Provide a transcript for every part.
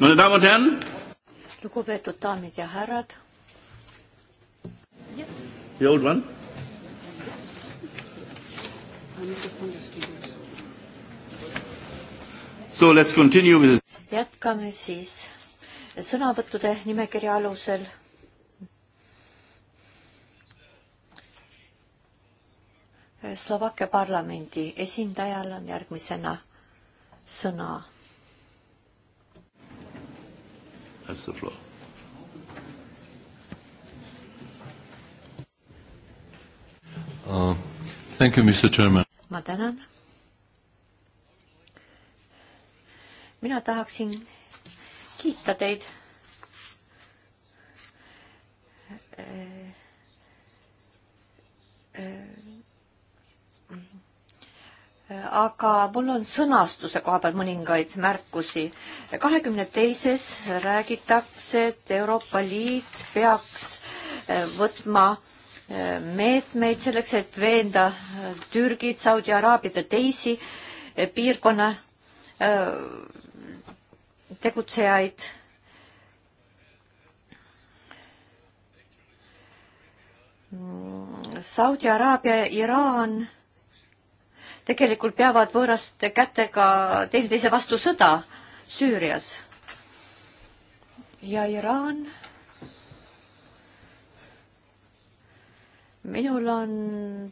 Meine Damen und Herren. Lugupeetud daamid ja härrad. Yes. The old one? Yes. Ah, so let's continue with jätkame siis sõnavõttude nimekirja alusel. Slovakkia parlamendi esindajal on järgmisena sõna has the floor. Uh, thank you, Mr Chairman. ma tänan. mina tahaksin kiita teid aga mul on sõnastuse koha peal mõningaid märkusi. kahekümne teises räägitakse, et Euroopa Liit peaks eh, võtma eh, meetmeid selleks, et veenda eh, Türgit, Saudi Araabiat ja teisi piirkonna tegutsejaid Saudi Araabia, Iraan tegelikult peavad võõraste kätega teineteise vastu sõda Süürias. ja Iraan. minul on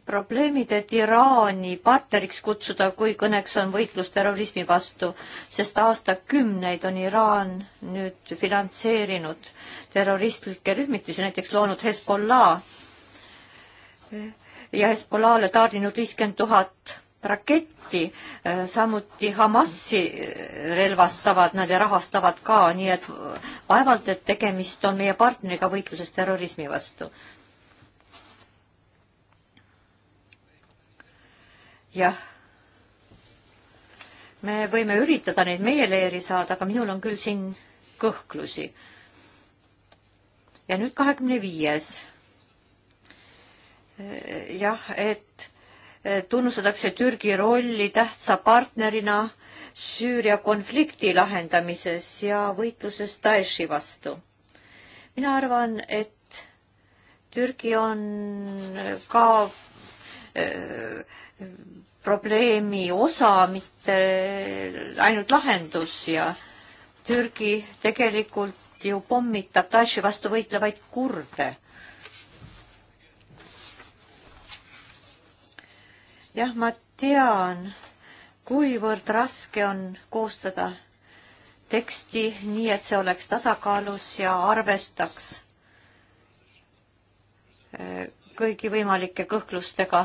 probleemid, et Iraani partneriks kutsuda, kui kõneks on võitlus terrorismi vastu, sest aastakümneid on Iraan nüüd finantseerinud terroristlikke rühmitusi, näiteks loonud Hezbollah ja Hezbollah'le tarninud viiskümmend tuhat raketti, äh, samuti Hamasi äh, relvastavad nad ja rahastavad ka, nii et vaevalt, et tegemist on meie partneriga võitluses terrorismi vastu. jah, me võime üritada neid meie leeri saada, aga minul on küll siin kõhklusi. ja nüüd kahekümne viies. Äh, jah, et tunnustatakse Türgi rolli tähtsa partnerina Süüria konflikti lahendamises ja võitluses Daeshi vastu. mina arvan, et Türgi on ka öö, äh, probleemi osa, mitte ainult lahendus ja Türgi tegelikult ju pommitab Daeshi vastu võitlevaid kurde jah, ma tean, kuivõrd raske on koostada teksti nii, et see oleks tasakaalus ja arvestaks äh, kõigi võimalike kõhklustega.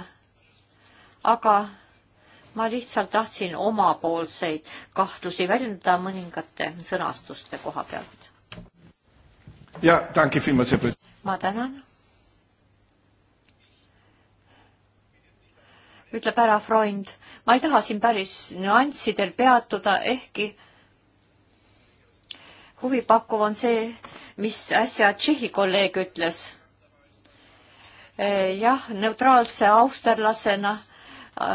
aga ma lihtsalt tahtsin omapoolseid kahtlusi väljendada mõningate sõnastuste koha pealt. ja, ma tänan ütleb härra Freund. ma ei taha siin päris nüanssidel peatuda, ehkki huvipakkuv on see, mis äsja Tšehhi kolleeg ütles. E, jah, neutraalse austerlasena e,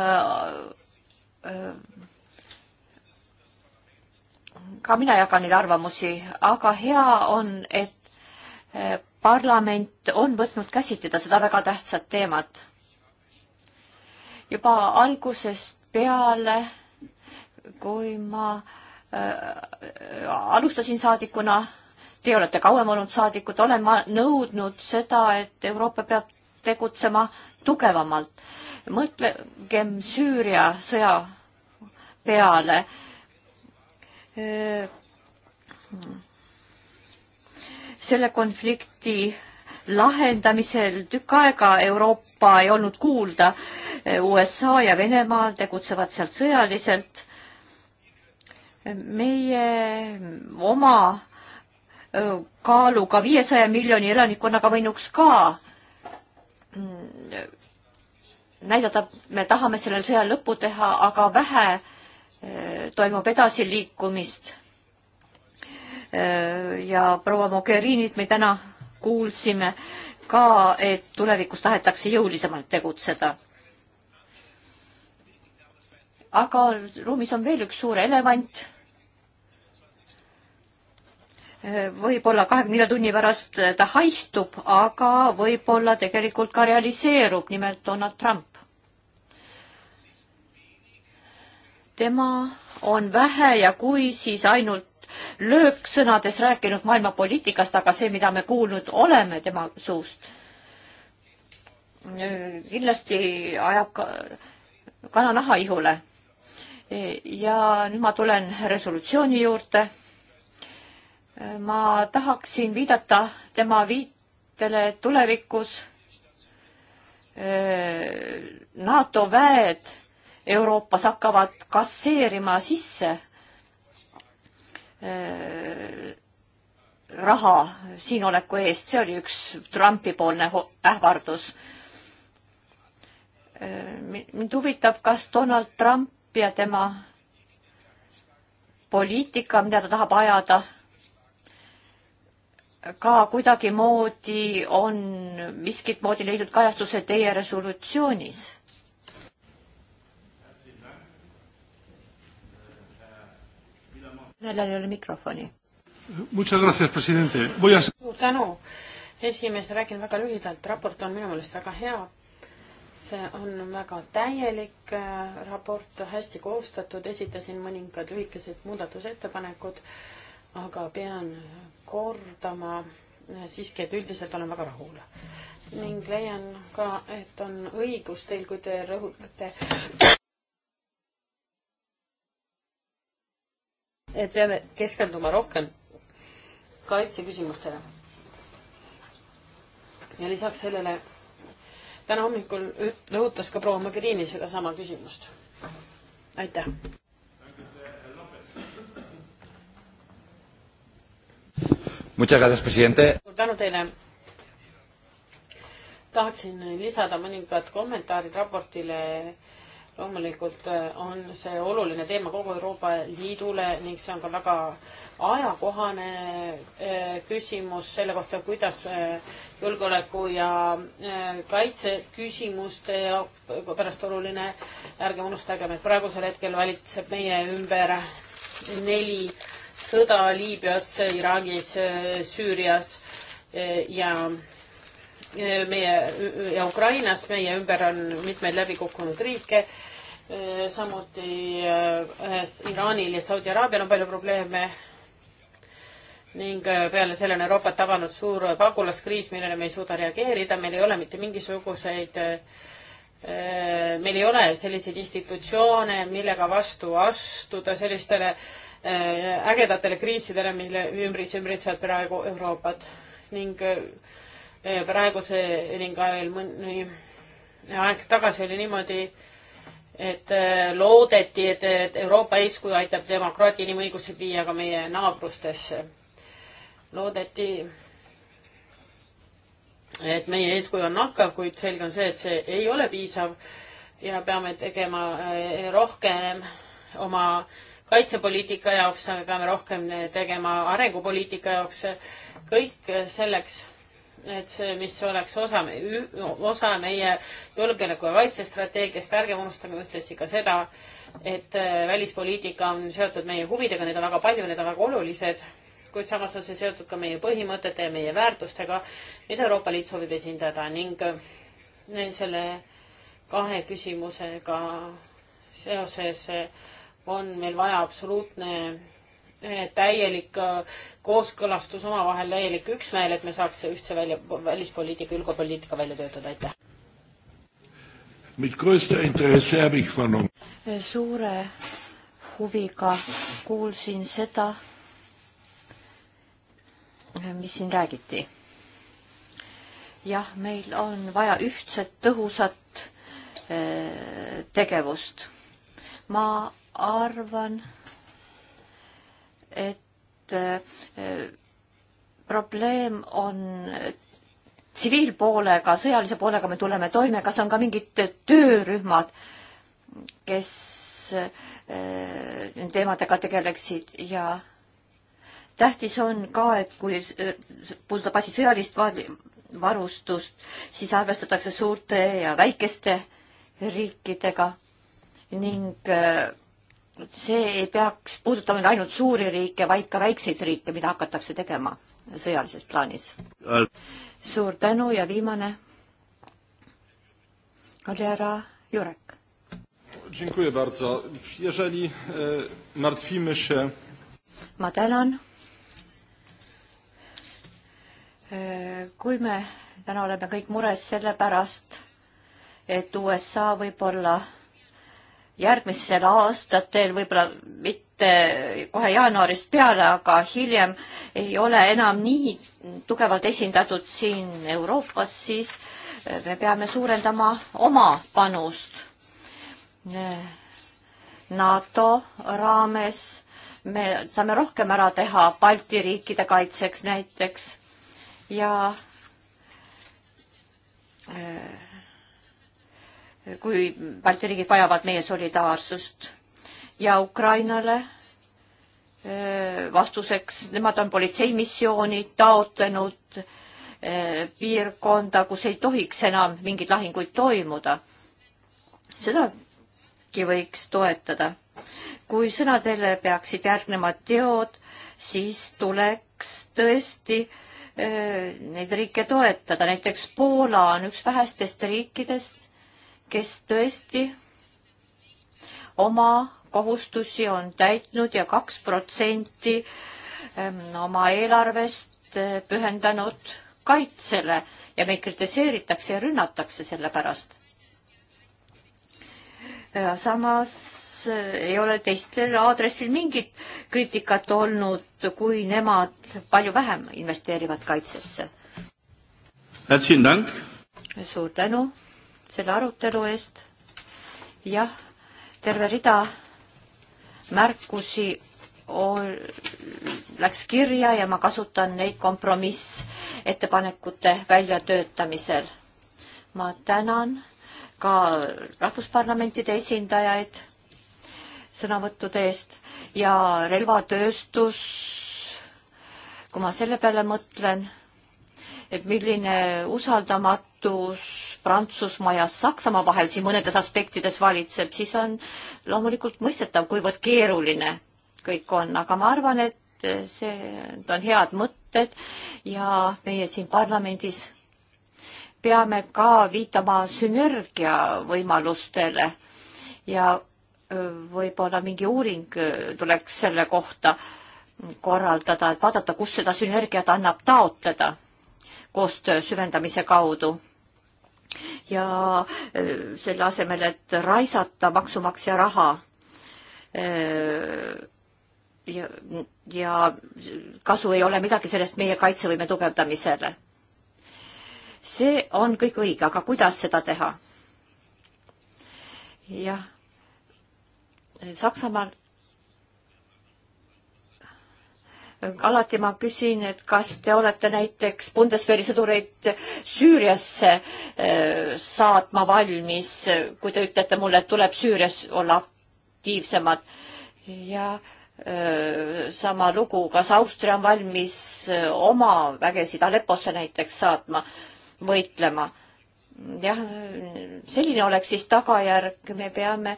ka mina jagan neid arvamusi, aga hea on, et e, parlament on võtnud käsitleda seda väga tähtsat teemat juba algusest peale, kui ma äh, alustasin saadikuna, teie olete kauem olnud saadikud, olen ma nõudnud seda, et Euroopa peab tegutsema tugevamalt. mõtlegem Süüria sõja peale äh, selle konflikti lahendamisel tükk aega Euroopa ei olnud kuulda. USA ja Venemaa tegutsevad seal sõjaliselt. meie oma kaaluga viiesaja miljoni elanikkonnaga võinuks ka mm, näidata, me tahame sellel sõjal lõpu teha, aga vähe toimub edasiliikumist. ja proua Mogherinit me täna kuulsime ka, et tulevikus tahetakse jõulisemalt tegutseda. aga ruumis on veel üks suur elevant. võib-olla kahekümne nelja tunni pärast ta haihtub, aga võib-olla tegelikult ka realiseerub, nimelt Donald Trump. tema on vähe ja kui, siis ainult lööksõnades rääkinud maailma poliitikast, aga see, mida me kuulnud oleme tema suust, kindlasti ajab ka kana naha ihule. ja nüüd ma tulen resolutsiooni juurde. ma tahaksin viidata tema viitele tulevikus äh, NATO väed Euroopas hakkavad kasseerima sisse Äh, raha siinoleku eest, see oli üks Trumpi poolne ähvardus. Äh, mind huvitab, kas Donald Trump ja tema poliitika, mida ta tahab ajada, ka kuidagimoodi on miskit moodi leidnud kajastuse teie resolutsioonis millel ei ole mikrofoni. Muchas gracias, presidente. Voy a... suur tänu, esimees, räägin väga lühidalt, raport on minu meelest väga hea. see on väga täielik äh, raport, hästi koostatud, esitasin mõningad lühikesed muudatusettepanekud, aga pean kordama äh, siiski, et üldiselt olen väga rahul. ning leian ka, et on õigus teil, kui te rõhutate et peame keskenduma rohkem kaitseküsimustele. ja lisaks sellele täna hommikul rõhutas ka proua Mogherini sedasama küsimust. aitäh. suur tänu teile. tahaksin lisada mõningad kommentaarid raportile loomulikult äh, on see oluline teema kogu Euroopa Liidule ning see on ka väga ajakohane äh, küsimus selle kohta, kuidas äh, julgeoleku ja kaitse küsimuste pärast oluline. ärgem unustagem, et praegusel hetkel valitseb meie ümber neli sõda Liibüas, Iraagis, Süürias ja meie ja Ukrainas meie ümber on mitmeid läbi kukkunud riike, samuti äh, Iraanil ja Saudi Araabial on palju probleeme ning äh, peale selle on Euroopat tabanud suur pagulaskriis, millele me ei suuda reageerida, meil ei ole mitte mingisuguseid, äh, meil ei ole selliseid institutsioone, millega vastu astuda sellistele ägedatele kriisidele, mille ümbris ümbritsevad praegu Euroopat ning Äh, praeguse ning ajal mõni aeg tagasi oli niimoodi, et äh, loodeti, et, et Euroopa eeskuju aitab demokraatia inimõigused viia ka meie naabrustesse. loodeti, et meie eeskuju on nakkav, kuid selge on see, et see ei ole piisav ja peame tegema äh, rohkem oma kaitsepoliitika jaoks, peame rohkem tegema arengupoliitika jaoks, kõik selleks et see, mis oleks osa, osa meie julgeoleku ja kaitsestrateegiast, ärgem unustagem ühtlasi ka seda, et äh, välispoliitika on seotud meie huvidega, neid on väga palju, need on väga olulised, kuid samas on see seotud ka meie põhimõtete ja meie väärtustega, mida Euroopa Liit soovib esindada ning äh, selle kahe küsimusega seoses äh, on meil vaja absoluutne Eh, täielik eh, kooskõlastus omavahel, täielik üksmeel, et me saaks ühtse välja, välispoliitika, julgepoliitika välja töötada, aitäh. Eh, suure huviga kuulsin seda, mis siin räägiti. jah, meil on vaja ühtset tõhusat tegevust. ma arvan, et äh, probleem on tsiviilpoolega, sõjalise poolega me tuleme toime, kas on ka mingid töörühmad, kes nende äh, teemadega tegeleksid ja tähtis on ka, et kui puudutab asi sõjalist varustust, siis arvestatakse suurte ja väikeste riikidega ning äh, see ei peaks puudutama ainult suuri riike, vaid ka väikseid riike, mida hakatakse tegema sõjalises plaanis. suur tänu ja viimane oli härra Jurek. Dziękuję bardzo. Jeżeli e, martwimy się... Ma tänan. E, kui me täna oleme kõik mures selle pärast, et USA võib-olla järgmistel aastatel, võib-olla mitte kohe jaanuarist peale, aga hiljem ei ole enam nii tugevalt esindatud siin Euroopas, siis me peame suurendama oma panust. NATO raames me saame rohkem ära teha Balti riikide kaitseks näiteks ja äh, kui Balti riigid vajavad meie solidaarsust ja Ukrainale äh, vastuseks, nemad on politseimissiooni taotlenud äh, piirkonda, kus ei tohiks enam mingeid lahinguid toimuda. sedagi võiks toetada. kui sõnadele peaksid järgnema teod, siis tuleks tõesti äh, neid riike toetada, näiteks Poola on üks vähestest riikidest, kes tõesti oma kohustusi on täitnud ja kaks protsenti ähm, oma eelarvest äh, pühendanud kaitsele ja meid kritiseeritakse ja rünnatakse selle pärast. Äh, samas äh, ei ole teistel aadressil mingit kriitikat olnud, kui nemad palju vähem investeerivad kaitsesse. suur tänu selle arutelu eest. jah, terve rida märkusi läks kirja ja ma kasutan neid kompromissettepanekute väljatöötamisel. ma tänan ka rahvusparlamentide esindajaid sõnavõttude eest ja relvatööstus, kui ma selle peale mõtlen, et milline usaldamatus Prantsusmaa ja Saksamaa vahel siin mõnedes aspektides valitseb, siis on loomulikult mõistetav, kuivõrd keeruline kõik on, aga ma arvan, et see, need on head mõtted ja meie siin parlamendis peame ka viitama sünergia võimalustele ja võib-olla mingi uuring tuleks selle kohta korraldada, et vaadata, kus seda sünergiat annab taotleda koostöö süvendamise kaudu ja e, selle asemel, et raisata maksumaksja raha e, ja, ja kasu ei ole midagi sellest meie kaitsevõime tugevdamisele. see on kõik õige, aga kuidas seda teha? jah, Saksamaal alati ma küsin, et kas te olete näiteks Bundeswehri sõdureid Süüriasse äh, saatma valmis, kui te ütlete mulle, et tuleb Süürias olla aktiivsemad ja äh, sama lugu, kas Austria on valmis äh, oma vägesid Alepposse näiteks saatma, võitlema jah, selline oleks siis tagajärg, me peame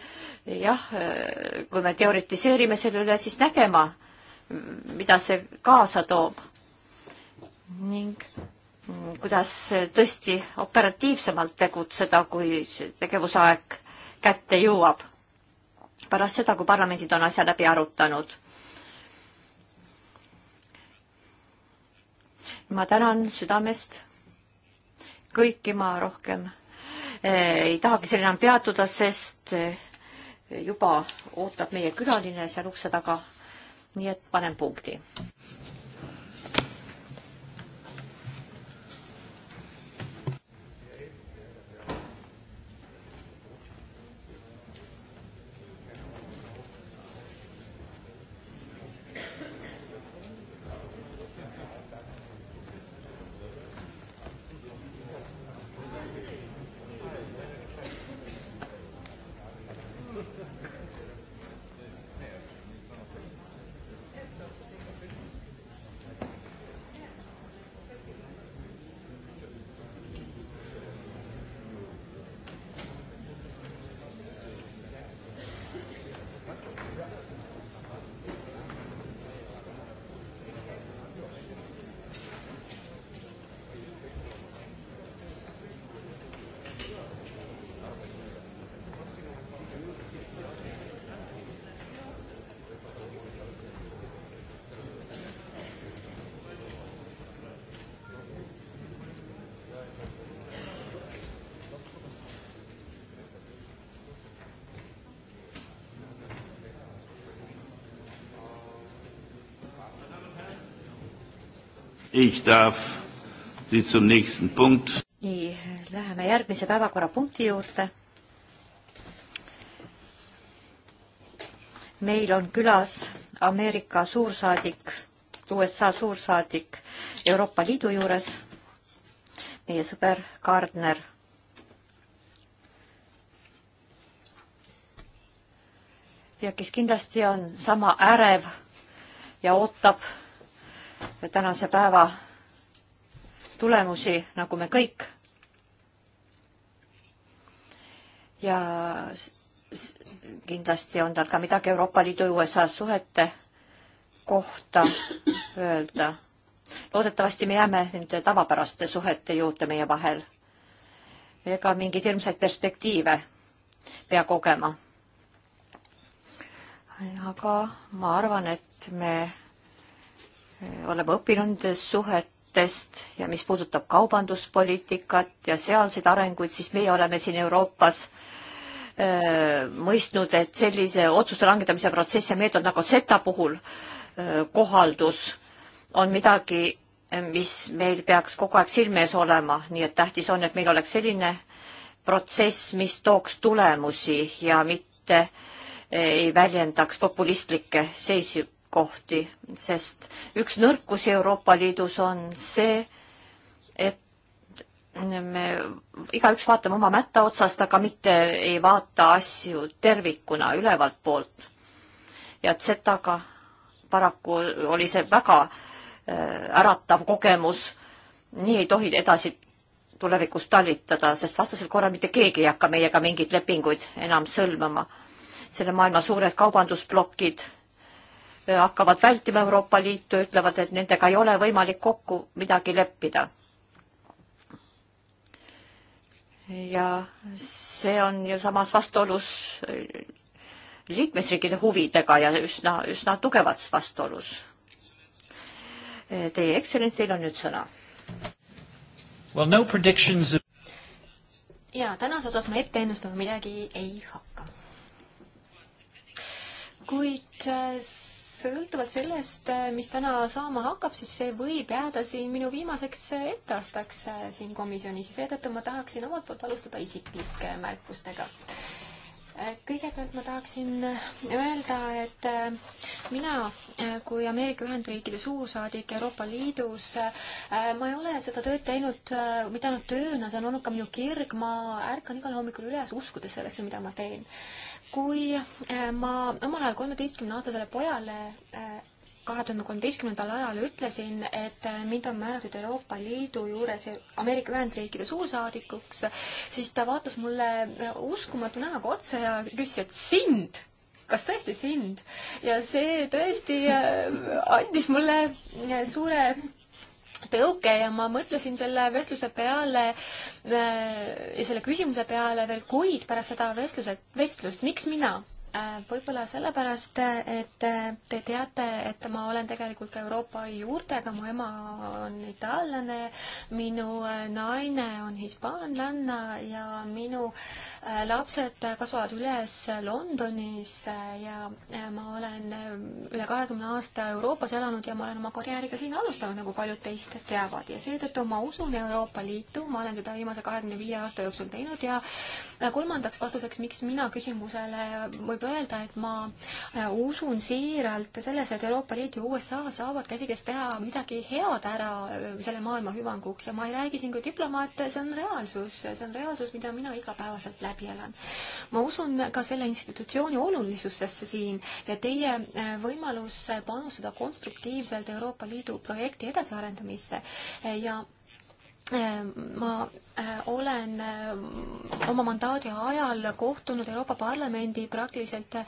jah, kui me teoritiseerime selle üle, siis nägema mida see kaasa toob ning kuidas tõesti operatiivsemalt tegutseda, kui tegevusaeg kätte jõuab. pärast seda, kui parlamendid on asja läbi arutanud. ma tänan südamest kõiki, ma rohkem eh, ei tahagi seal enam peatuda, sest eh, juba ootab meie külaline seal ukse taga nii et panen punkti. Ich darf Sie zum nächsten Punkt. nii, läheme järgmise päevakorrapunkti juurde. meil on külas Ameerika suursaadik, USA suursaadik Euroopa Liidu juures, meie sõber Gardner. ja kes kindlasti on sama ärev ja ootab tänase päeva tulemusi, nagu me kõik. ja kindlasti on tal ka midagi Euroopa Liidu ja USA suhete kohta öelda. loodetavasti me jääme nende tavapäraste suhete juurde meie vahel. ega mingeid hirmsaid perspektiive pea kogema. aga ma arvan, et me oleme õppinud suhetest ja mis puudutab kaubanduspoliitikat ja sealseid arenguid, siis meie oleme siin Euroopas öö, äh, mõistnud, et sellise otsuste langetamise protsess ja meetod nagu SETA puhul öö, äh, kohaldus on midagi, mis meil peaks kogu aeg silme ees olema, nii et tähtis on, et meil oleks selline protsess, mis tooks tulemusi ja mitte äh, ei väljendaks populistlikke seisi, kohti, sest üks nõrkusi Euroopa Liidus on see, et me igaüks vaatame oma mätta otsast, aga mitte ei vaata asju tervikuna ülevalt poolt. ja Z-ga paraku oli see väga äh, äratav kogemus. nii ei tohi edasi tulevikus talitada, sest vastasel korral mitte keegi ei hakka meiega mingeid lepinguid enam sõlmama. selle maailma suured kaubandusplokid Äh, hakkavad vältima Euroopa Liitu, ütlevad, et nendega ei ole võimalik kokku midagi leppida. ja see on ju samas vastuolus äh, liikmesriikide huvidega ja üsna, üsna tugevas vastuolus. Äh, teie ekstsellents, teil on nüüd sõna. Well, no predictions of jaa, tänase osas ma ette ennustama midagi ei hakka. kuid sõltuvalt sellest, mis täna saama hakkab, siis see võib jääda siin minu viimaseks etteastaks äh, siin komisjonis ja seetõttu ma tahaksin omalt poolt alustada isiklike märkustega äh, kõigepealt ma tahaksin öelda, et äh, mina kui Ameerika Ühendriikide suursaadik Euroopa Liidus, ma ei ole seda tööd teinud mitte ainult tööna, see on olnud ka minu kirg, ma ärkan igal hommikul üles uskudes sellesse, mida ma teen kui äh, ma omal ajal kolmeteistkümneaastasele pojale äh, kahe tuhande kolmeteistkümnendal ajal ütlesin, et äh, mind on määratud Euroopa Liidu juures Ameerika Ühendriikide suursaadikuks, siis ta vaatas mulle uskumatu näoga otsa ja küsis, et sind kas tõesti sind? ja see tõesti andis mulle suure tõuke ja ma mõtlesin selle vestluse peale äh, ja selle küsimuse peale veel kuid pärast seda vestluselt, vestlust, miks mina? Äh, võib-olla sellepärast, et te teate, et ma olen tegelikult ka Euroopa juurtega, mu ema on itaallane, minu äh, naine on hispaanlanna ja minu äh, lapsed kasvavad üles Londonis ja ma olen üle kahekümne aasta Euroopas elanud ja ma olen oma karjääriga siin alustanud, nagu paljud teist teavad. ja seetõttu ma usun Euroopa Liitu, ma olen seda viimase kahekümne viie aasta jooksul teinud ja kolmandaks vastuseks, miks mina küsimusele või tahtnud öelda, et ma äh, usun siiralt sellesse, et Euroopa Liit ja USA saavad käsikäes teha midagi head ära äh, selle maailma hüvanguks ja ma ei räägi siin kui diplomaat, see on reaalsus, see on reaalsus, mida mina igapäevaselt läbi elan. ma usun ka selle institutsiooni olulisusesse siin ja teie äh, võimalus panustada konstruktiivselt Euroopa Liidu projekti edasiarendamisse ja ma Äh, olen äh, oma mandaadi ajal kohtunud Euroopa Parlamendi praktiliselt äh,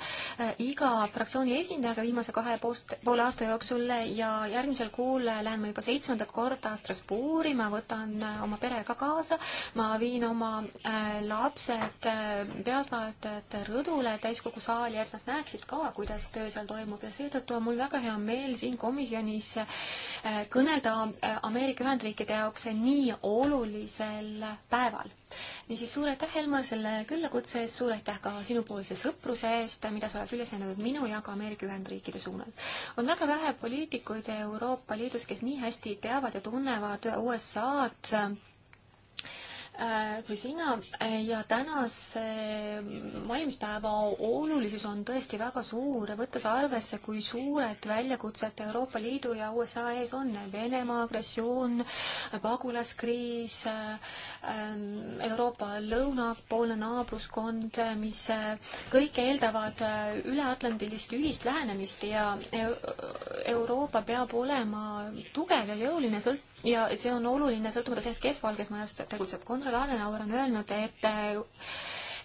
iga fraktsiooni esindajaga viimase kahe poole aasta jooksul ja järgmisel kuul lähen ma juba seitsmendat korda Strasbourgi, ma võtan oma pere ka kaasa, ma viin oma lapsed pealtvaatajate rõdule täiskogu saali, et nad näeksid ka, kuidas töö seal toimub ja seetõttu on mul väga hea meel siin komisjonis kõnelda Ameerika Ühendriikide jaoks nii olulisel sel päeval. niisiis, suur aitäh, Helma, selle küllakutse eest, suur aitäh ka sinupoolse sõpruse eest, mida sa oled üles näidanud minu ja ka Ameerika Ühendriikide suunal. on väga vähe poliitikuid Euroopa Liidus, kes nii hästi teavad ja tunnevad USA-d Äh, kui sina äh, ja tänase valimispäeva olulisus on tõesti väga suur, võttes arvesse, kui suured väljakutsed Euroopa Liidu ja USA ees on, Venemaa agressioon, pagulaskriis, äh, Euroopa lõunapoolne naabruskond, mis kõik eeldavad üleatlandilist ühist lähenemist ja Euroopa peab olema tugev ja jõuline sõlt-, ja see on oluline sõltumata sellest, kes Valges Majas tegutseb. Konrad Adenauer on öelnud, et äh,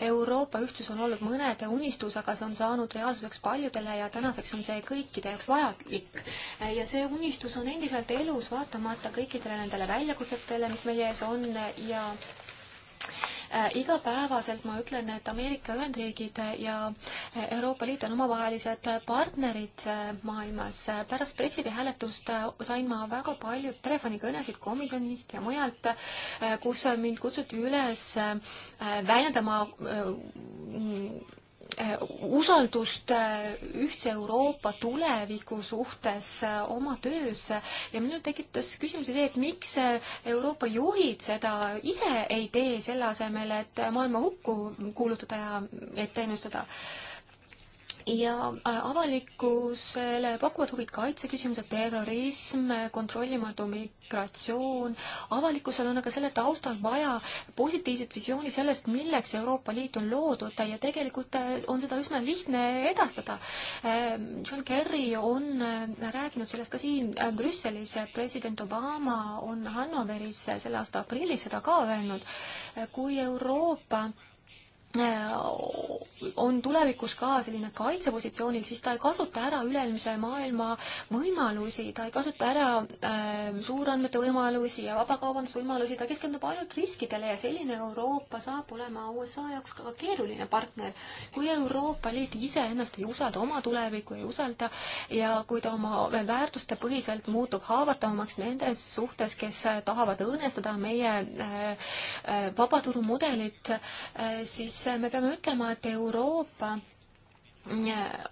Euroopa ühtsus on olnud mõnede unistus, aga see on saanud reaalsuseks paljudele ja tänaseks on see kõikide jaoks vajalik. ja see unistus on endiselt elus, vaatamata kõikidele nendele väljakutsetele, mis meie ees on ja Äh, igapäevaselt ma ütlen, et Ameerika Ühendriigid ja äh, Euroopa Liit on omavahelised partnerid äh, maailmas. pärast Brexiti hääletust sain ma väga palju telefonikõnesid komisjonist ja mujalt, kus mind kutsuti üles väljendama Eh, usaldust eh, ühtse Euroopa tuleviku suhtes eh, oma töös ja minul tekitas küsimuse see, et miks Euroopa juhid seda ise ei tee, selle asemel, et maailma hukku kuulutada ja ette ennustada et ja äh, avalikkusele pakuvad huvid kaitseküsimused, terrorism, kontrollimatu migratsioon. avalikkusel on aga selle taustal vaja positiivset visiooni sellest, milleks Euroopa Liit on loodud ja tegelikult äh, on seda üsna lihtne edastada. Ähm, John Kerry on äh, rääkinud sellest ka siin Brüsselis, president Obama on Hannoveris selle aasta aprillis seda ka öelnud, kui Euroopa Äh, on tulevikus ka selline kaitsepositsioonil, siis ta ei kasuta ära üleilmse maailma võimalusi, ta ei kasuta ära äh, suurandmete võimalusi ja vabakaubandusvõimalusi, ta keskendub ainult riskidele ja selline Euroopa saab olema USA jaoks ka keeruline partner. kui Euroopa Liit iseennast ei usalda, oma tulevikku ei usalda ja kui ta oma väärtuste põhiselt muutub haavatavamaks nendes suhtes, kes tahavad õõnestada meie äh, äh vabaturumudelit äh,, siis me peame ütlema, et Euroopa äh,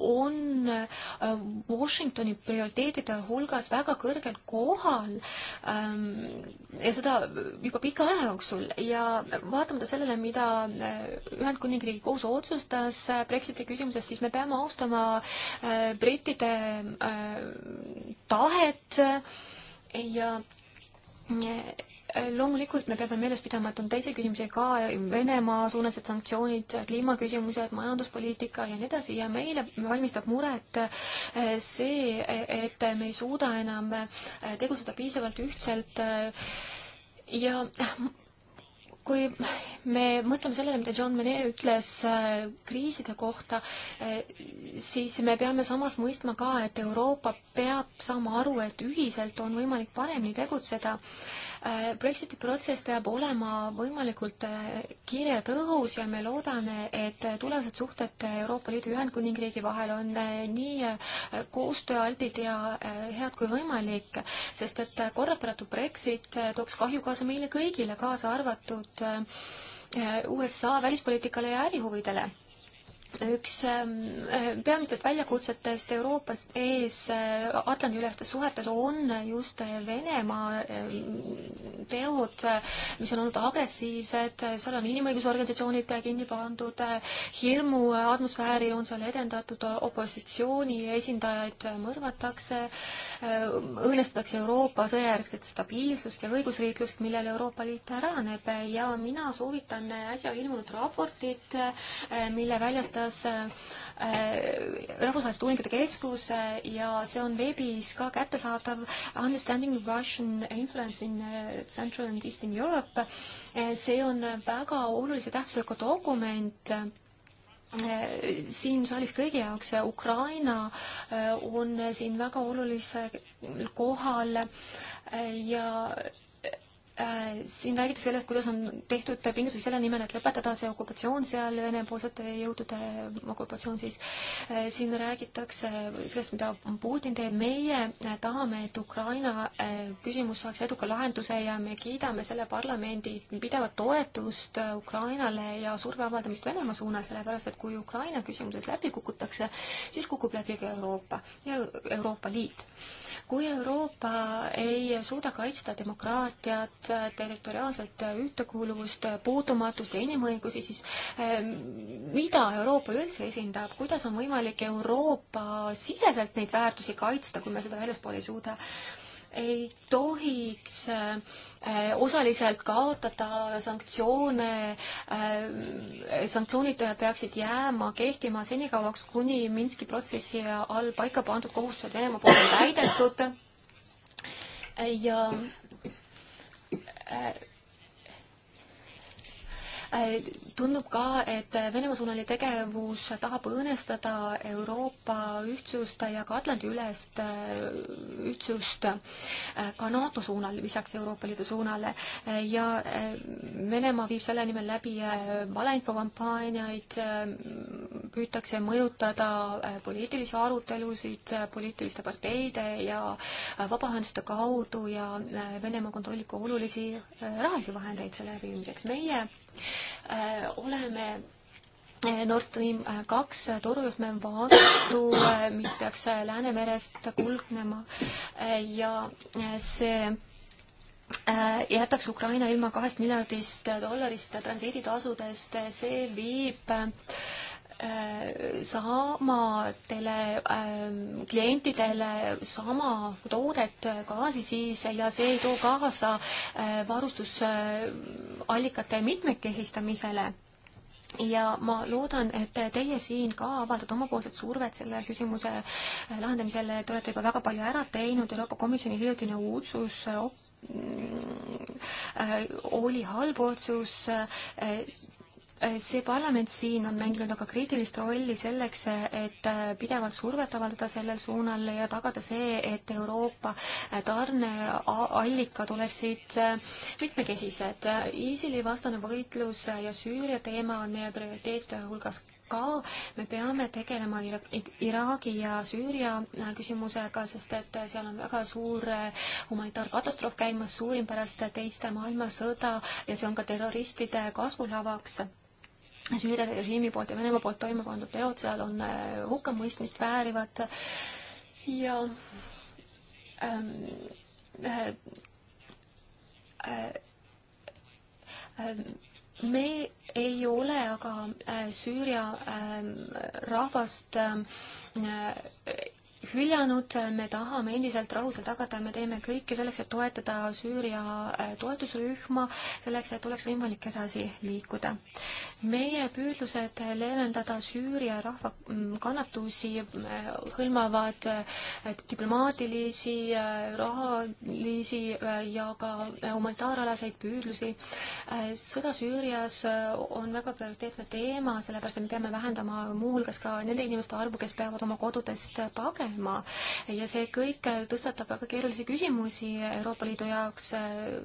on äh, Washingtoni prioriteetide hulgas väga kõrgel kohal ähm, ja seda juba pika aja jooksul ja vaatamata sellele, mida äh, Ühendkuningriigi kohus otsustas Brexiti küsimuses, siis me peame austama brittide tahet ja Äh, loomulikult me peame meeles pidama, et on teisi küsimusi ka, Venemaa suunalised sanktsioonid, kliimaküsimused, majanduspoliitika ja nii edasi ja meile valmistab muret äh, see, et me ei suuda enam äh, tegutseda piisavalt ühtselt ja kui me mõtleme sellele, mida John Monet ütles kriiside kohta, siis me peame samas mõistma ka, et Euroopa peab saama aru, et ühiselt on võimalik paremini tegutseda Äh, Brexiti protsess peab olema võimalikult äh, kiire ja tõhus ja me loodame, et äh, tulevased suhted Euroopa Liidu ja Ühendkuningriigi vahel on nii koostööaldid ja head kui võimalik, sest et korrapäratu Brexit tooks kahju kaasa meile kõigile, kaasa arvatud USA välispoliitikale ja ärihuvidele üks ähm, äh, peamistest väljakutsetest Euroopas ees äh, Atlandi-ülestes suhetes on just äh, Venemaa ähm, teod, mis on olnud agressiivsed, seal on inimõigusorganisatsioonid kinni pandud, hirmu atmosfääri on seal edendatud, opositsiooni esindajaid mõrvatakse, õõnestatakse Euroopa sõjajärgset stabiilsust ja õigusriiklust, millele Euroopa Liit rajaneb ja mina soovitan äsja ilmunud raportit, mille väljastas kaasas äh, Rahvusvaheliste Uuringute Keskuse ja see on veebis ka kättesaadav Understanding Russian Influence in äh, Central and Eastern Europe. Äh, see on väga olulise tähtsusega dokument siin saalis kõigi jaoks Ukraina on siin väga olulisel kohal ja Äh, siin räägiti sellest, kuidas on tehtud pingutusi selle nimel, et lõpetada see okupatsioon seal, Vene-poolsete jõudude okupatsioon siis. Äh, siin räägitakse sellest, mida Putin teeb. meie äh, tahame, et Ukraina küsimus saaks eduka lahenduse ja me kiidame selle parlamendi pidevat toetust Ukrainale ja surve avaldamist Venemaa suunas, sellepärast et kui Ukraina küsimuses läbi kukutakse, siis kukub läbi ka Euroopa ja Euroopa Liit kui Euroopa ei suuda kaitsta demokraatiat, territoriaalset ühtekuuluvust, puutumatust ja inimõigusi, siis ehm, mida Euroopa üldse esindab, kuidas on võimalik Euroopa siseselt neid väärtusi kaitsta, kui me seda väljaspool ei suuda? ei tohiks äh, osaliselt kaotada sanktsioone, äh, sanktsioonid peaksid jääma kehtima senikauaks, kuni Minski protsessi all paika pandud kohustused Venemaa poolt on täidetud ja äh, Äh, tundub ka, et Venemaa-suunaline tegevus tahab õõnestada Euroopa ühtsust ja ka Atlandi-ülest äh, ühtsust äh, ka NATO suunal, lisaks Euroopa Liidu suunale. ja Venemaa viib selle nimel läbi valeinfokampaaniaid, püütakse mõjutada poliitilisi arutelusid poliitiliste parteide ja vabaühenduste kaudu ja Venemaa kontrollib ka olulisi rahalisi vahendeid selle läbiviimiseks. meie Äh, oleme äh, Nord Stream äh, kaks torujuhtme vastu, mis peaks Läänemerest kulgnema ja see jätaks Ukraina ilma kahest miljardist dollarist transiiditasudest, see viib Äh, samadele ähm, klientidele sama toodet äh, gaasi siis ja see ei too kaasa äh, varustusallikate äh, mitmekesistamisele ja ma loodan, et teie siin ka avaldate omapoolset survet selle küsimuse äh, lahendamisele, te olete juba väga palju ära teinud, Euroopa Komisjoni hiljutine otsus oli halb otsus, see parlament siin on mänginud aga kriitilist rolli selleks, et äh, pidevalt survet avaldada sellel suunal ja tagada see, et Euroopa äh, tarneallikad oleksid äh, mitmekesised. ISIL-i vastane võitlus ja Süüria teema on meie prioriteetide hulgas ka, me peame tegelema Ira Iraagi ja Süüria küsimusega, sest et seal on väga suur humanitaarkatastroof käimas, suurim pärast teist maailmasõda ja see on ka terroristide kasvulavaks. Süüria režiimi poolt ja Venemaa poolt toime pandud teod seal on äh, hukkamõistmist väärivad ja ähm, äh, äh, äh, me ei ole aga äh, Süüria ähm, rahvast ähm, äh, hüljanud, me tahame endiselt rahu seal tagada ja me teeme kõike selleks, et toetada Süüria äh, toetusrühma, selleks, et oleks võimalik edasi liikuda. meie püüdlused leevendada Süüria rahva mm, kannatusi äh, hõlmavad äh, diplomaatilisi, rahalisi ja ka humanitaaralaseid püüdlusi. sõda Süürias on väga prioriteetne teema, sellepärast et me peame vähendama muuhulgas ka nende inimeste arvu, kes peavad oma kodudest pagema maailma ja see kõik tõstatab väga keerulisi küsimusi Euroopa Liidu jaoks, äh,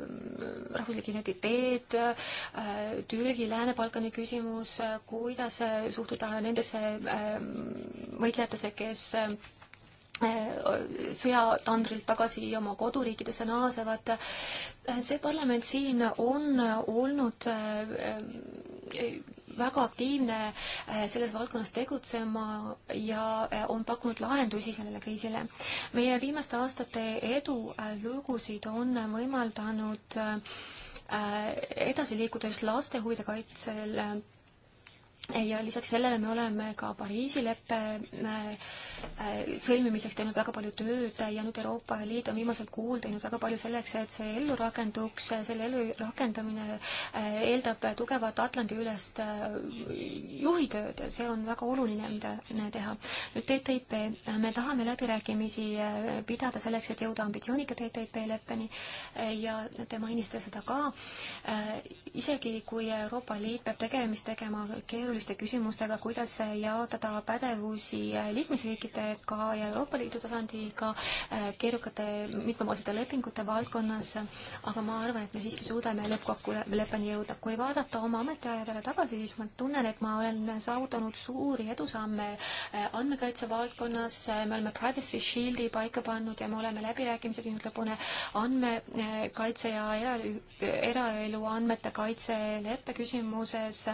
rahvuslik identiteet, äh, Türgi, Lääne-Balkani küsimus, kuidas suhtuda nendesse äh, võitlejatesse, kes sõjatandrilt tagasi oma koduriikidesse naasevad. see parlament siin on olnud väga aktiivne äh, selles valdkonnas tegutsema ja äh, on pakkunud lahendusi sellele kriisile. meie viimaste aastate edulugusid on võimaldanud äh, edasi liikudes laste huvide kaitsel ja lisaks sellele me oleme ka Pariisi leppe äh, äh, sõlmimiseks teinud väga palju tööd ja nüüd Euroopa Liit on viimasel kuul teinud väga palju selleks, et see ellu rakenduks, selle ellu rakendamine äh, eeldab tugevat Atlandi-ülest juhitööd, see on väga oluline, mida teha. nüüd TTIP, me tahame läbirääkimisi pidada selleks, et jõuda ambitsioonika TTIP leppeni ja te mainisite seda ka, isegi kui Euroopa Liit peab tegemist tegema keerulise oluliste küsimustega, kuidas jaotada pädevusi liikmesriikidega ja Euroopa Liidu tasandiga äh, keerukate mitmepoolsete lepingute valdkonnas, aga ma arvan, et me siiski suudame lõppkokkuleppeni jõuda. kui vaadata oma ametiaja peale tagasi, siis ma tunnen, et ma olen saavutanud suuri edusamme äh, andmekaitse valdkonnas, me oleme privacy shield'i paika pannud ja me oleme läbirääkimised viinud lõpuni andmekaitse ja eraelu, eraelu andmete kaitse leppe küsimuses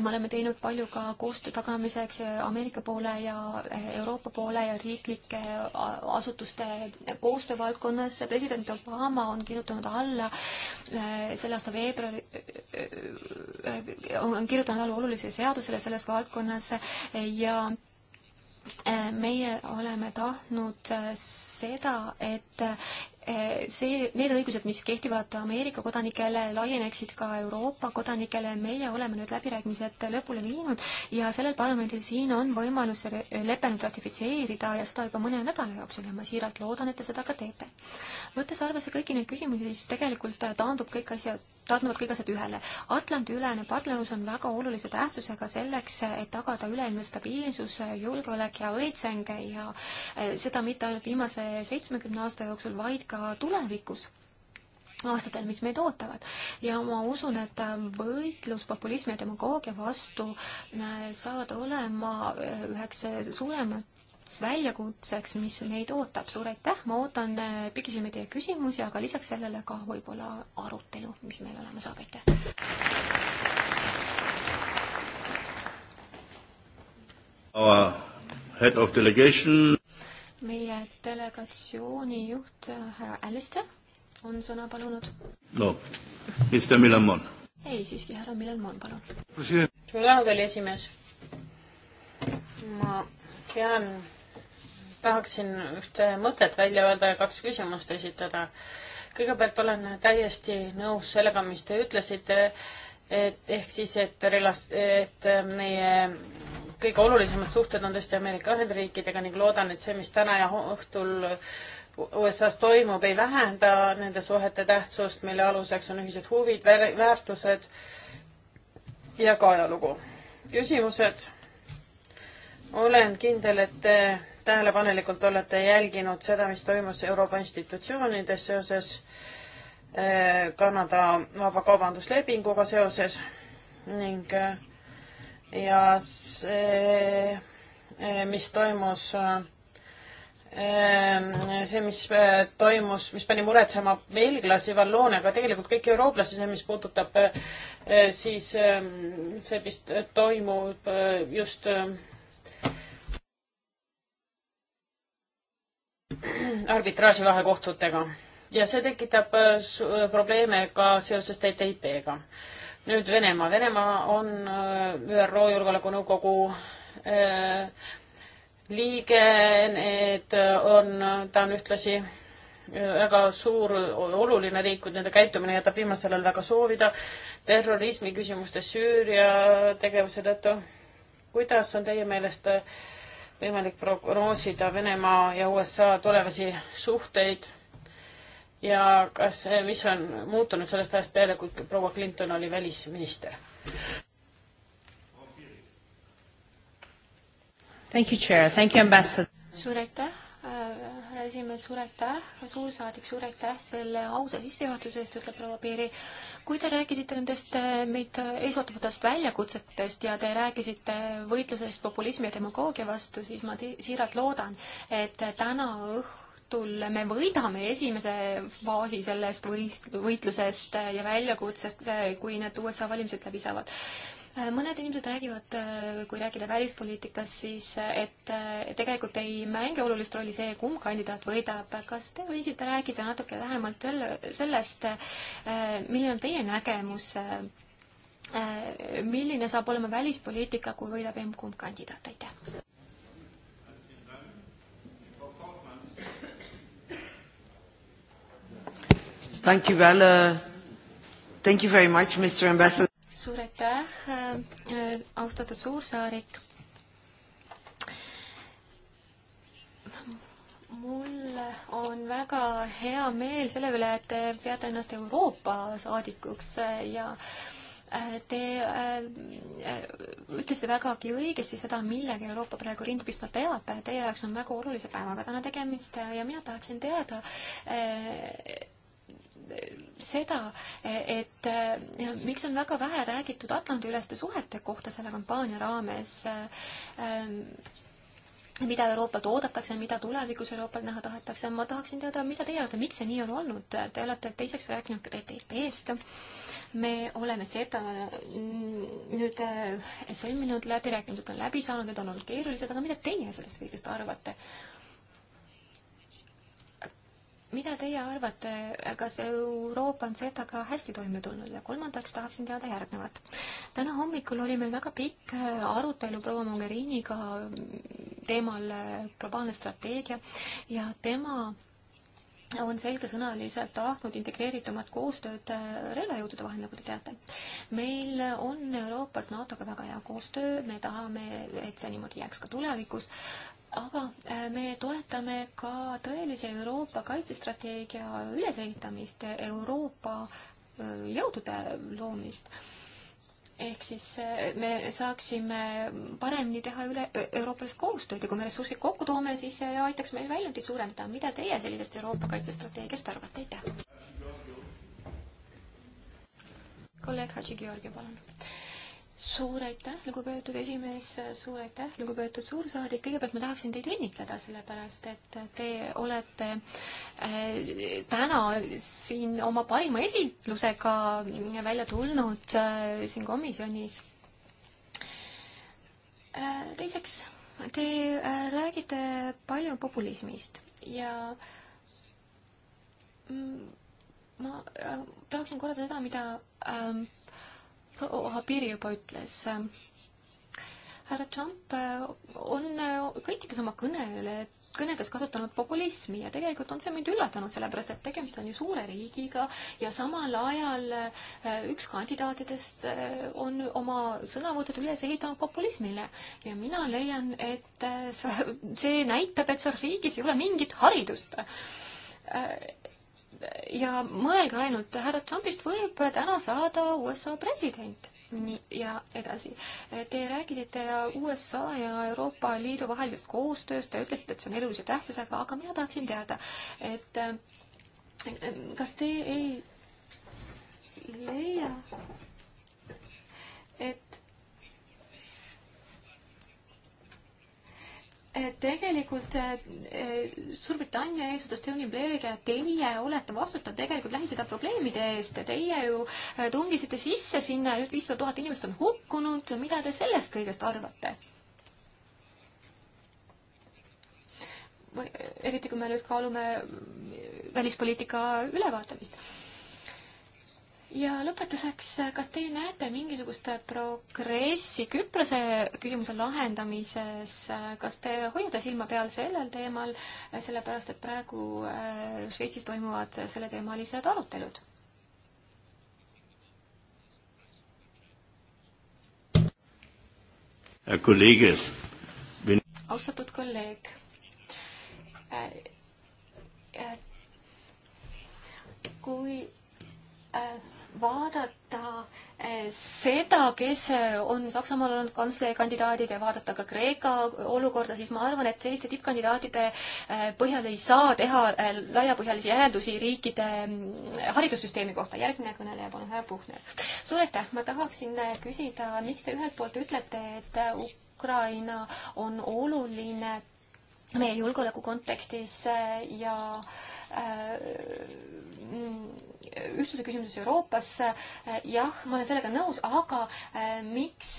me oleme teinud palju ka koostöö tagamiseks Ameerika poole ja Euroopa poole ja riiklike asutuste koostöö valdkonnas. president Obama on kirjutanud alla eh, selle aasta veebruari, eh, on kirjutanud alla olulisele seadusele selles valdkonnas ja eh, meie oleme tahtnud seda, et Eh, see, need õigused, mis kehtivad Ameerika kodanikele, laieneksid ka Euroopa kodanikele, meie oleme nüüd läbirääkimised lõpule viinud ja sellel parlamendil siin on võimalus see lepe nüüd ratifitseerida ja seda juba mõne nädala jooksul ja ma siiralt loodan, et te seda ka teete. võttes arvesse kõiki neid küsimusi, siis tegelikult taandub kõik asjad, taanduvad kõik asjad ühele. Atlandi-ülene partnerlus on väga olulise tähtsusega selleks, et tagada üleilmne stabiilsus, julgeolek ja õitseng ja eh, seda mitte ainult viimase seitsmekümne aasta jooksul, vaid ka tulevikus aastatel, mis meid ootavad. ja ma usun, et võitlus populismi ja demagoogia vastu saavad olema üheks suuremaks väljakutseks, mis meid ootab. suur aitäh, ma ootan pikisilmi teie küsimusi, aga lisaks sellele ka võib-olla arutelu, mis meil olema saab, aitäh! Our head of delegation meie delegatsiooni juht härra Alistair on sõna palunud. no, Mr Milan Mon. ei, siiski härra Milan Mon, palun. suur tänu teile, esimees. ma pean, tahaksin ühte mõtet välja öelda ja kaks küsimust esitada. kõigepealt olen täiesti nõus sellega, mis te ütlesite, et ehk siis, et relas-, et meie kõige olulisemad suhted on tõesti Ameerika Ühendriikidega ning loodan, et see, mis täna ja õhtul USA-s toimub, ei vähenda nende suhete tähtsust, mille aluseks on ühised huvid, väärtused ja ka ajalugu. küsimused? olen kindel, et te tähelepanelikult olete jälginud seda, mis toimus Euroopa institutsioonides seoses eh, Kanada vabakaubanduslepinguga seoses ning eh, ja see, eh, mis toimus, eh, see, mis eh, toimus, mis pani muretsema belglasi, valloone, aga tegelikult kõiki eurooplasi, see, mis puudutab siis see, mis toimub just arbitraaži vahekohtutega ja see tekitab probleeme ka seoses TTIP-ga nüüd Venemaa. Venemaa on äh, ÜRO Julgeolekunõukogu äh, liige, need on, ta on ühtlasi äh, väga suur, oluline riik, kuid nende käitumine jätab viimasel ajal väga soovida terrorismi küsimustes Süüria tegevuse tõttu. kuidas on teie meelest võimalik prognoosida Venemaa ja USA tulevasi suhteid? ja kas, eh, mis on muutunud sellest ajast peale, kui proua Clinton oli välisminister? Thank you, chair, thank you, ambassador. suur aitäh, äh, härra esimees, suur aitäh, suursaadik, suur aitäh selle ausa sissejuhatuse eest, ütleb proua Piiri. kui te rääkisite nendest äh, meid ees ootavatest väljakutsetest ja te rääkisite võitlusest populismi ja demagoogia vastu, siis ma siiralt loodan, et täna õhk õhtul me võidame esimese faasi sellest võist-, võitlusest ja väljakutsest, kui need USA valimised läbi saavad mõned inimesed räägivad, kui rääkida välispoliitikast, siis et tegelikult ei mängi olulist rolli see, kumb kandidaat võidab. kas te võiksite rääkida natuke lähemalt sellest, milline on teie nägemus, milline saab olema välispoliitika, kui võidab emb-kumb kandidaat, aitäh? Thank you well uh,, thank you very much, Mr Ambassador. suur aitäh äh,, austatud suursaarik. mul on väga hea meel selle üle, et te peate ennast Euroopa saadikuks ja äh, Te äh, ütlesite vägagi õigesti seda, millega Euroopa praegu rind pistma peab. Teie jaoks on väga olulise päevaga täna tegemist ja mina tahaksin teada äh,, seda, et eh, miks on väga vähe räägitud Atlandi-üleste suhete kohta selle kampaania raames, eh, mida Euroopalt oodatakse, mida tulevikus Euroopal näha tahetakse, ma tahaksin teada, mida teie arvate, miks see nii on olnud, te olete teiseks rääkinud ka TTIP-st, me oleme CETA nüüd eh, sõlminud, läbirääkimised on läbi saanud, need on olnud keerulised, aga mida teie sellest kõigest arvate? mida teie arvate, kas Euroopa on ZK-ga hästi toime tulnud ja kolmandaks tahaksin teada järgnevat. täna hommikul oli meil väga pikk äh, arutelu proua Mogheriniga mm, teemal äh, globaalne strateegia ja tema on selgesõnaliselt tahtnud integreeritumat koostööd äh, relvajõudude vahel, nagu te teate. meil on Euroopas NATO-ga väga hea koostöö, me tahame, et see niimoodi jääks ka tulevikus, aga äh, me toetame ka tõelise Euroopa kaitsestrateegia ülesehitamist, Euroopa äh, jõudude loomist. ehk siis äh, me saaksime paremini teha üle, Euroopas koostööd ja kui me ressursid kokku toome, siis see aitaks meil väljundit suurendada. mida teie sellisest Euroopa kaitsestrateegiast arvate, aitäh! kolleeg Hadži Georgi, palun suur aitäh, lugupeetud esimees, suur aitäh, lugupeetud suursaadik, kõigepealt ma tahaksin teid õnnitleda, sellepärast et te olete äh, täna siin oma parima esitlusega välja tulnud äh, siin komisjonis äh,. teiseks, te äh, räägite palju populismist ja mm, ma äh, tahaksin korrata seda, mida ähm, proua Piiri juba ütles härra Trump äh, on äh, kõikides oma kõnele, kõnedes kasutanud populismi ja tegelikult on see mind üllatanud, sellepärast et tegemist on ju suure riigiga ja samal ajal äh, üks kandidaatidest on oma sõnavõtud üles ehitanud populismile. ja mina leian, et see näitab, et seal riigis ei ole mingit haridust ja mõelge ainult, härra Trumpist võib täna saada USA president. nii, ja edasi. Te rääkisite USA ja Euroopa Liidu vahelisest koostööst, te ütlesite, et see on elulise tähtsusega, aga mina tahaksin teada, et eh, kas te ei leia, tegelikult eh, eh, Suurbritannia eesotsas Tony Blairiga ja teie olete vastutav tegelikult Lähis-Ida probleemide eest. Teie ju eh, tungisite sisse sinna, nüüd viissada tuhat inimest on hukkunud. mida te sellest kõigest arvate? eriti kui me nüüd kaalume välispoliitika ülevaatamist ja lõpetuseks, kas teie näete mingisugust progressi Küprose küsimuse lahendamises, kas te hoiate silma peal sellel teemal, sellepärast et praegu äh, Šveitsis toimuvad selleteemalised arutelud? austatud kolleeg äh,, äh, kui vaadata eh, seda, kes eh, on Saksamaal olnud kantslerikandidaadid ja vaadata ka Kreeka olukorda, siis ma arvan, et selliste tippkandidaatide eh, põhjal ei saa teha laiapõhjalisi järeldusi riikide mm, haridussüsteemi kohta. järgmine kõneleja, palun, härra Puhner. suur aitäh, ma tahaksin küsida, miks te ühelt poolt ütlete, et Ukraina on oluline meie julgeoleku kontekstis äh, ja äh, ühtsuse küsimuses Euroopas. Äh, jah, ma olen sellega nõus, aga miks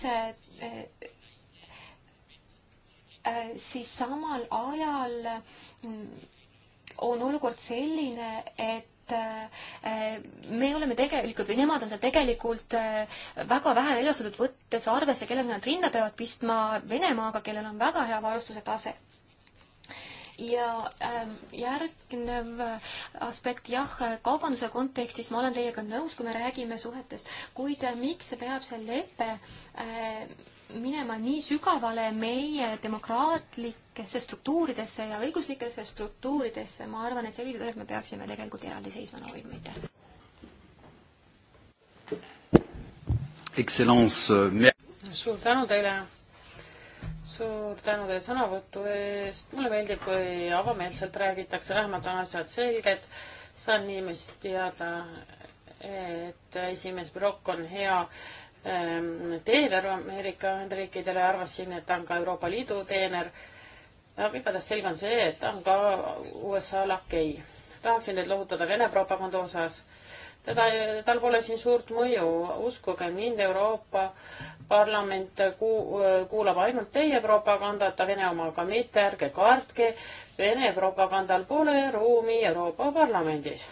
siis samal ajal mm, on olukord selline, et me oleme tegelikult või nemad on seal tegelikult väga vähe relvastatud, võttes arvesse, kellega nad rinda peavad pistma Venemaaga, kellel on väga hea varustuse tase ja ähm, järgnev aspekt, jah, kaubanduse kontekstis ma olen teiega nõus, kui me räägime suhetest, kuid äh, miks peab see lepe äh, minema nii sügavale meie demokraatlikesse struktuuridesse ja õiguslikesse struktuuridesse, ma arvan, et sellised asjad me peaksime tegelikult eraldiseisvana hoidma, aitäh. Excellence. Euh, suur tänu teile suur tänu teie sõnavõtu eest, mulle meeldib, kui avameelselt räägitakse, vähemalt on asjad selged, saan inimesest teada, et esimees Brock on hea ehm, teener Ameerika Ühendriikidele, arvasin, et ta on ka Euroopa Liidu teener. aga igatahes selge on see, et ta on ka USA lakei. tahaksin teid lohutada Vene propaganda osas teda, tal pole siin suurt mõju, uskuge mind, Euroopa Parlament ku-, kuulab ainult teie propagandat, Vene omaga mitte, ärge kartke, Vene propagandal pole ruumi Euroopa Parlamendis.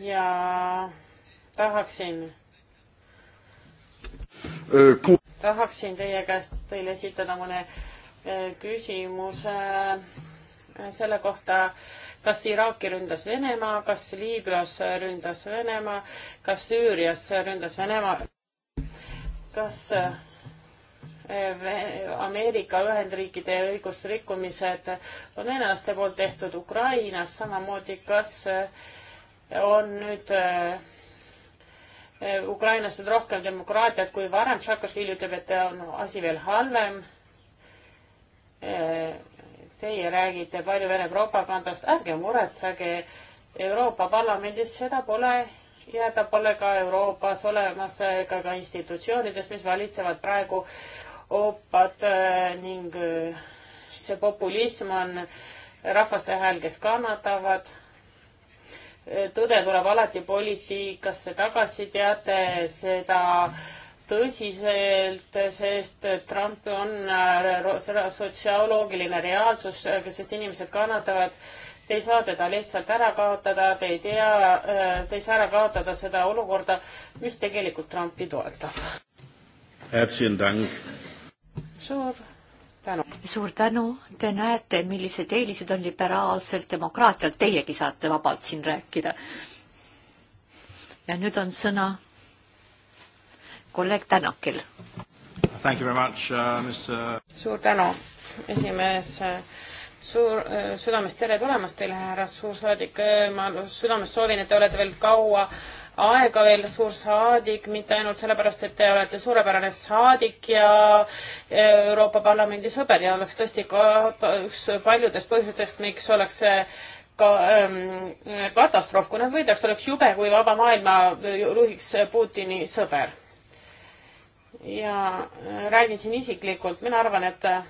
ja tahaksin äh, tahaksin teie käest teile esitada mõne äh, küsimuse äh, selle kohta äh, kas Iraaki ründas Venemaa, kas Liibüas ründas Venemaa, kas Süürias ründas Venemaa, kas eh, Ameerika Ühendriikide õigusrikkumised on venelaste poolt tehtud Ukrainas, samamoodi kas eh, on nüüd eh, Ukrainas nüüd rohkem demokraatiat kui varem, Šakašvili ütleb, et on asi veel halvem Teie räägite palju Vene propagandast, ärge muretsege, Euroopa Parlamendis seda pole ja ta pole ka Euroopas olemas ega ka institutsioonides, mis valitsevad praegu oopad äh, ning äh, see populism on rahvaste hääl, kes kannatavad. tõde tuleb alati poliitikasse tagasi, teate seda äh, tõsiselt, sest Trump on äh, sotsioloogiline reaalsus, äh, sest inimesed kannatavad. Te ei saa teda lihtsalt ära kaotada, te ei tea, äh, te ei saa ära kaotada seda olukorda, mis tegelikult Trumpi toetab. suur tänu. suur tänu, te näete, millised eelised on liberaalselt demokraatialt, teiegi saate vabalt siin rääkida. ja nüüd on sõna kolleeg Tänakil. Uh, suur tänu, esimees suur, äh, südamest tere tulemast teile, härra suursaadik, äh, ma südamest soovin, et te olete veel kaua aega veel suursaadik, mitte ainult sellepärast, et te olete suurepärane saadik ja Euroopa Parlamendi sõber ja oleks tõesti ka üks paljudest põhjustest, miks oleks see ka ähm, katastroof, kui nad võidaks, oleks jube, kui vaba maailma juhiks Putini sõber ja äh, räägin siin isiklikult, mina arvan, et äh,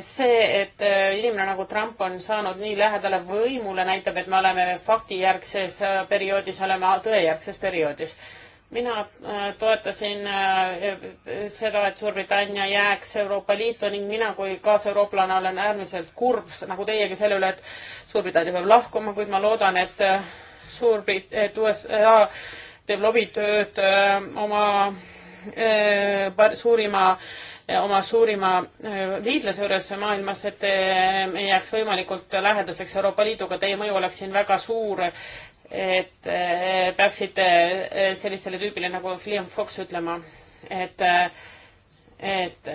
see, et äh, inimene nagu Trump on saanud nii lähedale võimule, näitab, et me oleme faktijärgses perioodis, oleme tõejärgses perioodis. mina toetasin seda, et Suurbritannia jääks Euroopa Liitu ning mina kui kaaseurooplane olen äärmiselt kurb, nagu teiegi selle üle, et Suurbritannia peab lahkuma, kuid ma loodan, et Suurbrit-, et USA äh, teeb lobitööd äh, äh, äh, oma suurima, oma suurima liitlase juures maailmas, et me jääks võimalikult lähedaseks Euroopa Liiduga, teie mõju oleks siin väga suur, et peaksite sellistele tüübile nagu Liam Fox ütlema, et, et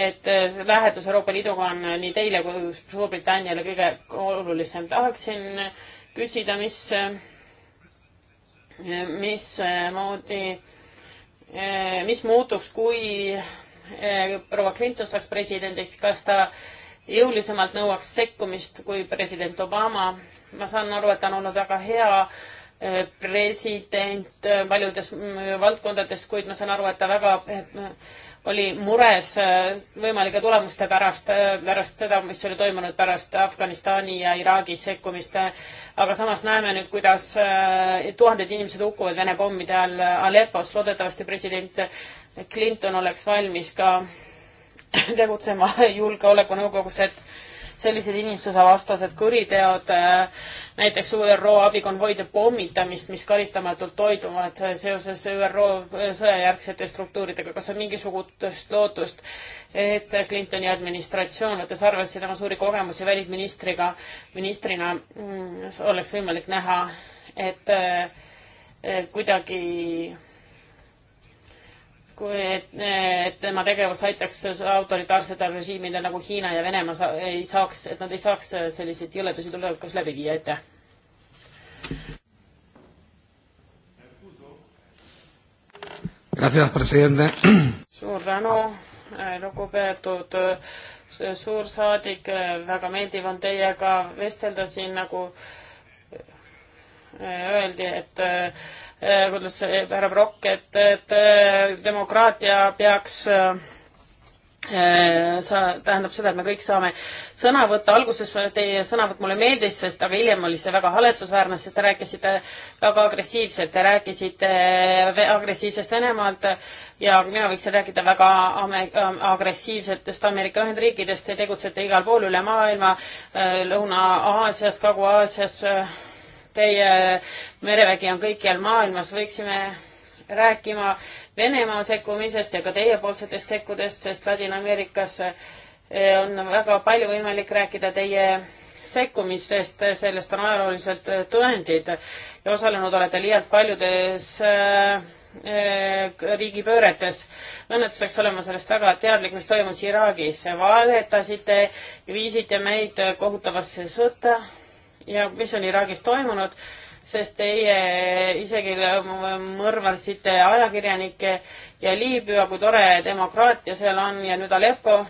et see lähedus Euroopa Liiduga on nii teile kui Suurbritanniale kõige olulisem. tahaksin küsida, mis mismoodi, eh, mis muutuks, kui eh, proua Clinton saaks presidendiks, kas ta jõulisemalt nõuaks sekkumist kui president Obama. ma saan aru, et ta on olnud väga hea eh, president paljudes mm, valdkondades, kuid ma saan aru, et ta väga oli mures äh, võimalike tulemuste pärast, äh, pärast seda, mis oli toimunud pärast Afganistani ja Iraagi sekkumist. Äh, aga samas näeme nüüd, kuidas tuhanded inimesed hukkuvad Vene pommide all Aleppos. loodetavasti president Clinton oleks valmis ka tegutsema julgeolekunõukogus, et sellised inimsusevastased kuriteod näiteks ÜRO abikonvoide pommitamist, mis karistamatult toimuvad seoses ÜRO sõjajärgsete struktuuridega. kas on mingisugust lootust, et Clintoni administratsioon, võttes arvesse tema suuri kogemusi välisministriga, ministrina mm, oleks võimalik näha, et eh, kuidagi kui, et, et tema tegevus aitaks autoritaarsetel režiimidel nagu Hiina ja Venemaa sa, ei saaks, et nad ei saaks selliseid jõledusi tulevikus läbi viia, aitäh. suur tänu, lugupeetud suursaadik, väga meeldiv on teiega vestelda siin, nagu öeldi, et Eh, kuidas härra Brock, et, et eh, demokraatia peaks eh, sa, tähendab seda, et me kõik saame sõna võtta, alguses teie sõnavõtt mulle meeldis, sest aga hiljem oli see väga haletsusväärne, sest te rääkisite väga agressiivselt, te rääkisite agressiivsest Venemaalt ja mina võiksin rääkida väga agressiivsetest Ameerika Ühendriikidest, te tegutsete igal pool üle maailma, Lõuna-Aasias, Kagu-Aasias Teie merevägi on kõikjal maailmas, võiksime rääkima Venemaa sekkumisest ja ka teiepoolsetest sekkudest, sest Ladina-Ameerikas eh, on väga palju võimalik rääkida teie sekkumistest, sellest on ajalooliselt eh, tõendid ja osalenud olete liialt paljudes eh, riigipööretes. õnnetuseks olen ma sellest väga teadlik, mis toimus Iraagis. valetasite ja viisite meid kohutavasse sõtta, ja mis on Iraagis toimunud, sest teie isegi mõrvasite ajakirjanikke ja Liibüa, kui tore demokraatia seal on ja nüüd Aleppo.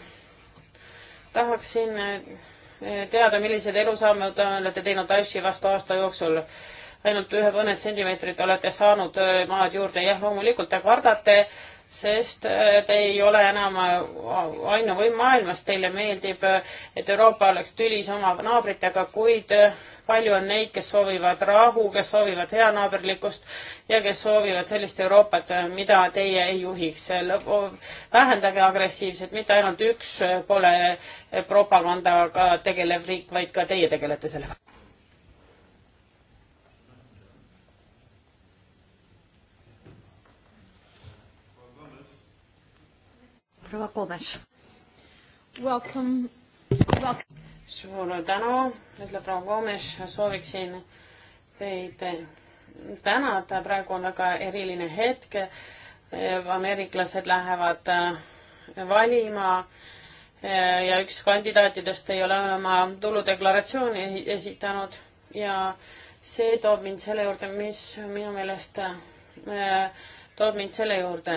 tahaksin eh, teada, millised elusammud olete teinud Daeshi vastu aasta jooksul. ainult ühe mõned sentimeetrid olete saanud eh, maad juurde, jah, loomulikult te kardate sest äh, te ei ole enam äh, ainuvõim maailmas, teile meeldib, äh, et Euroopa oleks tülis oma naabritega, kuid palju on neid, kes soovivad rahu, kes soovivad heanaaberlikkust ja kes soovivad sellist Euroopat, mida teie ei juhiks. vähendage agressiivset, mitte ainult üks pole propagandaga tegelev riik, vaid ka teie tegelete sellega proua Komes. Welcome, welcome.. suur tänu, ütleb proua Komes, sooviksin teid tänada, praegu on väga eriline hetk. ameeriklased lähevad äh, valima äh, ja üks kandidaatidest ei ole oma tuludeklaratsiooni esitanud ja see toob mind selle juurde, mis minu meelest äh, toob mind selle juurde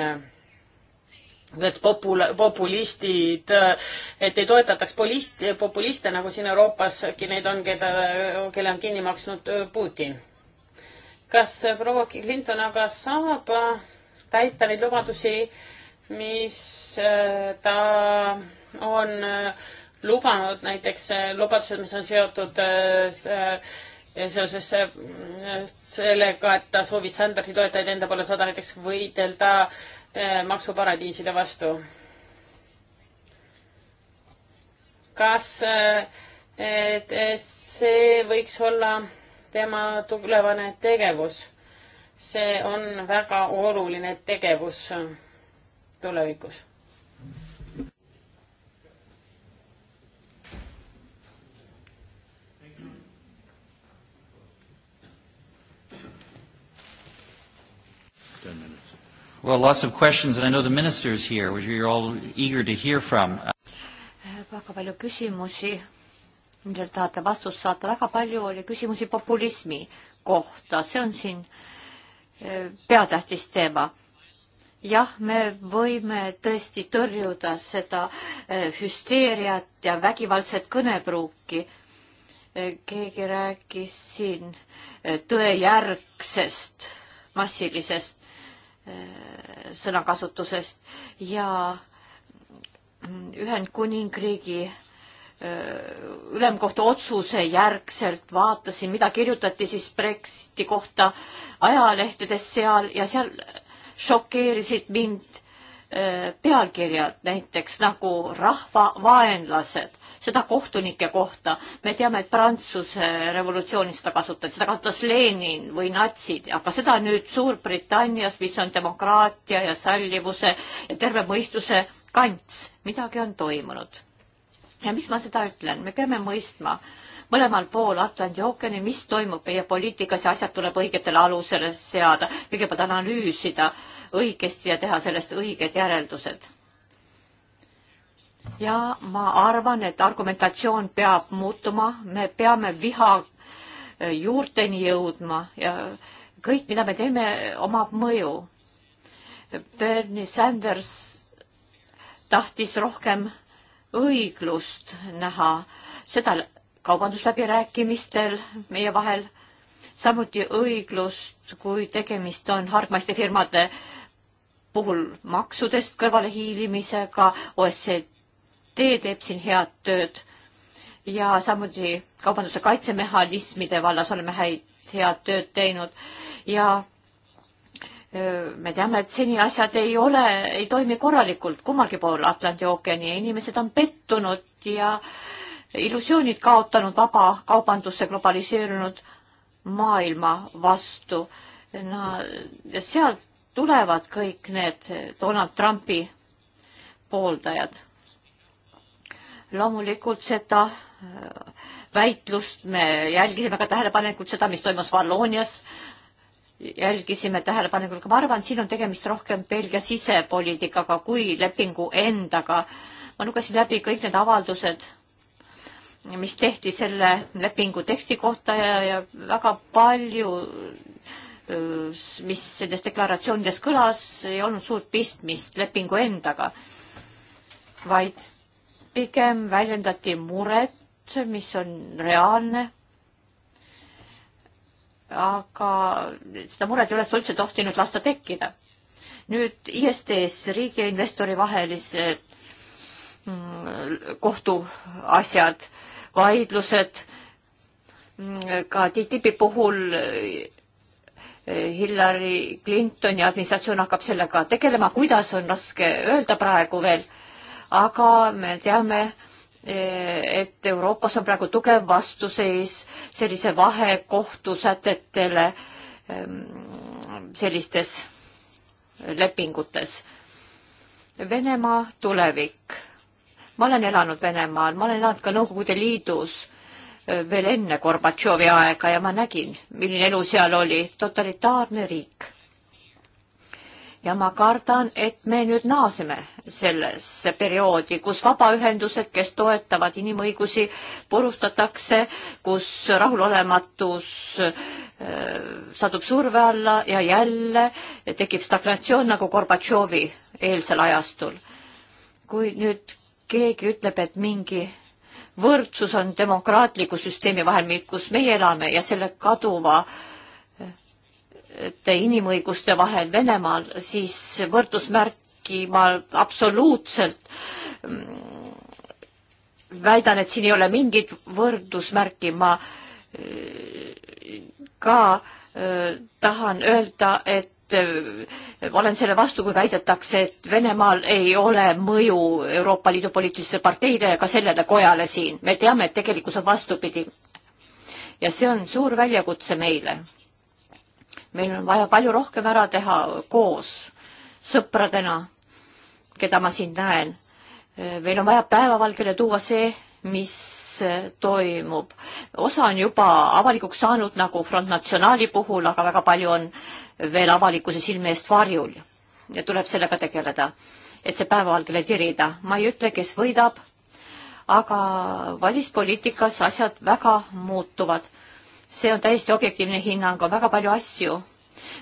et popul-, populistid, et ei toetataks polist-, populiste, nagu siin Euroopaski neid on, keda, kelle on kinni maksnud Putin. kas proua Clinton aga saab täita neid lubadusi, mis äh, ta on äh, lubanud, näiteks äh, lubadused, mis on seotud seoses sellega, et ta soovis Sandersi toetajaid enda poole saada, näiteks võidelda äh, Äh, maksuparadiiside vastu. kas äh, see võiks olla tema tulevane tegevus? see on väga oluline tegevus tulevikus Well, lots of questions and I know the minister is here, which you're all eager to hear from. väga palju küsimusi, millele tahate vastust saata, väga palju oli küsimusi populismi kohta, see on siin eh, peatähtis teema jah, me võime tõesti tõrjuda seda eh, hüsteeriat ja vägivaldset kõnepruuki. Eh, keegi rääkis siin tõejärgsest massilisest sõnakasutusest ja Ühendkuningriigi äh, ülemkohtu otsuse järgselt vaatasin, mida kirjutati siis Brexiti kohta ajalehtedes seal ja seal šokeerisid mind äh, pealkirjad näiteks nagu rahvavaenlased seda kohtunike kohta. me teame, et Prantsuse revolutsioonis seda kasutati, seda kasutas Lenin või natsid, aga seda nüüd Suurbritannias, mis on demokraatia ja sallivuse ja terve mõistuse kants, midagi on toimunud. ja miks ma seda ütlen, me peame mõistma mõlemal pool Atlandi ookeani, mis toimub meie poliitikas ja asjad tuleb õigetele alusele seada, kõigepealt analüüsida õigesti ja teha sellest õiged järeldused ja ma arvan, et argumentatsioon peab muutuma, me peame viha eh, juurteni jõudma ja kõik, mida me teeme, omab mõju. Bernie Sanders tahtis rohkem õiglust näha, seda kaubandusläbirääkimistel meie vahel, samuti õiglust, kui tegemist on hargmaiste firmade puhul maksudest kõrvalehiilimisega, OECD SKT teeb siin head tööd ja samuti kaubanduse kaitsemehhanismide vallas oleme häid, head tööd teinud ja me teame, et seni asjad ei ole, ei toimi korralikult kummalgi pool Atlandi ookeani ja inimesed on pettunud ja illusioonid kaotanud vaba kaubandusse globaliseerunud maailma vastu. no ja sealt tulevad kõik need Donald Trumpi pooldajad loomulikult seda äh, väitlust me jälgisime ka tähelepanelikult, seda, mis toimus Valloonias, jälgisime tähelepanelikult, ma arvan, siin on tegemist rohkem Belgia sisepoliitikaga kui lepingu endaga. ma lugesin läbi kõik need avaldused, mis tehti selle lepingu teksti kohta ja, ja väga palju, äh, mis nendes deklaratsioonides kõlas, ei olnud suurt pistmist lepingu endaga, vaid pigem väljendati muret, mis on reaalne. aga seda muret ei oleks üldse tohtinud lasta tekkida. nüüd ISTS, riigi ja investori vahelised mm, kohtuasjad, vaidlused, mm, ka TTIP-i puhul eh, Hillary Clintoni administratsioon hakkab sellega tegelema, kuidas on raske öelda praegu veel aga me teame, e, et Euroopas on praegu tugev vastuseis sellise vahekohtusätetele sellistes lepingutes. Venemaa tulevik. ma olen elanud Venemaal, ma olen elanud ka Nõukogude Liidus e, veel enne Gorbatšovi aega ja ma nägin, milline elu seal oli, totalitaarne riik ja ma kardan, et me nüüd naaseme sellesse perioodi, kus vabaühendused, kes toetavad inimõigusi, purustatakse, kus rahulolematus äh, satub surve alla ja jälle tekib stagnatsioon nagu Gorbatšovi eelsel ajastul. kui nüüd keegi ütleb, et mingi võrdsus on demokraatliku süsteemi vahel, kus meie elame ja selle kaduva äh, inimõiguste vahel Venemaal, siis võrdusmärki ma absoluutselt mm, väidan, et siin ei ole mingit võrdusmärki, ma äh, ka äh, tahan öelda, et äh, olen selle vastu, kui väidetakse, et Venemaal ei ole mõju Euroopa Liidu poliitilistele parteidele ega sellele kojale siin. me teame, et tegelikkus on vastupidi. ja see on suur väljakutse meile meil on vaja palju rohkem ära teha koos sõpradena, keda ma siin näen. meil on vaja päevavalgele tuua see, mis toimub. osa on juba avalikuks saanud nagu Front Nationali puhul, aga väga palju on veel avalikkuse silme eest varjul ja tuleb sellega tegeleda, et see päevavalgele tirida. ma ei ütle, kes võidab, aga valispoliitikas asjad väga muutuvad see on täiesti objektiivne hinnang, on väga palju asju,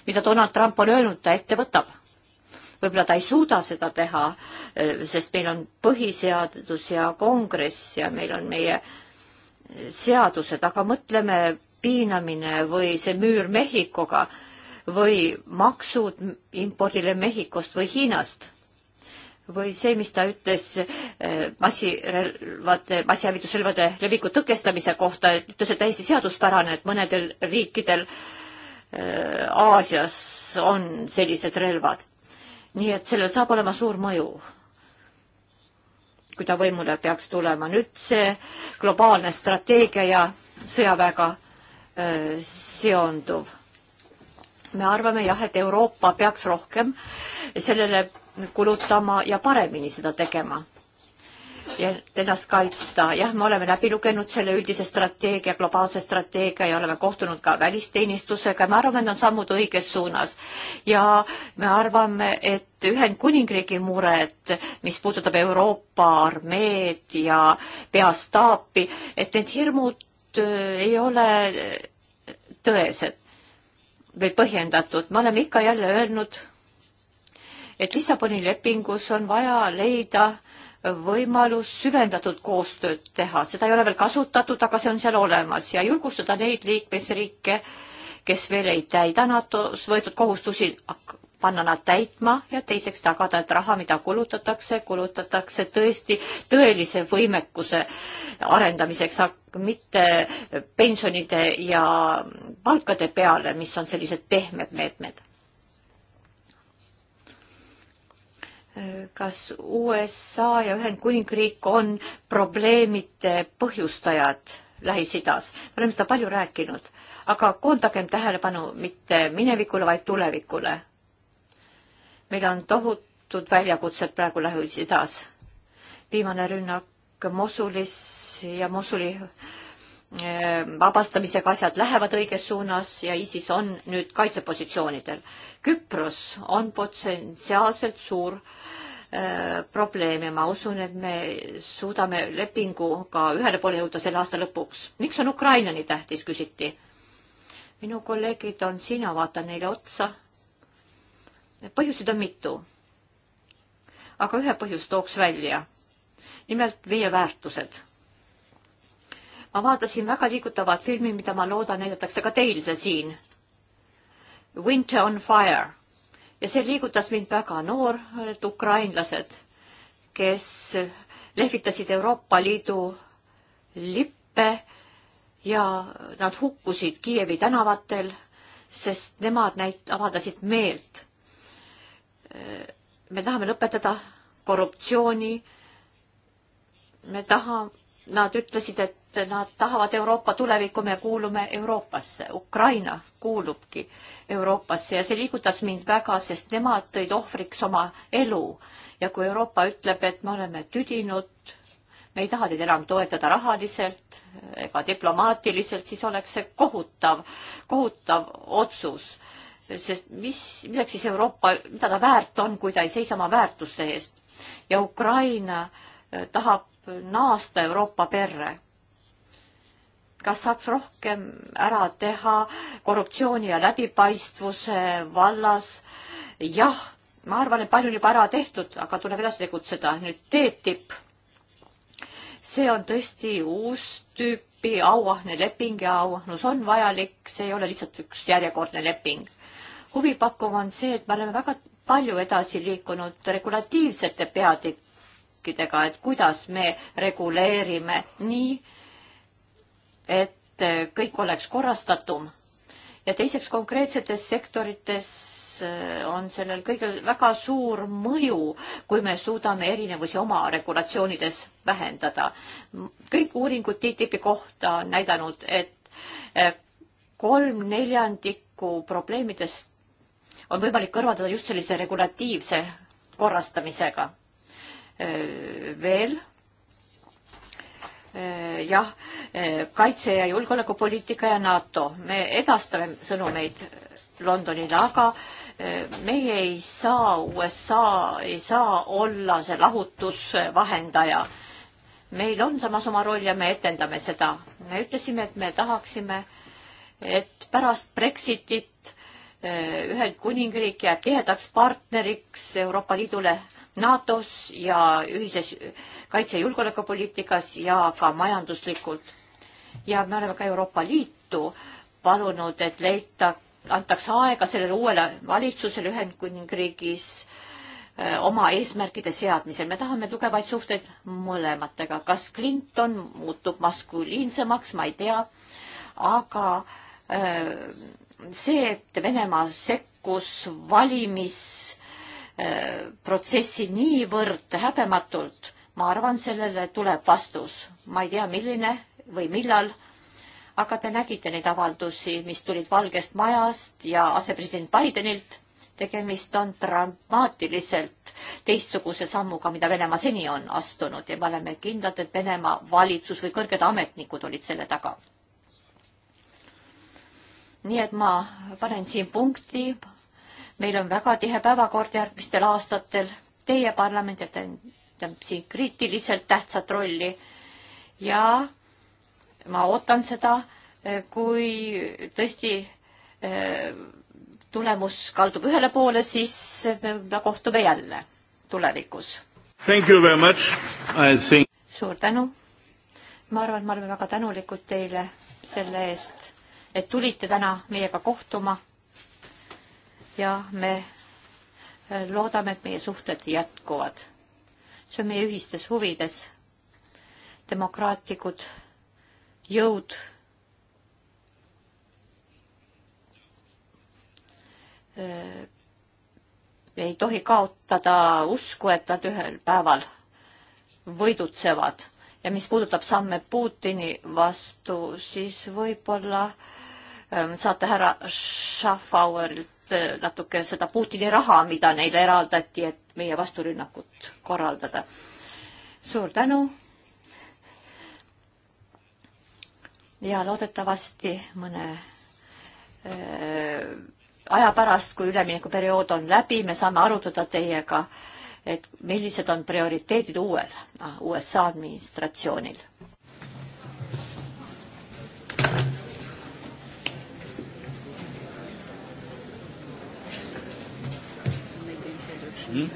mida Donald Trump on öelnud, ta ette võtab. võib-olla ta ei suuda seda teha, eh, sest meil on põhiseadus ja kongress ja meil on meie eh, seadused, aga mõtleme piinamine või see müür Mehhikoga või maksud impordile Mehhikost või Hiinast või see, mis ta ütles eh, massirelvade, massihävitusrelvade leviku tõkestamise kohta, ütles, et täiesti seaduspärane, et mõnedel riikidel eh, Aasias on sellised relvad. nii et sellel saab olema suur mõju, kui ta võimule peaks tulema. nüüd see globaalne strateegia ja sõjaväega eh, seonduv me arvame jah, et Euroopa peaks rohkem sellele kulutama ja paremini seda tegema. ja ennast kaitsta. jah, me oleme läbi lugenud selle üldise strateegia, globaalse strateegia ja oleme kohtunud ka välisteenistusega. me arvame, et need on sammud õiges suunas. ja me arvame, et Ühendkuningriigi mured, mis puudutab Euroopa armeed ja peastaapi, et need hirmud äh, ei ole äh, tõesed või põhjendatud. me oleme ikka jälle öelnud et Lissaboni lepingus on vaja leida võimalus süvendatud koostööd teha, seda ei ole veel kasutatud, aga see on seal olemas ja julgustada neid liikmesriike, kes veel ei täida NATO-s võetud kohustusi, panna nad täitma ja teiseks tagada, et raha, mida kulutatakse, kulutatakse tõesti tõelise võimekuse arendamiseks, mitte pensionide ja palkade peale, mis on sellised pehmed meetmed kas USA ja Ühendkuningriik on probleemide põhjustajad Lähis-Idas? me oleme seda palju rääkinud, aga koondagem tähelepanu mitte minevikule, vaid tulevikule. meil on tohutud väljakutsed praegu Lähis-Idas. viimane rünnak Mosulis ja Mosuli Ehm, vabastamisega asjad lähevad õiges suunas ja ISIS on nüüd kaitsepositsioonidel. Küpros on potentsiaalselt suur äh, probleem ja ma usun, et me suudame lepinguga ühele poole jõuda selle aasta lõpuks. miks on Ukraina nii tähtis, küsiti. minu kolleegid on siin ja vaatan neile otsa. põhjuseid on mitu. aga ühe põhjuse tooks välja. nimelt meie väärtused ma vaatasin väga liigutavat filmi, mida ma loodan näidatakse ka teile siin. Winter on fire ja see liigutas mind väga, noored ukrainlased, kes lehvitasid Euroopa Liidu lippe ja nad hukkusid Kiievi tänavatel, sest nemad näit-, avaldasid meelt. me tahame lõpetada korruptsiooni. me taha-, nad ütlesid, et nad tahavad Euroopa tulevikku, me kuulume Euroopasse. Ukraina kuulubki Euroopasse ja see liigutas mind väga, sest nemad tõid ohvriks oma elu. ja kui Euroopa ütleb, et me oleme tüdinud, me ei taha teid enam toetada rahaliselt ega diplomaatiliselt, siis oleks see kohutav, kohutav otsus. sest mis, milleks siis Euroopa, mida ta väärt on, kui ta ei seisa oma väärtuste eest? ja Ukraina eh, tahab naasta Euroopa perre kas saaks rohkem ära teha korruptsiooni ja läbipaistvuse vallas? jah, ma arvan, et palju on juba ära tehtud, aga tuleb edasi tegutseda. nüüd TTIP. see on tõesti uus tüüpi auahne leping ja auahnus on vajalik, see ei ole lihtsalt üks järjekordne leping. huvipakkuv on see, et me oleme väga palju edasi liikunud regulatiivsete peatükkidega, et kuidas me reguleerime nii, et äh, kõik oleks korrastatum. ja teiseks konkreetsetes sektorites äh, on sellel kõigil väga suur mõju, kui me suudame erinevusi oma regulatsioonides vähendada. kõik uuringud TTIP-i kohta on näidanud, et äh, kolm neljandikku probleemidest on võimalik kõrvaldada just sellise regulatiivse korrastamisega. veel Eh, jah, eh, kaitse- ja julgeolekupoliitika ja NATO, me edastame sõnumeid Londonile, aga eh, meie ei saa, USA ei saa olla see lahutusvahendaja. meil on samas oma roll ja me etendame seda. me ütlesime, et me tahaksime, et pärast Brexitit Ühendkuningriik jääb tihedaks partneriks Euroopa Liidule NATO-s ja ühises kaitse- ja julgeolekupoliitikas ja ka majanduslikult. ja me oleme ka Euroopa Liitu palunud, et leita, antaks aega sellele uuele valitsusele Ühendkuningriigis äh, oma eesmärkide seadmisel. me tahame tugevaid suhteid mõlematega. kas Clinton muutub maskuliinsemaks, ma ei tea, aga äh, see, et Venemaa sekkus valimis Äh, protsessi niivõrd häbematult, ma arvan, sellele tuleb vastus. ma ei tea, milline või millal, aga te nägite neid avaldusi, mis tulid Valgest Majast ja asepresident Bidenilt. tegemist on dramaatiliselt teistsuguse sammuga, mida Venemaa seni on astunud ja me oleme kindlad, et Venemaa valitsus või kõrged ametnikud olid selle taga. nii et ma panen siin punkti meil on väga tihe päevakord järgmistel aastatel. Teie parlamendil tähendab siin kriitiliselt tähtsat rolli ja ma ootan seda, eh, kui tõesti eh, tulemus kaldub ühele poole, siis me kohtume jälle tulevikus. Think... suur tänu. ma arvan, et me oleme väga tänulikud teile selle eest, et tulite täna meiega kohtuma ja me äh, loodame, et meie suhted jätkuvad. see on meie ühistes huvides. demokraatlikud jõud äh, ei tohi kaotada usku, et nad ühel päeval võidutsevad ja mis puudutab samme Putini vastu, siis võib-olla ähm, saate härra Schaffauerilt Eh, natuke seda Putini raha, mida neile eraldati, et meie vasturünnakut korraldada. suur tänu. ja loodetavasti mõne öö, eh, aja pärast, kui üleminekuperiood on läbi, me saame arutada teiega, et millised on prioriteedid uuel USA administratsioonil. Hmm?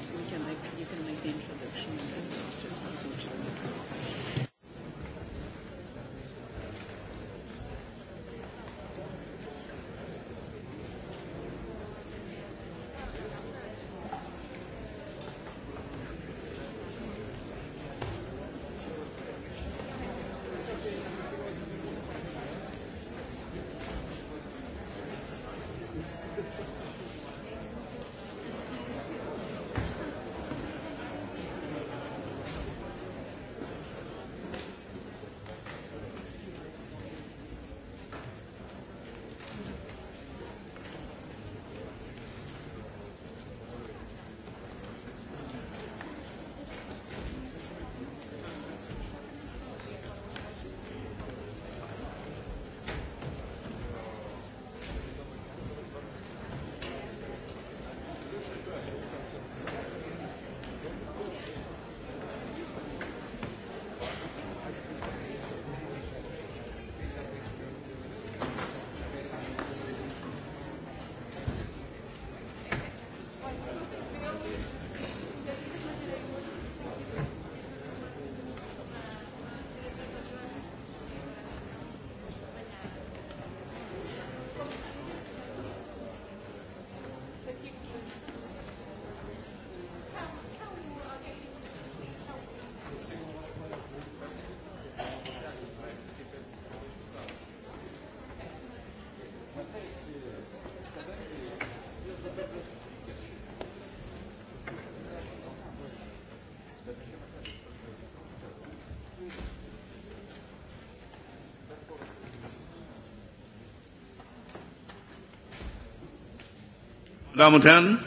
Damen und Herren,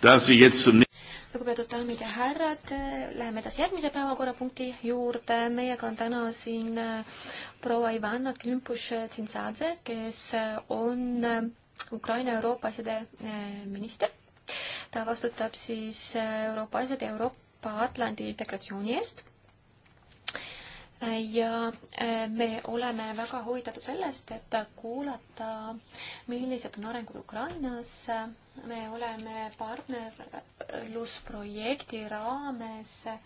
dass Sie jetzt zum lugupeetud daamid ja härrad, läheme edasi järgmise päevakorrapunkti juurde. meiega on täna siin äh, proua Ivana Klimpuš-Tsintsadze, kes äh, on äh, Ukraina Euroopa asjade minister. ta vastutab siis Euroopa asjade Euroopa Atlandi integratsiooni eest ja eh, me oleme väga huvitatud sellest, et kuulata, millised on arengud Ukrainas. me oleme partnerlusprojekti raames eh,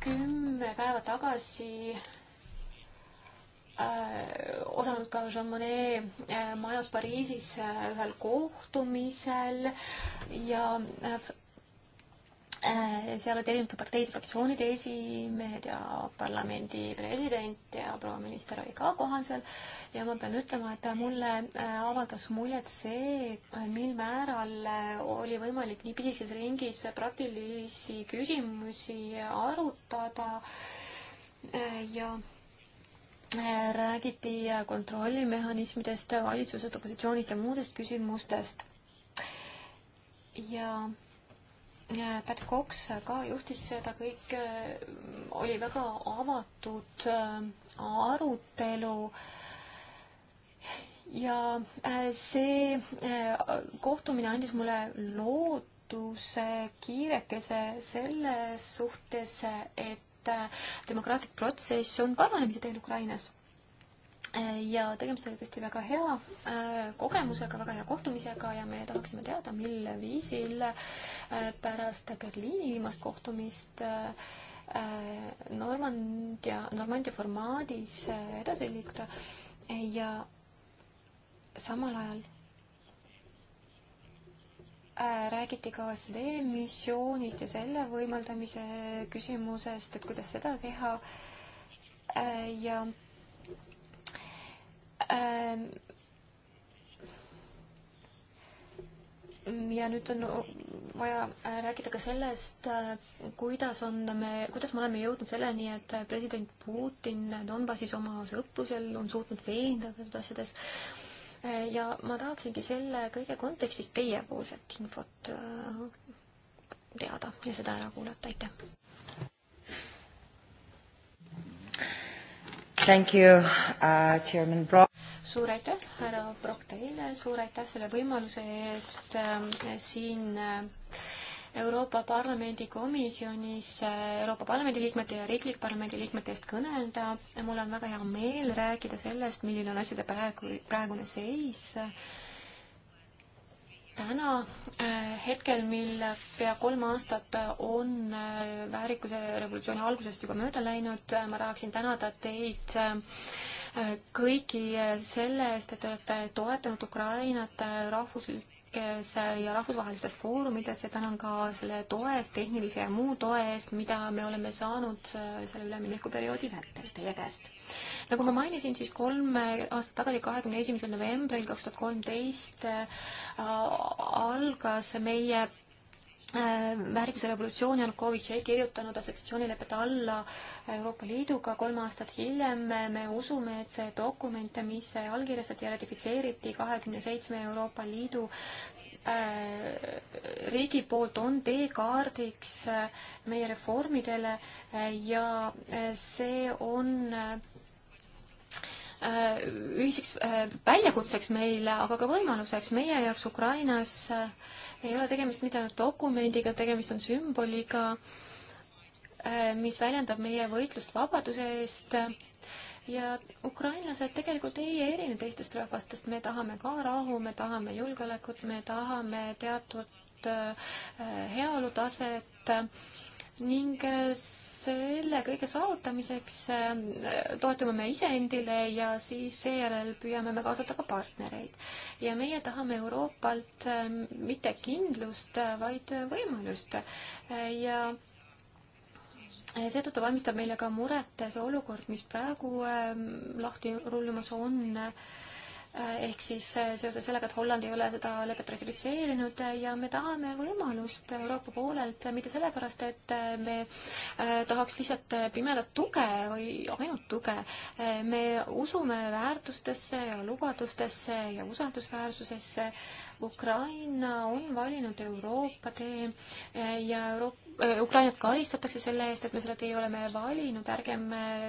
kümme päeva tagasi eh, osalenud ka Jean Monnet majas Pariisis ühel kohtumisel ja Äh, seal olid erinevate parteide fraktsioonide esimehed ja parlamendi president ja proua minister oli ka kohal seal ja ma pean ütlema, et mulle äh, avaldas muljet see, mil määral äh, oli võimalik nii pisikeses ringis praktilisi küsimusi arutada ja räägiti kontrollimehhanismidest, valitsusest, opositsioonist ja muudest küsimustest ja Pat Cox ka juhtis seda kõike, äh, oli väga avatud äh, arutelu ja äh, see kohtumine andis mulle lootuse kiirekese selles suhtes, et demokraatlik protsess on paranemise teel Ukrainas ja tegemist oli tõesti väga hea äh, kogemusega, väga hea kohtumisega ja me tahaksime teada, mil viisil äh, pärast Berliini viimast kohtumist äh, Normandia, Normandia formaadis edasi liikuda ja samal ajal räägiti ka OSCD missioonist ja selle võimaldamise küsimusest, et kuidas seda teha ja Ähm, ja nüüd on vaja äh, rääkida ka sellest, äh, kuidas on me, kuidas me oleme jõudnud selleni, et äh, president Putin Donbassis oma sõprusel on suutnud veenda teatud asjades. ja ma tahaksingi selle kõige kontekstis teiepoolset infot teada ja seda ära kuulata, aitäh! Thank you uh,, Chairman Brock. suur aitäh, härra Brock teile, suur aitäh selle võimaluse eest äh, siin äh, Euroopa Parlamendi komisjonis äh, Euroopa Parlamendi liikmete ja riiklik parlamendi liikmete eest kõnelda. mul on väga hea meel rääkida sellest, milline on asjade praegu, praegune seis äh, täna, äh, hetkel, mil pea kolm aastat on äh, väärikuse revolutsiooni algusest juba mööda läinud, äh, ma tahaksin tänada teid kõiki selle eest, et te olete toetanud Ukrainat rahvuslikult riikides äh, ja rahvusvahelistes foorumites ja tänan ka selle toe eest, tehnilise ja muu toe eest, mida me oleme saanud äh, selle üleminekuperioodi vältel teie käest. nagu ma mainisin, siis kolm aastat tagasi, kahekümne esimesel novembril kaks tuhat kolmteist äh, algas meie Äh, väärikuse revolutsioon Janukovitš ei kirjutanud assotsiatsioonilepet alla Euroopa Liiduga kolm aastat hiljem. me usume, et see dokument, mis allkirjastati ja ratifitseeriti kahekümne seitsme Euroopa Liidu äh, riigi poolt on teekaardiks äh, meie reformidele ja see on ühiseks väljakutseks meile, aga ka võimaluseks meie jaoks Ukrainas äh, ei ole tegemist mitte ainult dokumendiga, tegemist on sümboliga, äh, mis väljendab meie võitlust vabaduse eest ja ukrainlased tegelikult ei erine teistest rahvastest, me tahame ka rahu, me tahame julgeolekut, me tahame teatud äh, äh, heaolutaset ning selle kõige saavutamiseks äh, toetume me iseendile ja siis seejärel püüame me kaasata ka partnereid. ja meie tahame Euroopalt äh, mitte kindlust, äh, vaid võimalust ja seetõttu valmistab meile ka muret see olukord, mis praegu lahti rullumas on äh, Äh, ehk siis äh, seoses sellega, et Holland ei ole seda lepet ratifitseerinud äh, ja me tahame võimalust Euroopa poolelt, mitte sellepärast, et me tahaks lihtsalt pimedat tuge või ainult tuge. me usume väärtustesse ja lubadustesse ja usaldusväärsusesse. Ukraina on valinud Euroopa tee ja Euroopa Ukrainat karistatakse selle eest, et me selle tee oleme valinud, ärgem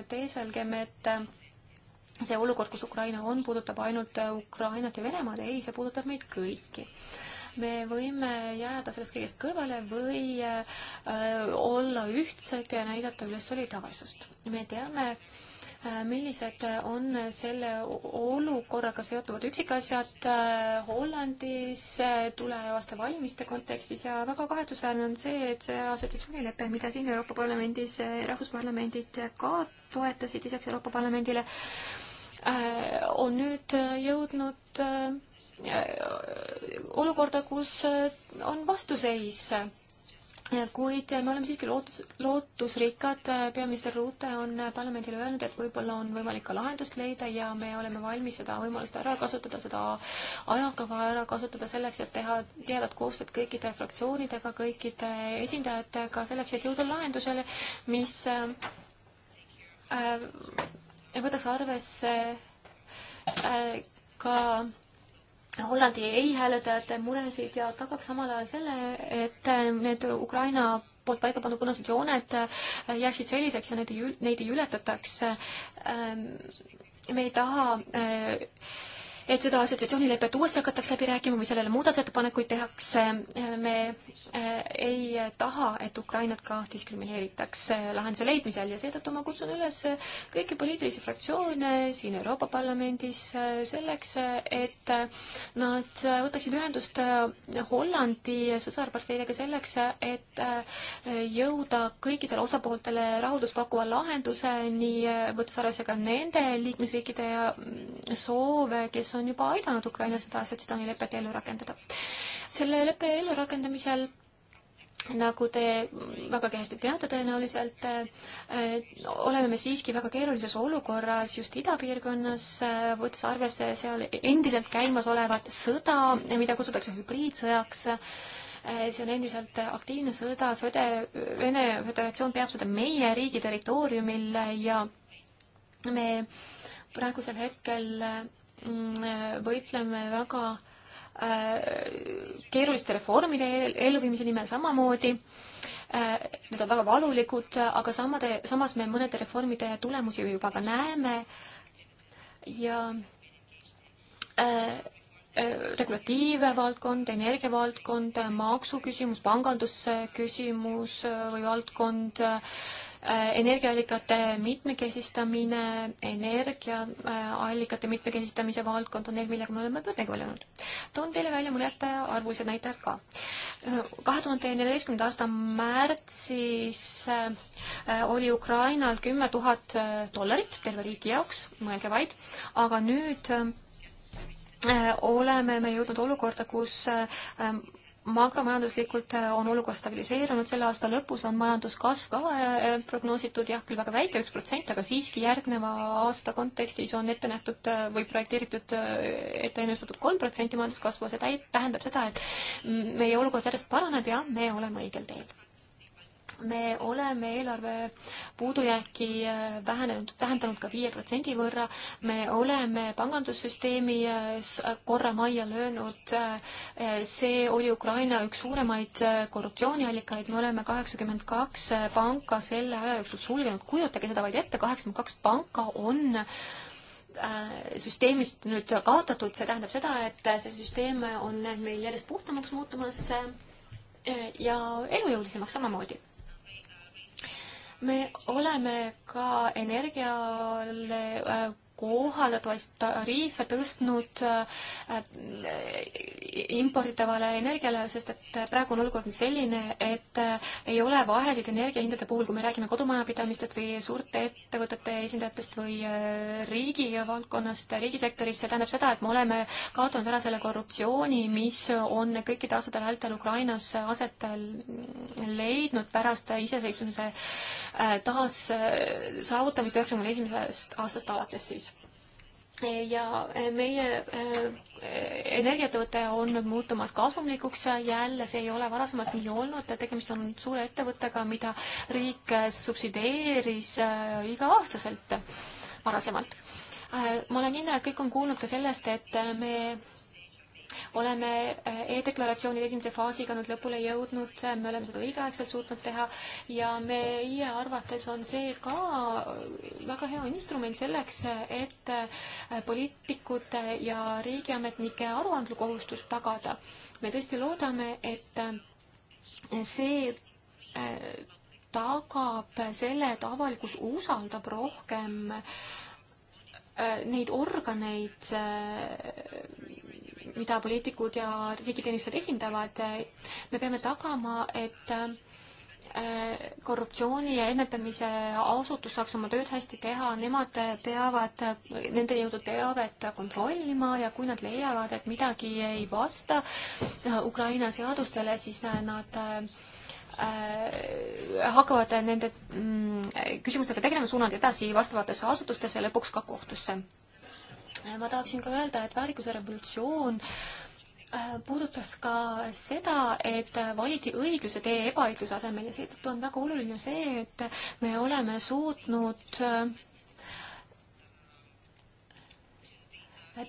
teeselgem, et see olukord, kus Ukraina on, puudutab ainult äh, Ukrainat ja Venemaad, ei, see puudutab meid kõiki me võime jääda sellest kõigest kõrvale või äh, olla ühtsed ja näidata üles solidaarsust. me teame äh,, millised on selle olukorraga seotuvad üksikasjad äh, Hollandis äh, tulevaste valimiste kontekstis ja väga kahetsusväärne on see, et see assotsiatsioonilepe, mida siin Euroopa Parlamendis äh, rahvusparlamendid ka toetasid lisaks Euroopa Parlamendile, Äh, on nüüd äh, jõudnud äh, olukorda, kus on vastuseis. kuid me oleme siiski lootus, lootusrikkad. peaminister Ruute on parlamendile öelnud, et võib-olla on võimalik ka lahendust leida ja me oleme valmis seda võimalust ära kasutada, seda ajakava ära kasutada selleks, et teha tihedat koostööd kõikide fraktsioonidega, kõikide esindajatega, selleks, et jõuda lahendusele, mis äh, võtaks arvesse äh, ka Hollandi ei-hääletajate muresid ja tagaks samal ajal selle, et äh, need Ukraina poolt paika pandud punased jooned äh, jääksid selliseks ja neid ei, neid ei ületataks. me ei taha äh, et seda assotsiatsioonilepet uuesti hakatakse läbi rääkima või sellele muudatusettepanekuid tehakse. me äh, ei taha, et Ukrainat ka diskrimineeritaks äh, lahenduse leidmisel ja seetõttu ma kutsun üles kõiki poliitilisi fraktsioone siin Euroopa Parlamendis äh, selleks, et nad võtaksid ühendust Hollandi sõsarparteidega selleks, et jõuda kõikidele osapooltele rahuldust pakkuva lahenduseni, võttes arvesse ka nende liikmesriikide soove, kes on on juba aidanud Ukraina seda Sotsiaalne lepet ellu rakendada. selle leppe ellurakendamisel nagu te vägagi hästi teate tõenäoliselt, eh, oleme me siiski väga keerulises olukorras just idapiirkonnas, eh, võttes arvesse seal endiselt käimasolevat sõda, mida kutsutakse hübriidsõjaks eh, see on endiselt aktiivne sõda, Föde, Vene Föderatsioon peab seda meie riigi territooriumil ja me praegusel hetkel Mm, võitleme väga äh, keeruliste reformide elluviimise nimel samamoodi. Äh, need on väga valulikud, aga samade, samas me mõnede reformide tulemusi juba ka näeme ja äh, regulatiivvaldkond, energiavaldkond, maksuküsimus, pangandusküsimus või valdkond äh,, Äh, energiaallikate mitmekesistamine, energiaallikate mitmekesistamise valdkond on need, millega me oleme tegelenud. toon teile välja mõned arvulised näitajad ka. kahe tuhande neljateistkümnenda aasta märtsis äh, oli Ukrainal kümme tuhat äh, dollarit terve riigi jaoks, mõelge vaid, aga nüüd oleme me jõudnud olukorda, kus makromajanduslikult äh, on olukord stabiliseerunud, selle aasta lõpus on majanduskasv ka äh, prognoositud, jah, küll väga väike, üks protsent, aga siiski järgneva aasta kontekstis on ette nähtud äh, või projekteeritud, ette ennustatud kolm protsenti majanduskasvu, see tähendab seda, et meie olukord järjest paraneb ja me oleme õigel teel me oleme eelarve puudujääki äh, vähenenud, vähendanud ka viie protsendi võrra, me oleme pangandussüsteemis äh, korra majja löönud, äh, see oli Ukraina üks suuremaid korruptsiooniallikaid, me oleme kaheksakümmend kaks panka selle aja jooksul sulgenud, kujutage seda vaid ette, kaheksakümmend kaks panka on süsteemist nüüd kaotatud, see tähendab seda, et see süsteem on meil järjest puhtamaks muutumas ja elujõulisemaks samamoodi me oleme ka energiale äh, kohaldatavaid tariife tõstnud äh, äh, imporditavale energiale, sest et praegu on olukord selline, et äh, ei ole vahesid energiahindade puhul, kui me räägime kodumajapidamistest või suurte ettevõtete esindajatest või riigi valdkonnast, riigisektorist, see tähendab seda, et me oleme kaotanud ära selle korruptsiooni, mis on kõikide aastate vältel Ukrainas aset leidnud pärast iseseisvumise taas saavutamist üheksakümne esimesest aastast alates siis ja eh, meie eh, energiaettevõte on muutumas kasumlikuks, jälle see ei ole varasemalt nii olnud, tegemist on suure ettevõttega, mida riik eh, subsideeris iga-aastaselt varasemalt. ma olen kindel, et kõik on kuulnud ka sellest, et me oleme äh, e-deklaratsioonide esimese faasiga nüüd lõpule jõudnud, äh, me oleme seda õigeaegselt suutnud teha ja meie arvates on see ka väga hea instrument selleks, et äh, poliitikute ja riigiametnike aruandlukohustus tagada. me tõesti loodame, et see tagab selle, et avalikkus usaldab rohkem neid organeid, mida poliitikud ja riigiteenistused esindavad. me peame tagama, et äh, korruptsiooni ja ennetamise asutus saaks oma tööd hästi teha, nemad peavad nende jõudu teavet kontrollima ja kui nad leiavad, et midagi ei vasta äh, Ukraina seadustele, siis äh, nad hakkavad nende mm, küsimustega tegelema, suunavad edasi vastavatesse asutustesse ja lõpuks ka kohtusse Äh, ma tahaksin ka öelda, et väärikuse revolutsioon äh, puudutas ka seda, et valiti õigluse tee ebaõigluse asemel ja seetõttu on väga oluline see, et me oleme suutnud äh,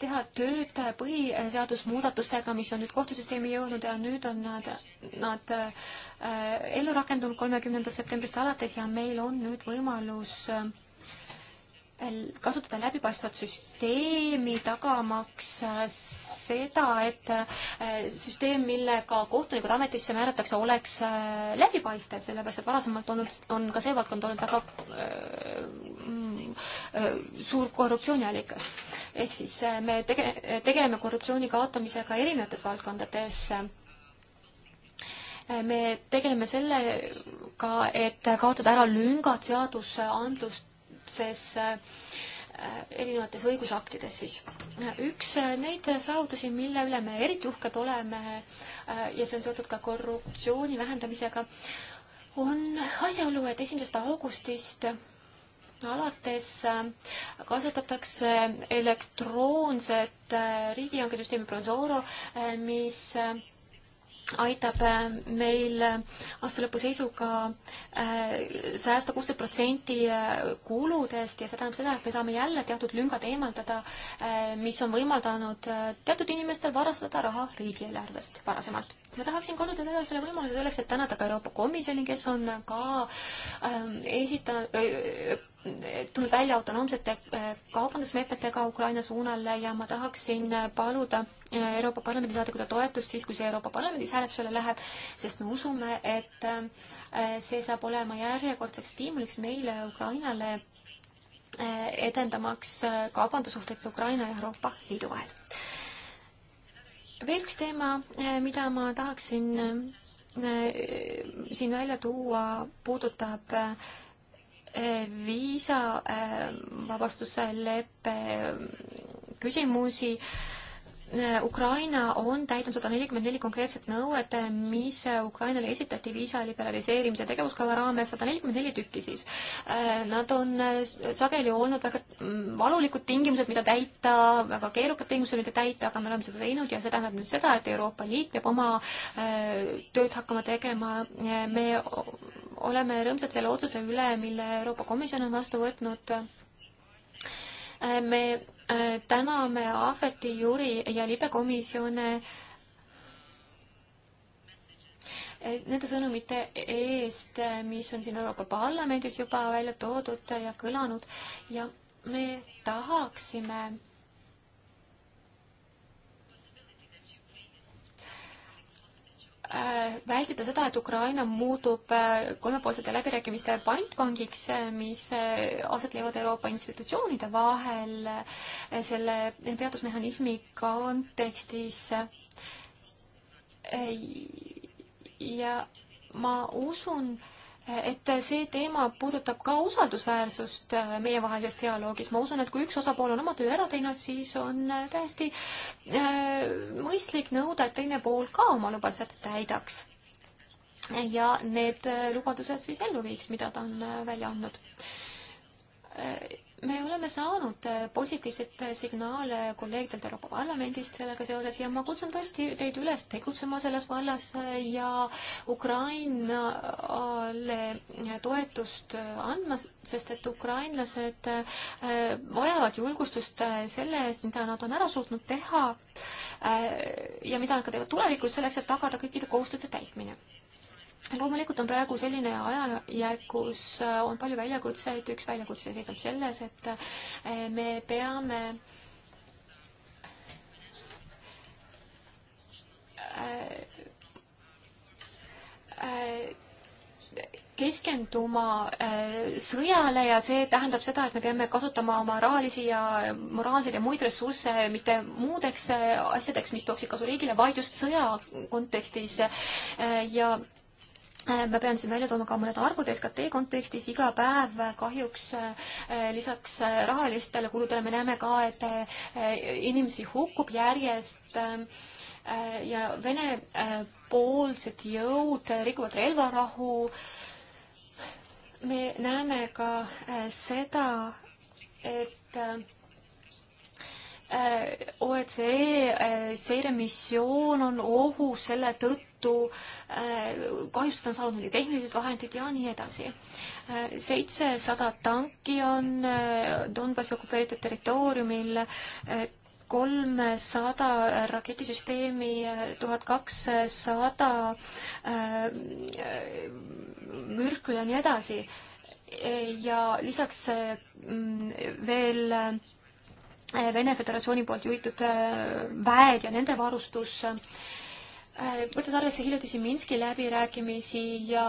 teha tööd põhiseadusmuudatustega, mis on nüüd kohtusüsteemi jõudnud ja nüüd on nad, nad äh, ellu rakendunud kolmekümnendast septembrist alates ja meil on nüüd võimalus äh, kasutada läbipaistvat süsteemi, tagamaks äh, seda, et äh, süsteem, millega kohtunikud ametisse määratakse, oleks äh, läbipaistev, sellepärast et varasemalt olnud, on ka see valdkond olnud väga äh, mm, suur korruptsiooniallikas. ehk siis me tege-, tegeleme korruptsiooni kaotamisega erinevates valdkondades me tegeleme sellega, et kaotada ära lüngad seadusandlust ühtses äh, erinevates õigusaktides siis. üks äh, neid saavutusi, mille üle me eriti uhked oleme äh, ja see on seotud ka korruptsiooni vähendamisega, on asjaolu, et esimesest augustist alates kasutatakse elektroonset riigihankesüsteemi Prozoro, mis aitab äh, meil äh, aasta lõpu seisuga äh, säästa kuusteist protsenti kuludest ja see tähendab seda, et me saame jälle teatud lüngad eemaldada, mis on võimaldanud teatud inimestel varastada raha riigieelarvest varasemalt. ma tahaksin kasutada ära selle võimaluse selleks, et tänada ka Euroopa Komisjoni, kes on ka ähm, esita-, tulnud välja autonoomsete äh, kaubandusmeetmetega Ukraina suunal ja ma tahaksin äh, paluda äh, Euroopa Parlamendi saadikute toetust siis, kui see Euroopa Parlamendis hääletusele läheb, sest me usume, et see saab olema järjekordseks stiimuliks meile, Ukrainale, edendamaks kaubandussuhteid Ukraina ja Euroopa Liidu vahel. veel üks teema, mida ma tahaksin siin välja tuua, puudutab viisavabastuse leppe küsimusi Äh, Ukraina on täitnud sada nelikümmend neli konkreetset nõuet, äh, mis äh, Ukrainale esitati viisa liberaliseerimise tegevuskava raames, sada nelikümmend neli tükki siis. Nad on sageli olnud väga mm, valulikud tingimused, mida täita, väga keerukad tingimused, mida täita, aga me oleme seda teinud ja see tähendab nüüd seda, et Euroopa Liit peab oma tööd hakkama tegema, me oleme rõõmsad selle otsuse üle, mille Euroopa Komisjon on vastu võtnud, me Äh, täname Ahveti, Juri ja libekomisjone äh, nende sõnumite eest, äh, mis on siin Euroopa Parlamendis juba välja toodud ja kõlanud ja me tahaksime Äh, vältida seda, et Ukraina muutub äh, kolmepoolsete läbirääkimiste pantvangiks, äh, mis aset leiavad Euroopa institutsioonide vahel selle peatusmehhanismi kontekstis. ja ma usun, et see teema puudutab ka usaldusväärsust äh, meievahelises dialoogis. ma usun, et kui üks osapool on oma töö ära teinud, siis on äh, täiesti äh, mõistlik nõuda, et teine pool ka oma lubadused täidaks ja need lubadused siis ellu viiks, mida ta on välja andnud me oleme saanud äh, positiivseid äh, signaale kolleegidelt Euroopa Parlamendist sellega seoses ja ma kutsun tõesti teid üles tegutsema selles vallas äh, ja Ukrainale toetust andma, sest et ukrainlased vajavad julgustust selle eest, mida nad on ära suutnud teha ja mida nad ka teevad tulevikus selleks, et tagada kõikide kohustuste täitmine loomulikult on praegu selline ajajärk, kus äh, on palju väljakutseid, üks väljakutse seisneb selles, et äh, me peame äh, keskenduma sõjale ja see tähendab seda, et me peame kasutama oma rahalisi ja moraalseid ja muid ressursse mitte muudeks asjadeks, mis tooksid kasu riigile, vaid just sõja kontekstis ja Äh, ma pean siin välja tooma ka mõned arvud SKT kontekstis, iga päev kahjuks äh, lisaks äh, rahalistele kuludele me näeme ka, et inimesi hukkub järjest ja Vene-poolsed jõud rikuvad relvarahu. me näeme ka seda, et Äh, OECD e, äh, seiremissioon on ohus selle tõttu, äh, kahjustada on saanud nende tehnilised vahendid ja nii edasi. seitsesada tanki on Donbassi okupeeritud territooriumil, kolmsada raketisüsteemi, tuhat kakssada mürku ja nii edasi. ja lisaks mm, veel Äh, Vene Föderatsiooni poolt juhitud äh, väed ja nende varustus äh, võttes arvesse hiljutisi Minski läbirääkimisi ja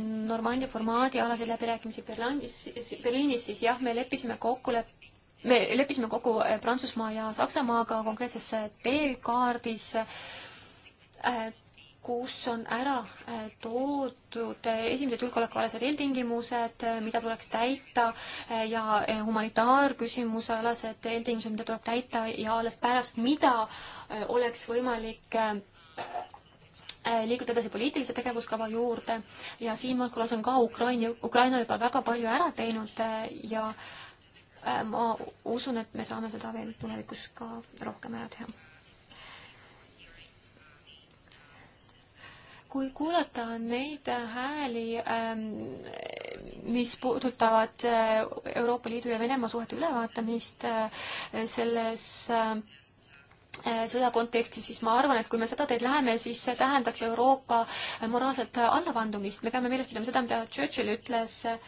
Normandia formaadi alaseid läbirääkimisi Berliinis, Berliinis, siis jah, me leppisime kokkuleppe me leppisime kokku Prantsusmaa ja Saksamaaga konkreetses teekaardis kus on ära äh, toodud äh, esimesed julgeolekualased eeltingimused, äh, mida tuleks täita ja humanitaarküsimuse alased eeltingimused, mida tuleb täita ja alles pärast mida oleks võimalik liikuda edasi poliitilise tegevuskava juurde ja siinkohal on ka Ukraina, Ukraina juba väga palju ära teinud ja ma usun, et me saame seda veel tulevikus ka rohkem ära teha kui kuulata neid hääli, ähm, mis puudutavad äh, Euroopa Liidu ja Venemaa suhete ülevaatamist äh, selles äh, sõja kontekstis, siis ma arvan, et kui me seda teed läheme, siis see tähendaks Euroopa moraalset allavandumist. me peame meeles pidama seda, mida Churchill ütles äh,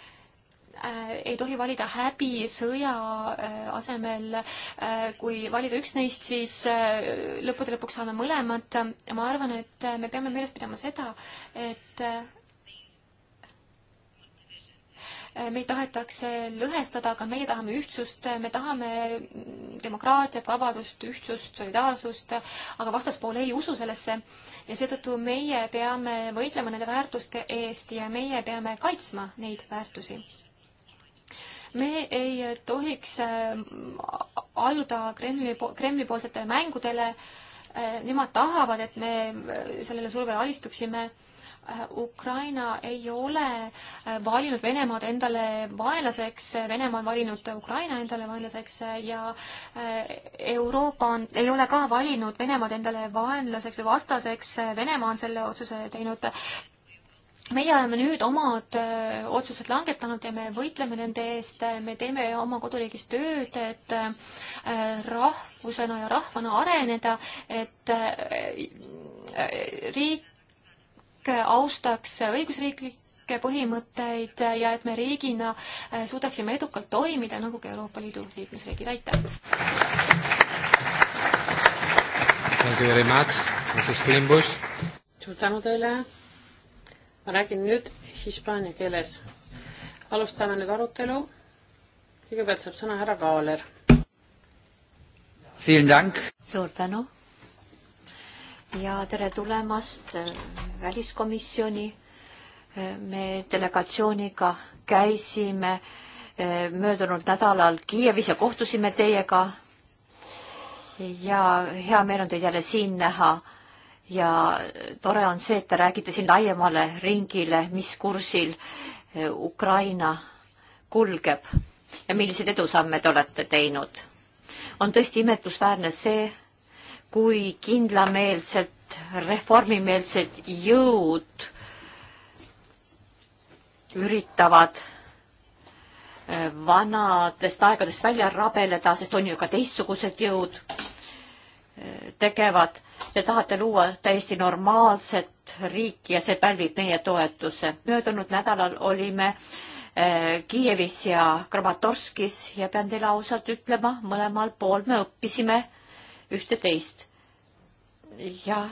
Äh, ei tohi valida häbi sõja äh, asemel. Äh, kui valida üks neist, siis lõppude lõpuks saame mõlemat. ma arvan, et me peame meeles pidama seda, et meid tahetakse lõhestada, aga meie tahame ühtsust, me tahame demokraatiat, vabadust, ühtsust, solidaarsust, aga vastaspool ei usu sellesse ja seetõttu meie peame võitlema nende väärtuste eest ja meie peame kaitsma neid väärtusi me ei tohiks äh, alluda Kremli, Kremli-poolsetele mängudele. Äh, nemad tahavad, et me äh, sellele survele alistuksime. Ukraina ei ole valinud Venemaad endale vaenlaseks, Venemaa on valinud Ukraina endale vaenlaseks ja Euroopa on, ei ole ka valinud Venemaad endale vaenlaseks või vastaseks, Venemaa on selle otsuse teinud meie oleme nüüd omad öö, äh, otsused langetanud ja me võitleme nende eest, me teeme oma koduriigis tööd, et öö, äh, rahvusena ja rahvana areneda, et öö, äh, riik austaks õigusriiklikke põhimõtteid ja et me riigina suudaksime edukalt toimida, nagu ka Euroopa Liidu liikmesriigid, aitäh! suur tänu teile! ma räägin nüüd hispaania keeles. alustame nüüd arutelu. kõigepealt saab sõna härra Kaaler. suur tänu ja tere tulemast äh, väliskomisjoni. Äh, me delegatsiooniga käisime äh, möödunud nädalal Kiievis ja kohtusime teiega. ja hea meel on teid jälle siin näha ja tore on see, et te räägite siin laiemale ringile, mis kursil eh, Ukraina kulgeb ja milliseid edusamme te olete teinud. on tõesti imetlusväärne see, kui kindlameelsed reformimeelsed jõud üritavad eh, vanadest aegadest välja rabeleda, sest on ju ka teistsugused jõud tegevad. Te tahate luua täiesti normaalset riiki ja see pälvib meie toetuse. möödunud nädalal olime eh, Kiievis ja Kramatorskis ja pean teile ausalt ütlema, mõlemal pool me õppisime ühte-teist. jah,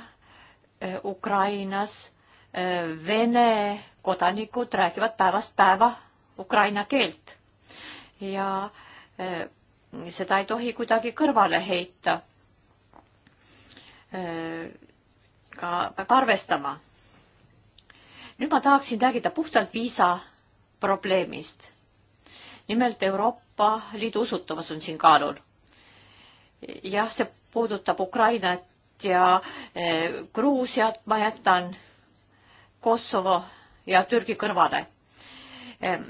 eh, Ukrainas eh, Vene kodanikud räägivad päevast päeva ukraina keelt ja seda ei tohi kuidagi kõrvale heita Äh, ka peab arvestama. nüüd ma tahaksin rääkida puhtalt viisa probleemist. nimelt Euroopa Liidu usutavus on siin kaalul. jah, see puudutab Ukrainat ja äh, Gruusiat ma jätan Kosovo ja Türgi kõrvale. Ehm,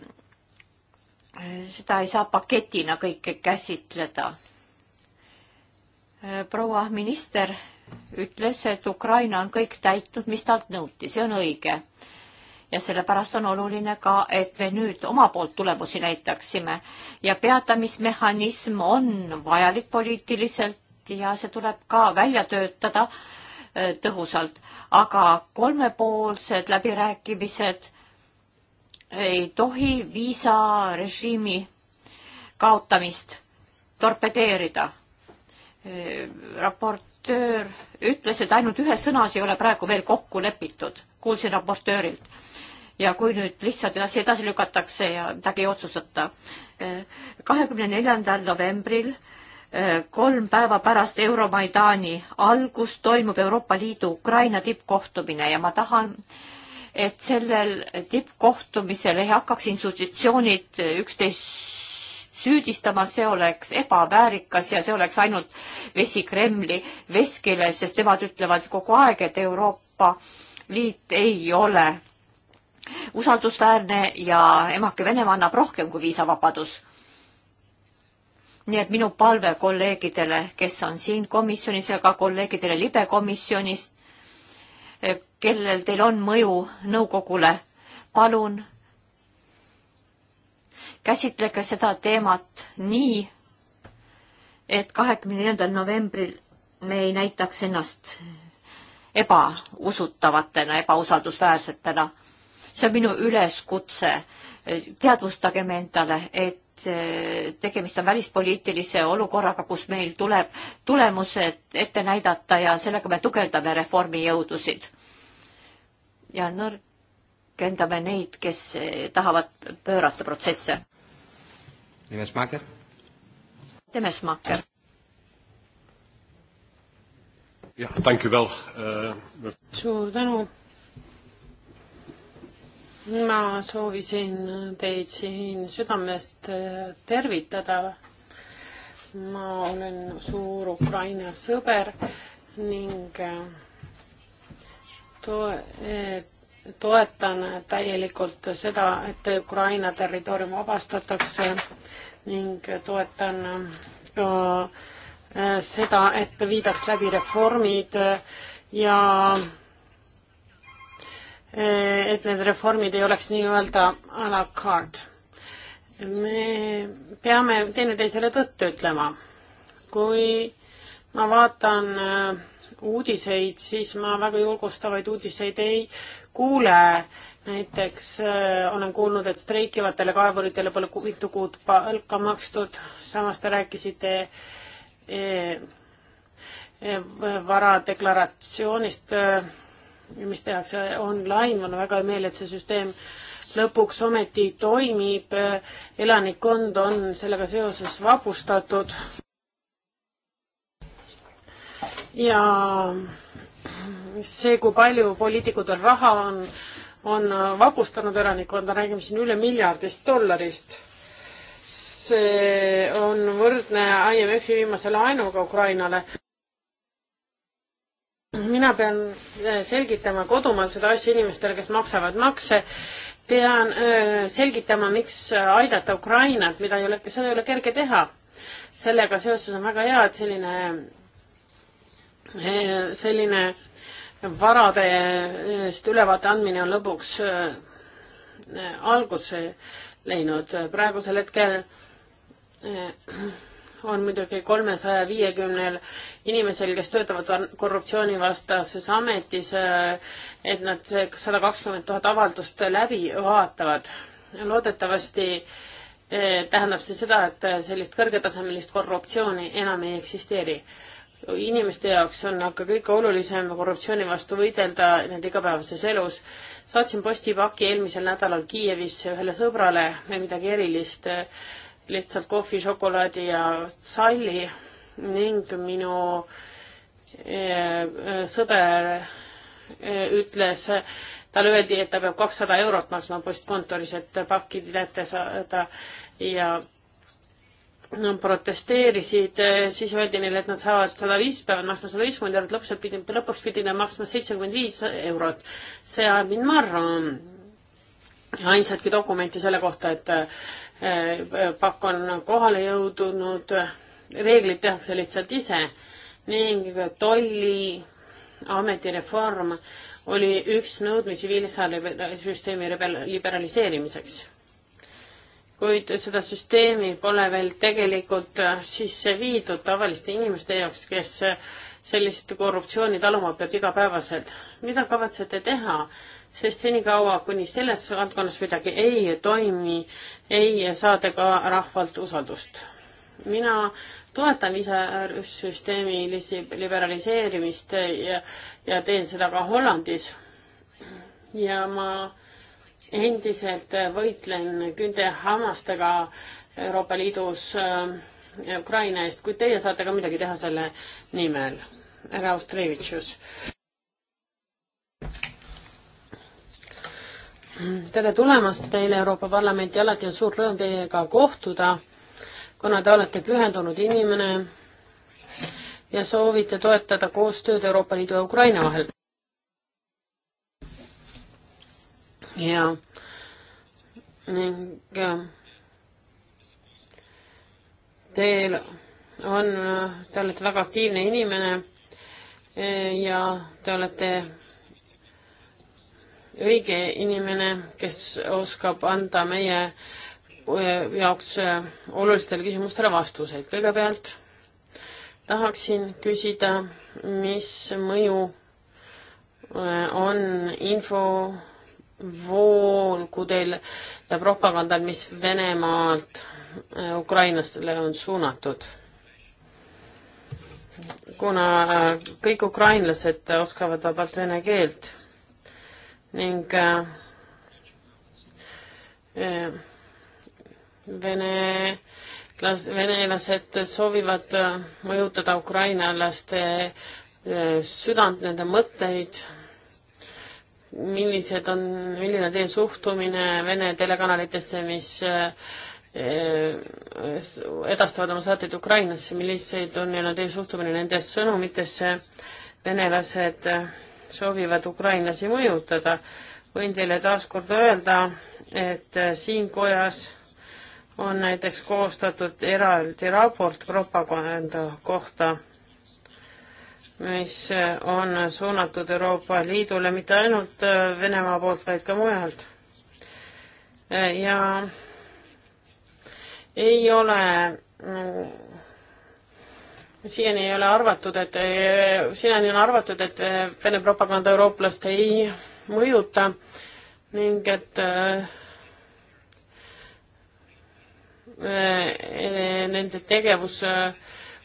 seda ei saa paketina kõike käsitleda. Äh, proua minister ütles, et Ukraina on kõik täitnud, mis talt nõuti, see on õige. ja sellepärast on oluline ka, et me nüüd oma poolt tulemusi näitaksime ja peatamismehhanism on vajalik poliitiliselt ja see tuleb ka välja töötada äh, tõhusalt, aga kolmepoolsed läbirääkimised ei tohi viisarežiimi kaotamist torpedeerida äh, raport raportöör ütles, et ainult ühes sõnas ei ole praegu veel kokku lepitud, kuulsin raportöörilt. ja kui nüüd lihtsalt edasi, edasi lükatakse ja midagi ei otsustata. Eh, kahekümne neljandal novembril, eh, kolm päeva pärast Euromaidani algust toimub Euroopa Liidu Ukraina tippkohtumine ja ma tahan, et sellel tippkohtumisel ei hakkaks institutsioonid üksteist süüdistama, see oleks ebaväärikas ja see oleks ainult vesi Kremli veskile, sest nemad ütlevad kogu aeg, et Euroopa Liit ei ole usaldusväärne ja emake Venemaa annab rohkem kui viisavabadus. nii et minu palve kolleegidele, kes on siin komisjonis ja ka kolleegidele libe komisjonist, eh, kellel teil on mõju nõukogule, palun käsitlege seda teemat nii, et kahekümne neljandal novembril me ei näitaks ennast ebausutavatena, ebausaldusväärsetena. see on minu üleskutse. teadvustagem endale, et eh, tegemist on välispoliitilise olukorraga, kus meil tuleb tulemused ette näidata ja sellega me tugevdame reformijõudusid. ja nõrgendame neid, kes eh, tahavad pöörata protsesse. Demesmaker. Demesmaker. jah, thank you well uh,. Eh, suur tänu. ma soovisin eh, teid siin südamest eh, tervitada. ma olen suur Ukraina sõber ning toe-, toetan täielikult seda, et Ukraina territoorium vabastatakse ning toetan ka äh, seda, et viidaks läbi reformid ja äh, et need reformid ei oleks nii-öelda a la carte. me peame teineteisele tõtt ütlema. kui ma vaatan äh, uudiseid, siis ma väga julgustavaid uudiseid ei kuule näiteks äh, olen kuulnud, et streikivatele kaevuritele pole mitu kuud palka makstud, samas te rääkisite e, e, varadeklaratsioonist e,, mis tehakse online, mul on väga hea meel, et see süsteem lõpuks ometi toimib, elanikkond on sellega seoses vabustatud ja see, kui palju poliitikutel raha on, on äh, vapustanud elanikkonda, räägime siin üle miljardist dollarist. see on võrdne IMF-i viimase laenuga Ukrainale. mina pean äh, selgitama kodumaal seda asja inimestele, kes maksavad makse pean öö, äh, selgitama, miks aidata Ukrainat, mida ei ole, seda ei ole kerge teha. sellega seoses on väga hea, et selline, selline varade eest ülevaate andmine on lõpuks äh, alguse läinud. praegusel hetkel äh, on muidugi kolmesaja viiekümnel inimesel, kes töötavad korruptsioonivastases ametis, äh, et nad sada kakskümmend tuhat avaldust läbi vaatavad. loodetavasti tähendab see seda, et sellist kõrgetasemelist korruptsiooni enam ei eksisteeri inimeste jaoks on aga kõige olulisem korruptsiooni vastu võidelda nende igapäevases elus. saatsin postipaki eelmisel nädalal Kiievisse ühele sõbrale, midagi erilist, lihtsalt kohvi, šokolaadi ja salli ning minu eh, sõber eh, ütles, talle öeldi, et ta peab kakssada eurot maksma postkontoris, et pakki kätte saada ja protesteerisid, eh, siis öeldi neile, et nad saavad sada viis päeva maksma sada viiskümmend eurot, lõpuks pidid, lõpuks pidid nad maksma seitsekümmend viis eurot. see ajab mind marra. ainsatki dokumenti selle kohta, et eh, pakk on kohale jõudnud, reeglid tehakse lihtsalt ise ning tolli ametireform oli üks nõudmisi viilisaalsüsteemi liberaliseerimiseks kuid seda süsteemi pole veel tegelikult äh, sisse viidud tavaliste inimeste jaoks, kes äh, sellist korruptsiooni taluma peab igapäevaselt. mida kavatsete teha? sest senikaua, kuni selles valdkonnas midagi ei toimi, ei saa te ka rahvalt usaldust. mina toetan lisasüsteemi liberaliseerimist ja, ja teen seda ka Hollandis. ja ma endiselt võitlen künde hammastega Euroopa Liidus äh, Ukraina eest, kuid teie saate ka midagi teha selle nimel. härra Ostrevitšus. tere tulemast teile Euroopa Parlamenti, alati on suur rõõm teiega kohtuda, kuna te olete pühendunud inimene ja soovite toetada koostööd Euroopa Liidu ja Ukraina vahel ja ning äh, teil on, äh, te olete väga aktiivne inimene äh, ja te olete õige inimene, kes oskab anda meie jaoks olulistele küsimustele vastuseid. kõigepealt tahaksin küsida, mis mõju on info voolkudel ja propagandal, mis Venemaalt äh, ukrainlastele on suunatud. kuna äh, kõik ukrainlased oskavad vabalt vene keelt ning äh, vene las-, venelased soovivad mõjutada ukrainlaste südant, nende mõtteid millised on, milline on teie suhtumine Vene telekanalitesse, mis eh, edastavad oma saateid Ukrainasse, milliseid on ja teie suhtumine nendesse sõnumitesse, venelased soovivad ukrainlasi mõjutada. võin teile taaskord öelda, et siin kojas on näiteks koostatud eraldi raport propaganda kohta mis äh, on suunatud Euroopa Liidule mitte ainult äh, Venemaa poolt, vaid ka mujalt. Äh, ja ei ole mm, siiani ei ole arvatud, et, siiani on arvatud, et Vene propaganda eurooplast ei mõjuta ning et äh, nende tegevus,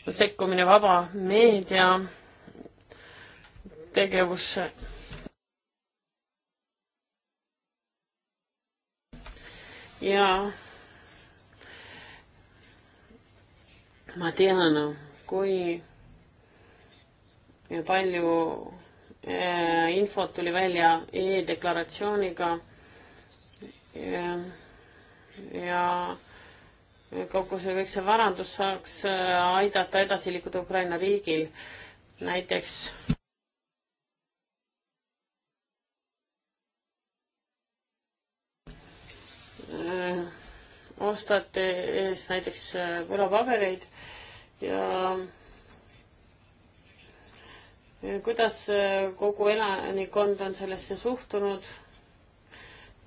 sekkumine vaba meedia tegevusse. ja ma tean, kui palju äh, infot tuli välja e-deklaratsiooniga ja, äh, ja kogu see, kõik see varandus saaks äh, aidata edasi liikuda Ukraina riigil. näiteks Äh, ostate ees näiteks äh, võlapabereid ja kuidas äh, kogu elanikkond on sellesse suhtunud,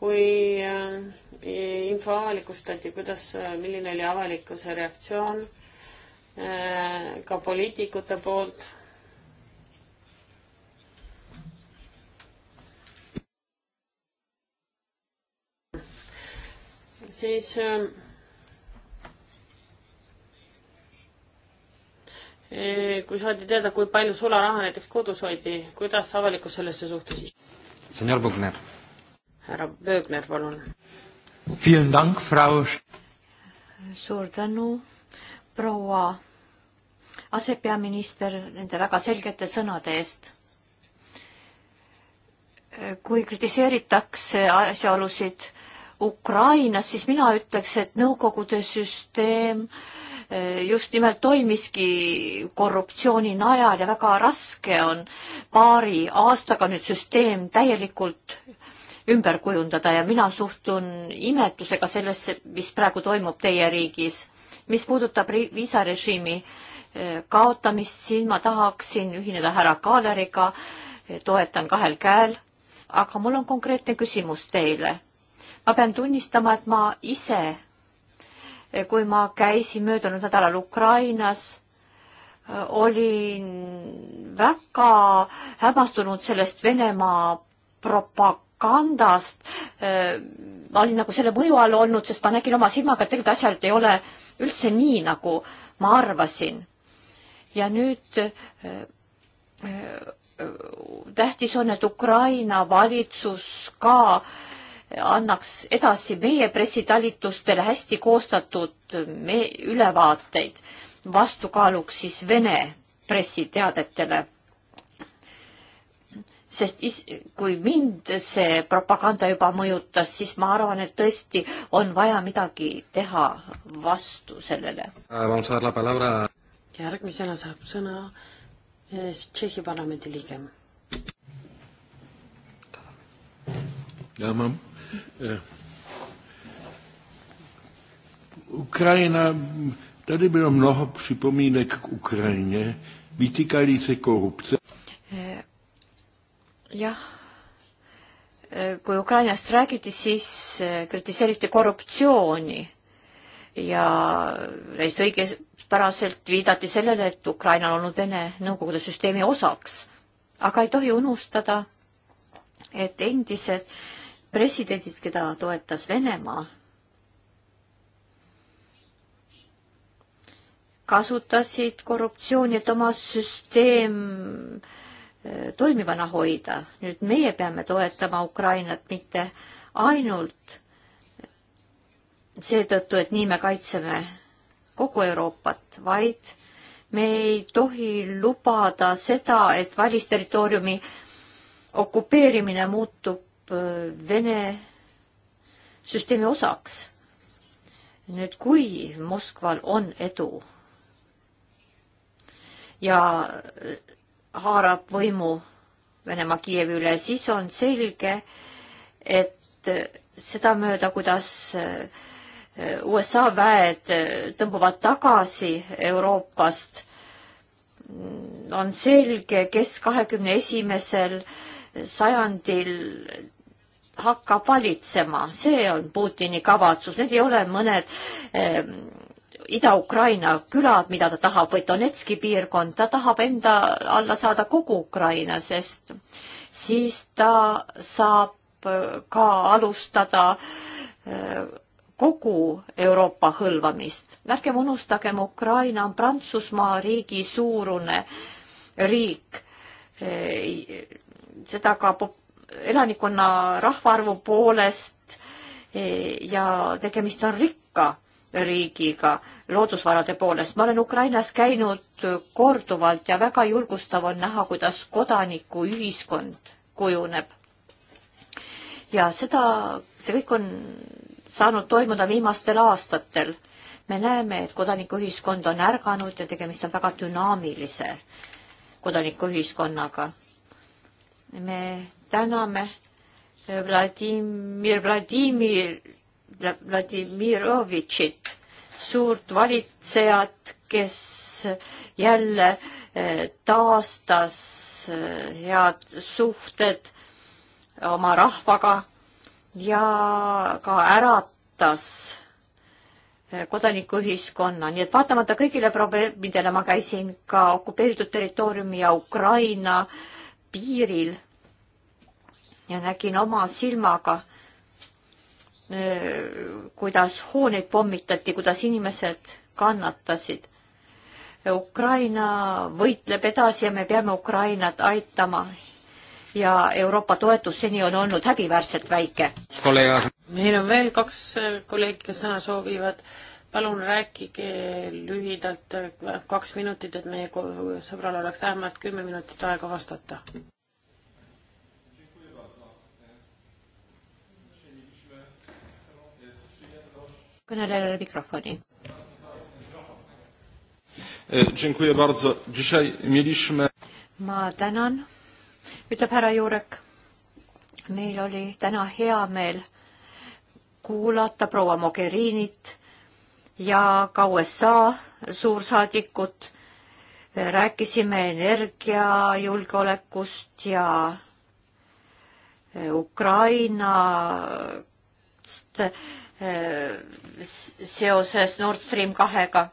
kui info avalikustati, kuidas, milline oli avalikkuse reaktsioon ka poliitikute poolt siis ähm, eh, kui saadi teada, kui palju sularaha näiteks kodus hoidi, kuidas avalikkus sellesse suhtus? senior Bugner. härra Bögner, palun. suur tänu, proua asepeaminister, nende väga selgete sõnade eest. kui kritiseeritakse asjaolusid, Ukrainas, siis mina ütleks, et Nõukogude süsteem eh, just nimelt toimiski korruptsiooni najal ja väga raske on paari aastaga nüüd süsteem täielikult ümber kujundada ja mina suhtun imetlusega sellesse, mis praegu toimub teie riigis. mis puudutab viisarežiimi eh, kaotamist, siin ma tahaksin ühineda härra Kaaleriga, eh, toetan kahel käel, aga mul on konkreetne küsimus teile ma pean tunnistama, et ma ise, kui ma käisin möödunud nädalal Ukrainas, olin väga hämmastunud sellest Venemaa propagandast. ma olin nagu selle mõju all olnud, sest ma nägin oma silmaga, et tegelikult asjad ei ole üldse nii, nagu ma arvasin. ja nüüd äh, äh, tähtis on, et Ukraina valitsus ka äh, annaks edasi meie pressitalitustele hästi koostatud eh, me ülevaateid vastukaaluks siis Vene pressiteadetele. sest is, kui mind see propaganda juba mõjutas, siis ma arvan, et tõesti on vaja midagi teha vastu sellele. Äh, järgmisena saab sõna eh, Tšehhi parlamendi liige. Ja mam Eh, Ukrajina, tady bylo mnoho připomínek k Ukrajině, vytýkali se korupce. jah, eh, eh, kui Ukrainast räägiti, siis kritiseeriti korruptsiooni ja täiesti õiguspäraselt viidati sellele, et Ukraina on olnud Vene Nõukogude süsteemi osaks. aga ei tohi unustada, et endised äh, presidendid, keda toetas Venemaa, kasutasid korruptsiooni, et oma süsteem äh, toimivana hoida. nüüd meie peame toetama Ukrainat mitte ainult seetõttu, et nii me kaitseme kogu Euroopat, vaid me ei tohi lubada seda, et välisterritooriumi okupeerimine muutub Äh, Vene süsteemi osaks. nüüd, kui Moskval on edu ja haarab võimu Venemaa Kiievi üle, siis on selge, et sedamööda, kuidas äh, USA väed äh, tõmbuvad tagasi Euroopast, on selge, kes kahekümne esimesel sajandil hakkab valitsema, see on Putini kavatsus, need ei ole mõned eh, Ida-Ukraina külad, mida ta tahab, või Donetski piirkond, ta tahab enda alla saada kogu Ukraina, sest siis ta saab ehm, ka alustada eh, kogu Euroopa hõlvamist. ärgem unustagem, Ukraina on Prantsusmaa riigi suurune riik eh,. seda ka pop-, elanikkonna rahvaarvu poolest e, ja tegemist on rikka riigiga loodusvarade poolest. ma olen Ukrainas käinud korduvalt ja väga julgustav on näha, kuidas kodanikuühiskond kujuneb. ja seda, see kõik on saanud toimuda viimastel aastatel. me näeme, et kodanikuühiskond on ärganud ja tegemist on väga dünaamilise kodanikuühiskonnaga. me täname Vladimir Vladimir Vladimirovitšit, suurt valitsejat, kes jälle eh, taastas eh, head suhted oma rahvaga ja ka äratas eh, kodanikuühiskonna, nii et vaatamata kõigile probleemidele ma käisin ka okupeeritud territooriumi ja Ukraina piiril ja nägin oma silmaga, kuidas hooneid pommitati, kuidas inimesed kannatasid. Ukraina võitleb edasi ja me peame Ukrainat aitama. ja Euroopa toetus seni on olnud häbiväärselt väike. meil on veel kaks äh, kolleegi, kes sõna soovivad. palun rääkige lühidalt äh, kaks minutit, et meie sõbral oleks vähemalt kümme minutit aega vastata. kõnelejale mikrofoni. E, ma tänan, ütleb härra Juurek. meil oli täna hea meel kuulata proua Mogherinit ja ka USA suursaadikut. rääkisime energiajulgeolekust ja e, Ukrainast Äh, seoses Nord Stream kahega.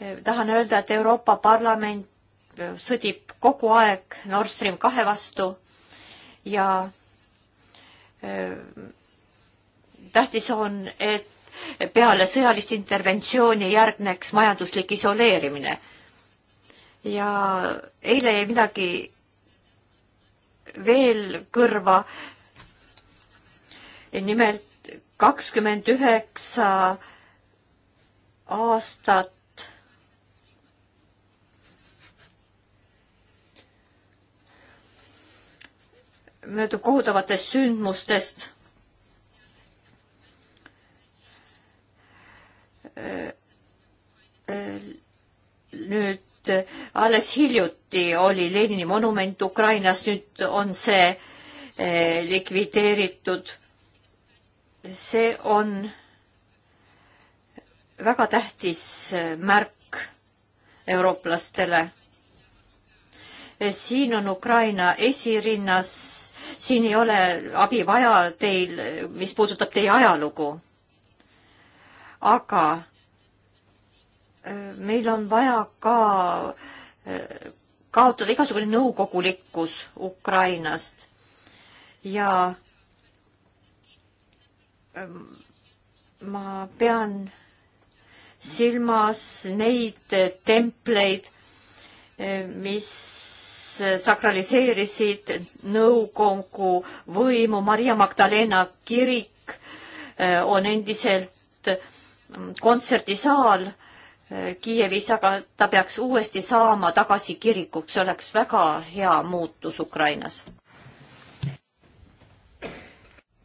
Äh, tahan öelda, et Euroopa Parlament äh, sõdib kogu aeg Nord Stream kahe vastu ja tähtis on, et peale sõjalist interventsiooni järgneks majanduslik isoleerimine. ja eile jäi midagi veel kõrva. nimelt kakskümmend üheksa aastat möödub kohutavatest sündmustest. nüüd alles hiljuti oli Lenini monument Ukrainas, nüüd on see eh, likvideeritud see on väga tähtis märk eurooplastele. siin on Ukraina esirinnas, siin ei ole abi vaja teil, mis puudutab teie ajalugu. aga äh, meil on vaja ka äh, kaotada igasugune nõukogulikkus Ukrainast ja ma pean silmas neid templeid, eh, mis sakraliseerisid nõukogu võimu. Maria Magdalena kirik eh, on endiselt mm, kontserdisaal eh, Kiievis, aga ta peaks uuesti saama tagasi kirikuks, see oleks väga hea muutus Ukrainas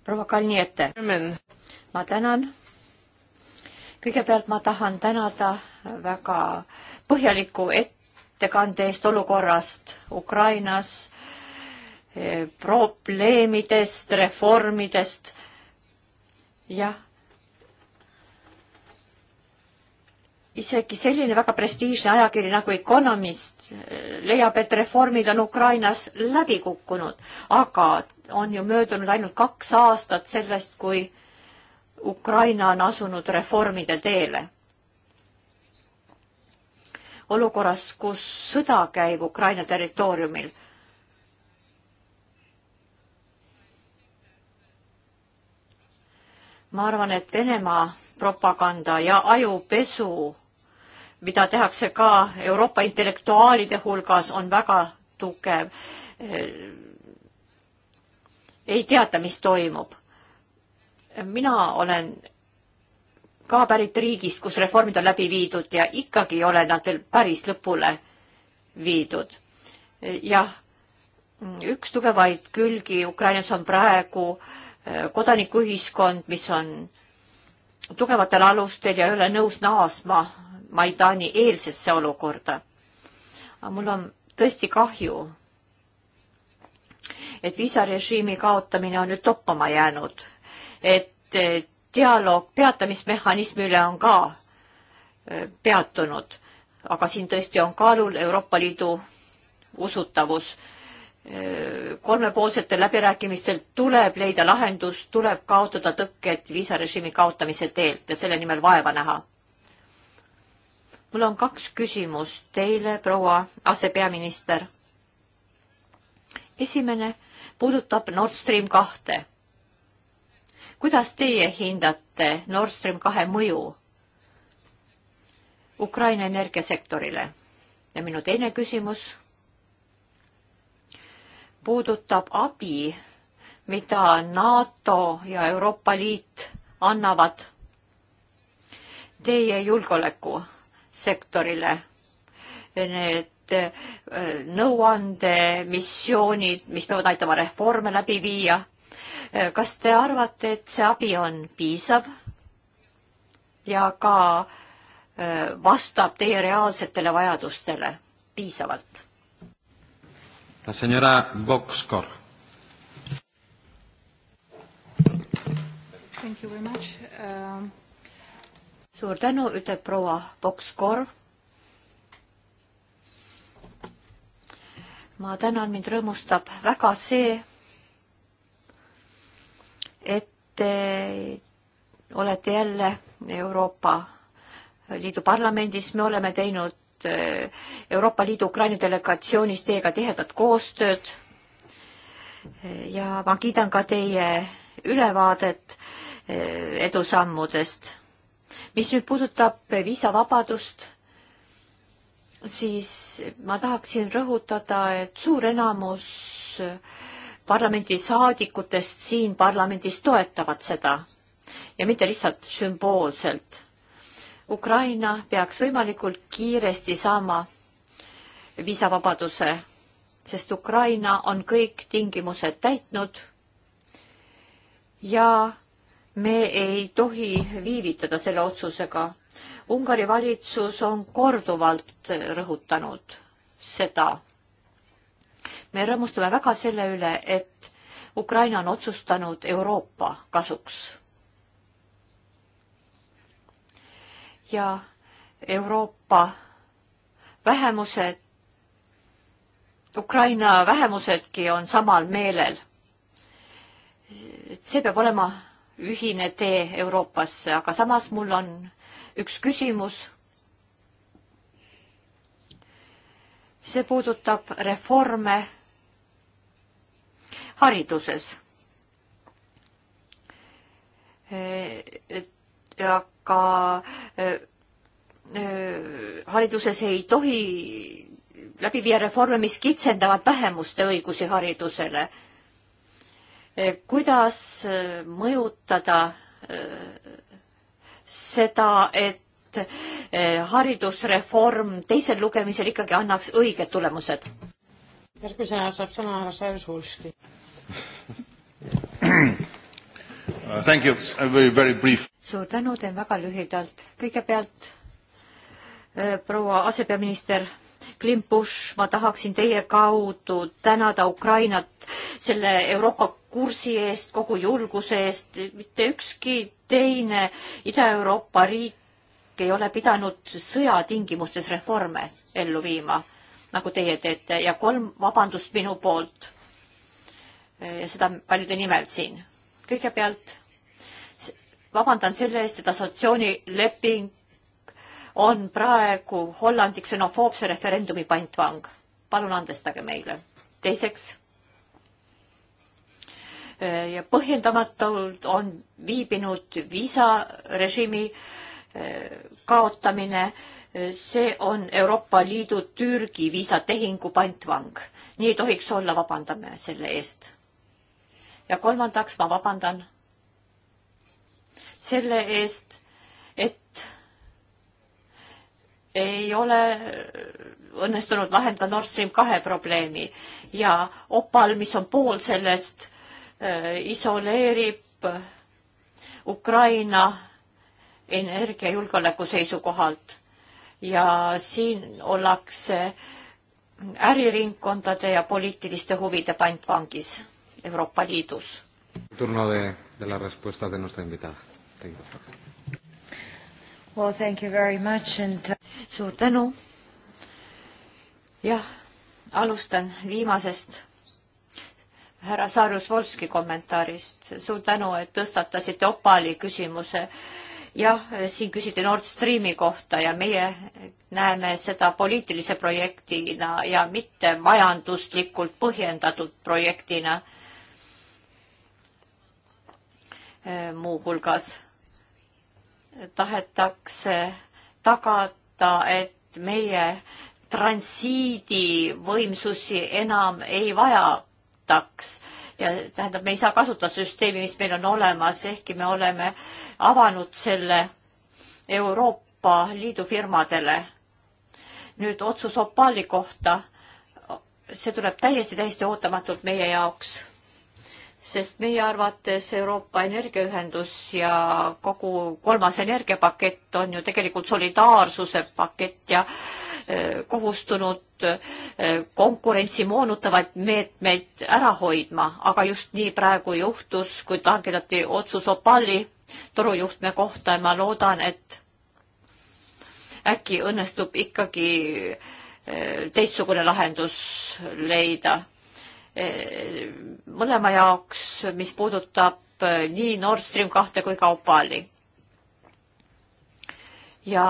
proua Kalniete. ma tänan. kõigepealt ma tahan tänada väga põhjaliku ettekande eest olukorrast Ukrainas, eh, probleemidest, reformidest. jah isegi selline väga prestiižne ajakiri nagu Economist eh, leiab, et reformid on Ukrainas läbi kukkunud, aga on ju möödunud ainult kaks aastat sellest, kui Ukraina on asunud reformide teele. olukorras, kus sõda käib Ukraina territooriumil. ma arvan, et Venemaa propaganda ja ajupesu, mida tehakse ka Euroopa intellektuaalide hulgas, on väga tugev ei teata, mis toimub. mina olen ka pärit riigist, kus reformid on läbi viidud ja ikkagi ei ole nad veel päris lõpule viidud. jah, üks tugevaid külgi Ukrainas on praegu eh, kodanikuühiskond, mis on tugevatel alustel ja ei ole nõus naasma Maidani eelsesse olukorda. mul on tõesti kahju et viisarežiimi kaotamine on nüüd toppama jäänud, et eh, dialoog peatamismehhanismi üle on ka eh, peatunud, aga siin tõesti on kaalul Euroopa Liidu usutavus. Eh, kolmepoolsetel läbirääkimistel tuleb leida lahendus, tuleb kaotada tõkked viisarežiimi kaotamise teelt ja selle nimel vaeva näha mul on kaks küsimust teile, proua asepeaminister esimene puudutab Nord Stream kahte. kuidas teie hindate Nord Stream kahe mõju Ukraina energiasektorile? ja minu teine küsimus puudutab abi, mida NATO ja Euroopa Liit annavad teie julgeolekusektorile. Need ekspertide äh, nõuandemissioonid, mis peavad aitama reforme läbi viia. Äh, kas te arvate, et see abi on piisav ja ka äh, vastab teie reaalsetele vajadustele piisavalt? La señora Boxcor. Thank you very much. Um... suur tänu, ütleb proua Boxcor ma tänan, mind rõõmustab väga see, et te olete jälle Euroopa Liidu parlamendis, me oleme teinud eh, Euroopa Liidu Ukraina delegatsioonis teiega tihedat koostööd eh, ja ma kiidan ka teie ülevaadet eh, edusammudest. mis nüüd puudutab viisavabadust siis ma tahaksin rõhutada, et suur enamus parlamendisaadikutest siin parlamendis toetavad seda ja mitte lihtsalt sümboolselt. Ukraina peaks võimalikult kiiresti saama viisavabaduse, sest Ukraina on kõik tingimused täitnud ja me ei tohi viivitada selle otsusega Ungari valitsus on korduvalt rõhutanud seda. me rõõmustame väga selle üle, et Ukraina on otsustanud Euroopa kasuks. ja Euroopa vähemused, Ukraina vähemusedki on samal meelel. et see peab olema ühine tee Euroopasse, aga samas mul on üks küsimus. see puudutab reforme hariduses. E, aga e, e, hariduses ei tohi läbi viia reforme, mis kitsendavad vähemuste õigusi haridusele. kuidas mõjutada seda, et eh, haridusreform teisel lugemisel ikkagi annaks õiged tulemused. järgmisena saab sõna härra Serge Hulski. Uh, thank you, I will be very brief. suur tänu, teen väga lühidalt. kõigepealt eh, proua asepeaminister Klim Bush, ma tahaksin teie kaudu tänada Ukrainat selle Euroopa kursi eest, kogu julguse eest, mitte ükski teine Ida-Euroopa riik ei ole pidanud sõjatingimustes reforme ellu viima, nagu teie teete ja kolm vabandust minu poolt. ja eh, seda paljude nimel siin. kõigepealt vabandan selle eest, et assotsioonileping on praegu Hollandi ksenofoobse referendumi pantvang. palun andestage meile. teiseks, ja põhjendamatult on viibinud viisarežiimi eh, kaotamine, see on Euroopa Liidu Türgi viisatehingu pantvang. nii ei tohiks olla, vabandame selle eest. ja kolmandaks ma vabandan selle eest ei ole õnnestunud lahendada Nord Stream kahe probleemi ja Opal, mis on pool sellest, äh, isoleerib Ukraina energiajulgeoleku seisukohalt ja siin ollakse äriringkondade ja poliitiliste huvide pantvangis Euroopa Liidus. turno de, de la respuesta de nuestra invitada. Thank you. Well, thank you very much and... Uh, suur tänu. jah, alustan viimasest härra Saarjus Volski kommentaarist. suur tänu, et tõstatasite Opali küsimuse. jah, siin küsiti Nord Streami kohta ja meie näeme seda poliitilise projektina ja mitte majanduslikult põhjendatud projektina eh, muuhulgas tahetakse tagada, et meie transiidivõimsusi enam ei vajataks ja tähendab, me ei saa kasutada süsteemi, mis meil on olemas, ehkki me oleme avanud selle Euroopa Liidu firmadele. nüüd otsus Opali kohta, see tuleb täiesti, täiesti ootamatult meie jaoks sest meie arvates Euroopa Energiaühendus ja kogu kolmas energiapakett on ju tegelikult solidaarsuse pakett ja e, kohustunud e, konkurentsi moonutavaid meetmeid ära hoidma, aga just nii praegu juhtus, kui langetati otsus Opali torujuhtme kohta ja ma loodan, et äkki õnnestub ikkagi e, teistsugune lahendus leida Eh, mõlema jaoks, mis puudutab eh, nii Nord Stream kahte kui Kaupali. ja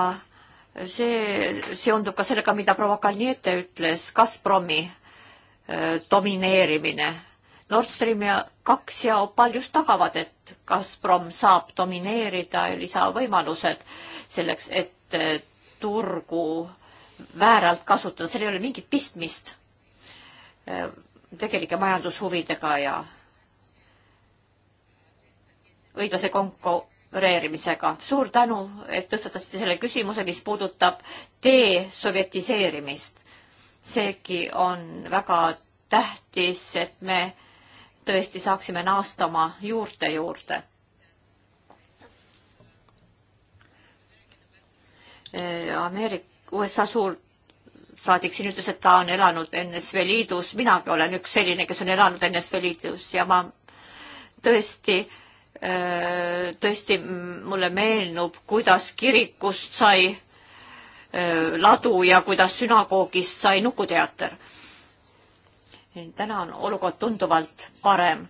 see seondub ka sellega, mida proua Kalniete ütles, Gazpromi eh, domineerimine. Nord Stream ja kaks ja Opal just tagavad, et Gazprom saab domineerida ja lisavõimalused selleks, et turgu vääralt kasutada, seal ei ole mingit pistmist tegelike majandushuvidega ja õiglase konkureerimisega. suur tänu, et tõstatasite selle küsimuse, mis puudutab desovjetiseerimist. seegi on väga tähtis, et me tõesti saaksime naasta oma juurte juurde, juurde.. Ameerika, USA suur saadik siin ütles, et ta on elanud NSV Liidus, minagi olen üks selline, kes on elanud NSV Liidus ja ma tõesti, äh, tõesti mulle meenub, kuidas kirikust sai äh, ladu ja kuidas sünagoogist sai nukuteater. täna on olukord tunduvalt parem.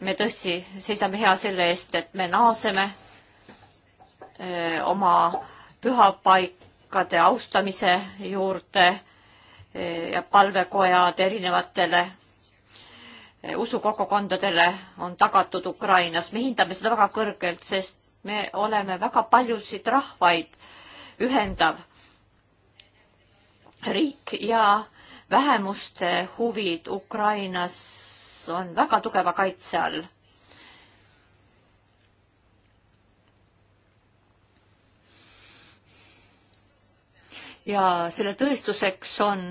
me tõesti seisame hea selle eest, et me naaseme öö, äh, oma pühapaik paikade austamise juurde eh, ja palvekojad erinevatele eh, usukogukondadele on tagatud Ukrainas. me hindame seda väga kõrgelt, sest me oleme väga paljusid rahvaid ühendav riik ja vähemuste huvid Ukrainas on väga tugeva kaitse all ja selle tõestuseks on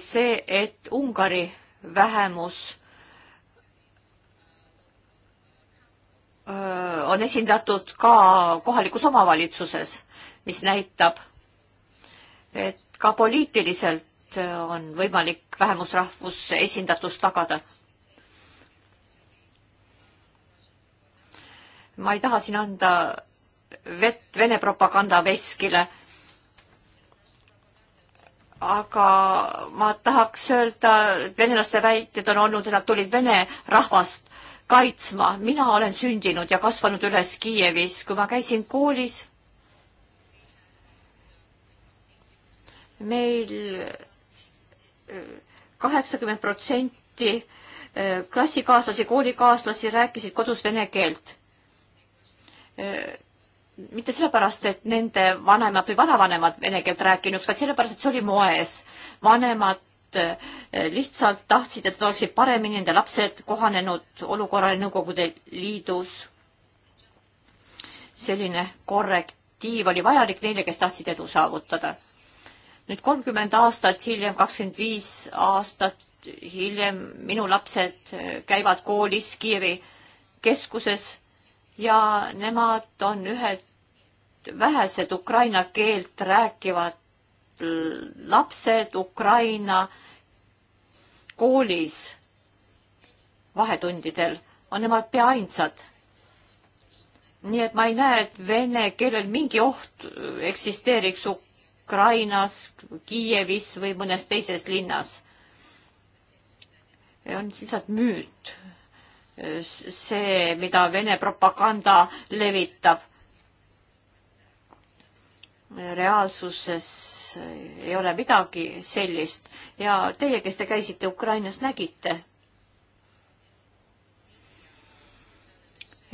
see, et Ungari vähemus on esindatud ka kohalikus omavalitsuses, mis näitab, et ka poliitiliselt on võimalik vähemusrahvuse esindatust tagada. ma ei taha siin anda vett Vene propaganda veskile aga ma tahaks öelda, et venelaste väited on olnud, et nad tulid vene rahvast kaitsma. mina olen sündinud ja kasvanud üles Kiievis, kui ma käisin koolis. meil äh, kaheksakümmend protsenti äh, klassikaaslasi, koolikaaslasi rääkisid kodus vene keelt äh, mitte sellepärast, et nende vanemad või vanavanemad vene keelt rääkinuks, vaid sellepärast, et see oli moes. vanemad eh, lihtsalt tahtsid, et oleksid paremini nende lapsed kohanenud olukorrale Nõukogude Liidus. selline korrektiiv oli vajalik neile, kes tahtsid edu saavutada. nüüd kolmkümmend aastat hiljem, kakskümmend viis aastat hiljem minu lapsed eh, käivad koolis Kiievi keskuses ja nemad on ühed vähesed ukraina keelt rääkivad lapsed Ukraina koolis vahetundidel on nemad pea ainsad. nii et ma ei näe, et vene keelel mingi oht eksisteeriks Ukrainas, Kiievis või mõnes teises linnas. on lihtsalt müüt see, mida Vene propaganda levitab. reaalsuses ei ole midagi sellist ja teie, kes te käisite Ukrainas, nägite,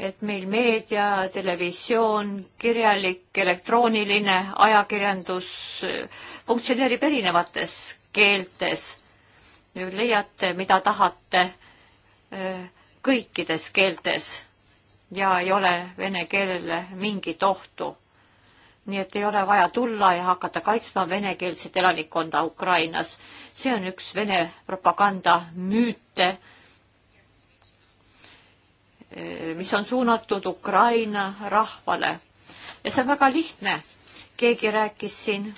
et meil meedia, televisioon, kirjalik, elektrooniline ajakirjandus funktsioneerib erinevates keeltes. leiate, mida tahate kõikides keeltes ja ei ole vene keelele mingit ohtu. nii et ei ole vaja tulla ja hakata kaitsma venekeelset elanikkonda Ukrainas. see on üks Vene propaganda müüte, mis on suunatud Ukraina rahvale. ja see on väga lihtne. keegi rääkis siin,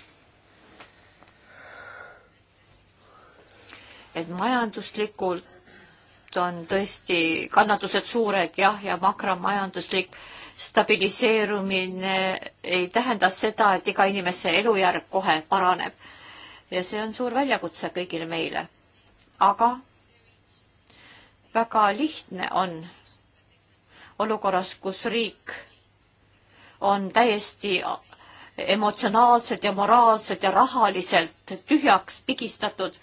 et majanduslikult on tõesti kannatused suured jah, ja makromajanduslik stabiliseerumine ei tähenda seda, et iga inimese elujärg kohe paraneb. ja see on suur väljakutse kõigile meile. aga väga lihtne on olukorras, kus riik on täiesti emotsionaalselt ja moraalselt ja rahaliselt tühjaks pigistatud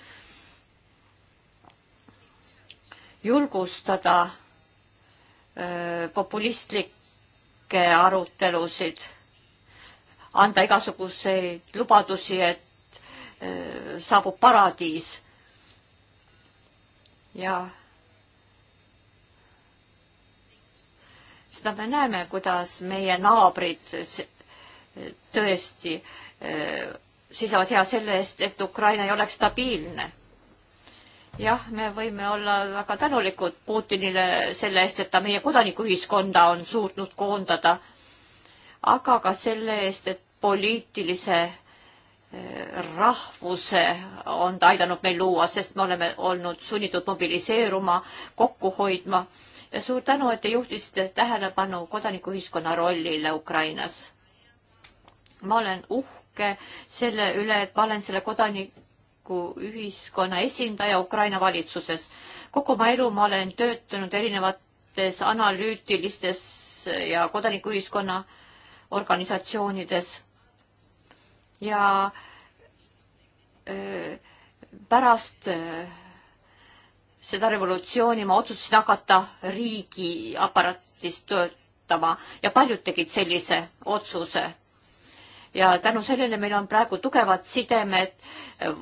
julgustada populistlikke arutelusid, anda igasuguseid lubadusi, et saabub paradiis. ja seda me näeme, kuidas meie naabrid tõesti seisavad hea selle eest, et Ukraina ei oleks stabiilne jah, me võime olla väga tänulikud Putinile selle eest, et ta meie kodanikuühiskonda on suutnud koondada, aga ka selle eest, et poliitilise eh, rahvuse on ta aidanud meil luua, sest me oleme olnud sunnitud mobiliseeruma, kokku hoidma. ja suur tänu, et te juhtisite tähelepanu kodanikuühiskonna rollile Ukrainas. ma olen uhke selle üle, et ma olen selle kodanik kodanikuühiskonna esindaja Ukraina valitsuses. kogu oma elu ma olen töötanud erinevates analüütilistes ja kodanikuühiskonna organisatsioonides ja öö, pärast öö, seda revolutsiooni ma otsustasin hakata riigiaparatis töötama ja paljud tegid sellise otsuse ja tänu sellele meil on praegu tugevad sidemed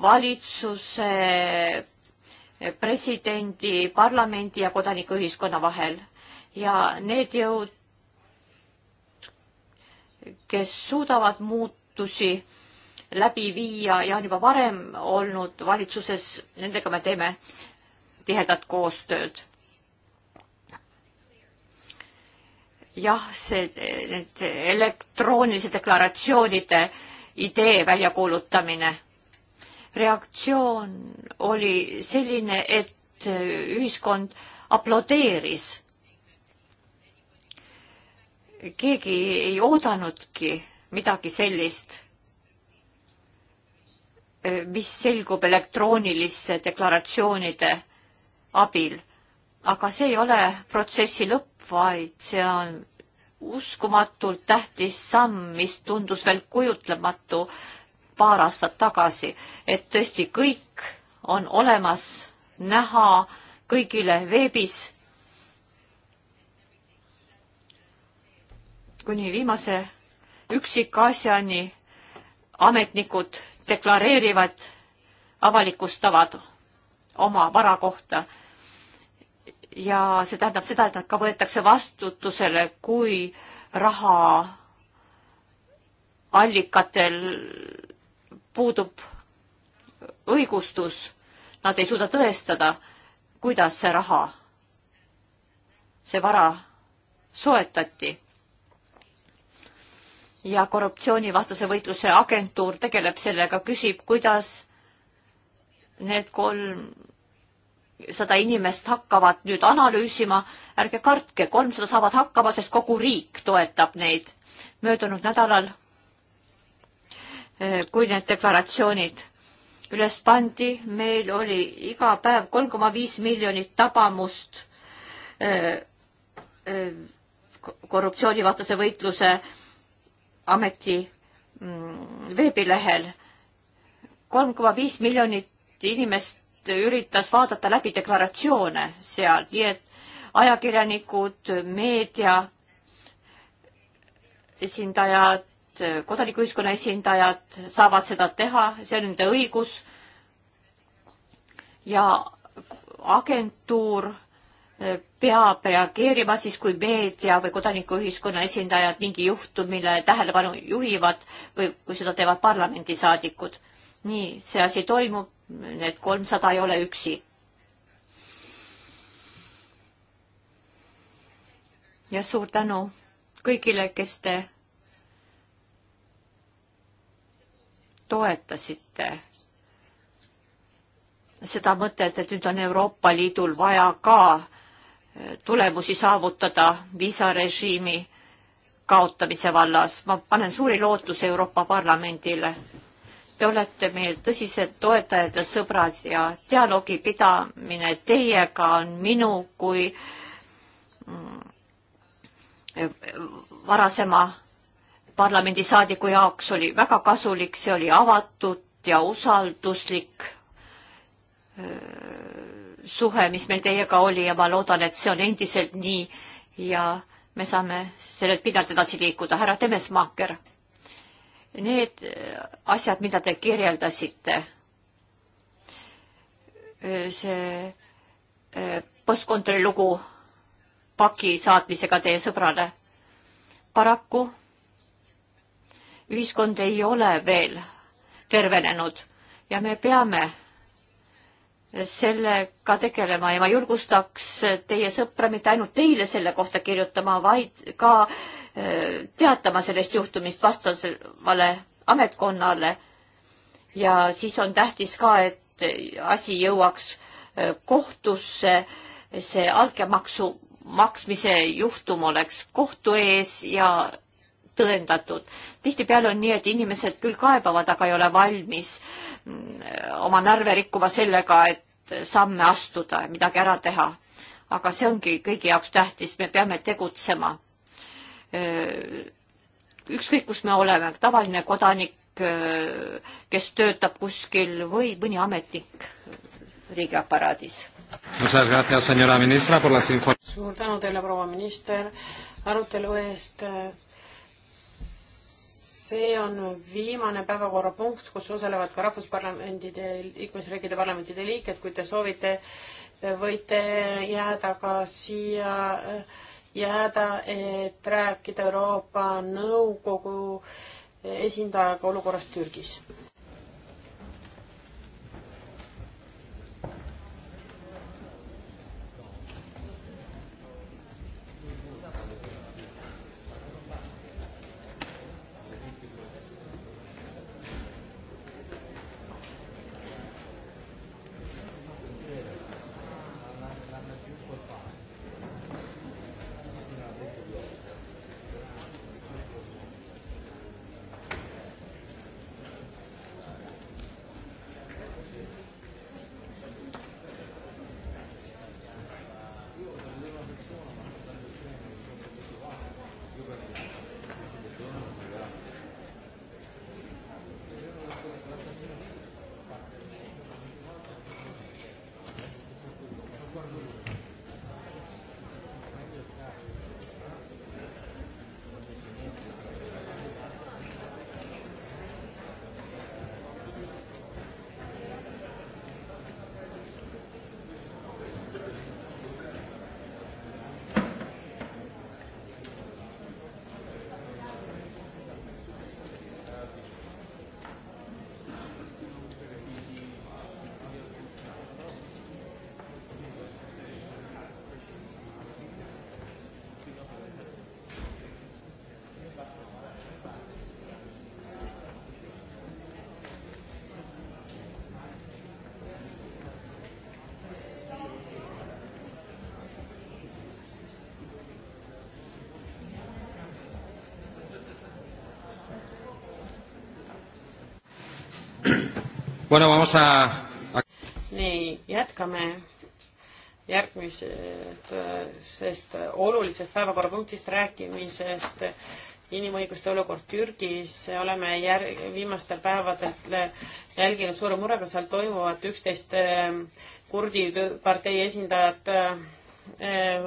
valitsuse, presidendi, parlamendi ja kodanikuühiskonna vahel ja need jõud, kes suudavad muutusi läbi viia ja on juba varem olnud valitsuses, nendega me teeme tihedat koostööd jah, see, need elektroonilise deklaratsioonide idee väljakuulutamine. reaktsioon oli selline, et ühiskond aplodeeris. keegi ei oodanudki midagi sellist, mis selgub elektrooniliste deklaratsioonide abil. aga see ei ole protsessi lõpp vaid see on uskumatult tähtis samm, mis tundus veel kujutlematu paar aastat tagasi, et tõesti kõik on olemas, näha kõigile veebis. kuni viimase üksikasjani ametnikud deklareerivad avalikustavad oma vara kohta ja see tähendab seda, et nad ka võetakse vastutusele, kui raha allikatel puudub õigustus, nad ei suuda tõestada, kuidas see raha, see vara soetati. ja korruptsioonivastase võitluse agentuur tegeleb sellega, küsib, kuidas need kolm sada inimest hakkavad nüüd analüüsima, ärge kartke, kolmsada saavad hakkama, sest kogu riik toetab neid. möödunud nädalal, eh, kui need deklaratsioonid üles pandi, meil oli iga päev kolm koma viis miljonit tabamust eh, eh, korruptsioonivastase võitluse ameti mm, veebilehel. kolm koma viis miljonit inimest üritas vaadata läbi deklaratsioone seal, nii et ajakirjanikud, meedia esindajad, kodanikuühiskonna esindajad saavad seda teha, see on nende õigus. ja agentuur eh, peab reageerima siis, kui meedia või kodanikuühiskonna esindajad mingi juhtumile tähelepanu juhivad või kui seda teevad parlamendisaadikud. nii see asi toimub need kolmsada ei ole üksi. ja suur tänu kõigile, kes te toetasite seda mõtet, et nüüd on Euroopa Liidul vaja ka eh, tulemusi saavutada viisarežiimi kaotamise vallas. ma panen suuri lootusi Euroopa Parlamendile Te olete meie tõsised toetajad ja sõbrad ja dialoogi pidamine teiega on minu kui mm, varasema parlamendisaadiku jaoks oli väga kasulik, see oli avatud ja usalduslik suhe, mis meil teiega oli ja ma loodan, et see on endiselt nii ja me saame sellelt pinnalt edasi liikuda. härra Temesmaaker need asjad, mida te kirjeldasite, see e, postkontori lugu paki saatmisega teie sõbrale. paraku ühiskond ei ole veel tervenenud ja me peame sellega tegelema ja ma julgustaks teie sõpra mitte ainult teile selle kohta kirjutama, vaid ka teatama sellest juhtumist vastavale ametkonnale. ja siis on tähtis ka, et asi jõuaks äh, kohtusse, see altkäemaksu maksmise juhtum oleks kohtu ees ja tõendatud. tihtipeale on nii, et inimesed küll kaebavad, aga ei ole valmis mm, oma närve rikkuma sellega, et samme astuda ja midagi ära teha. aga see ongi kõigi jaoks tähtis, me peame tegutsema Äh, ükskõik, kus me oleme, tavaline kodanik, äh, kes töötab kuskil või mõni ametnik riigiaparaadis. suur tänu teile, proua minister, arutelu eest see on viimane päevakorrapunkt, kus osalevad ka rahvusparlamendide, liikmesriikide parlamentide liikmed, kui te soovite, võite jääda ka siia jääda, et rääkida Euroopa Nõukogu esindajaga olukorrast Türgis Bueno, vamos a... nii, jätkame järgmisest, sest olulisest päevakorrapunktist rääkimisest, inimõiguste olukord Türgis, oleme järg-, viimastel päevadel jälginud suure murega seal toimuvat, üksteist ehm, kurdi partei esindajat ehm,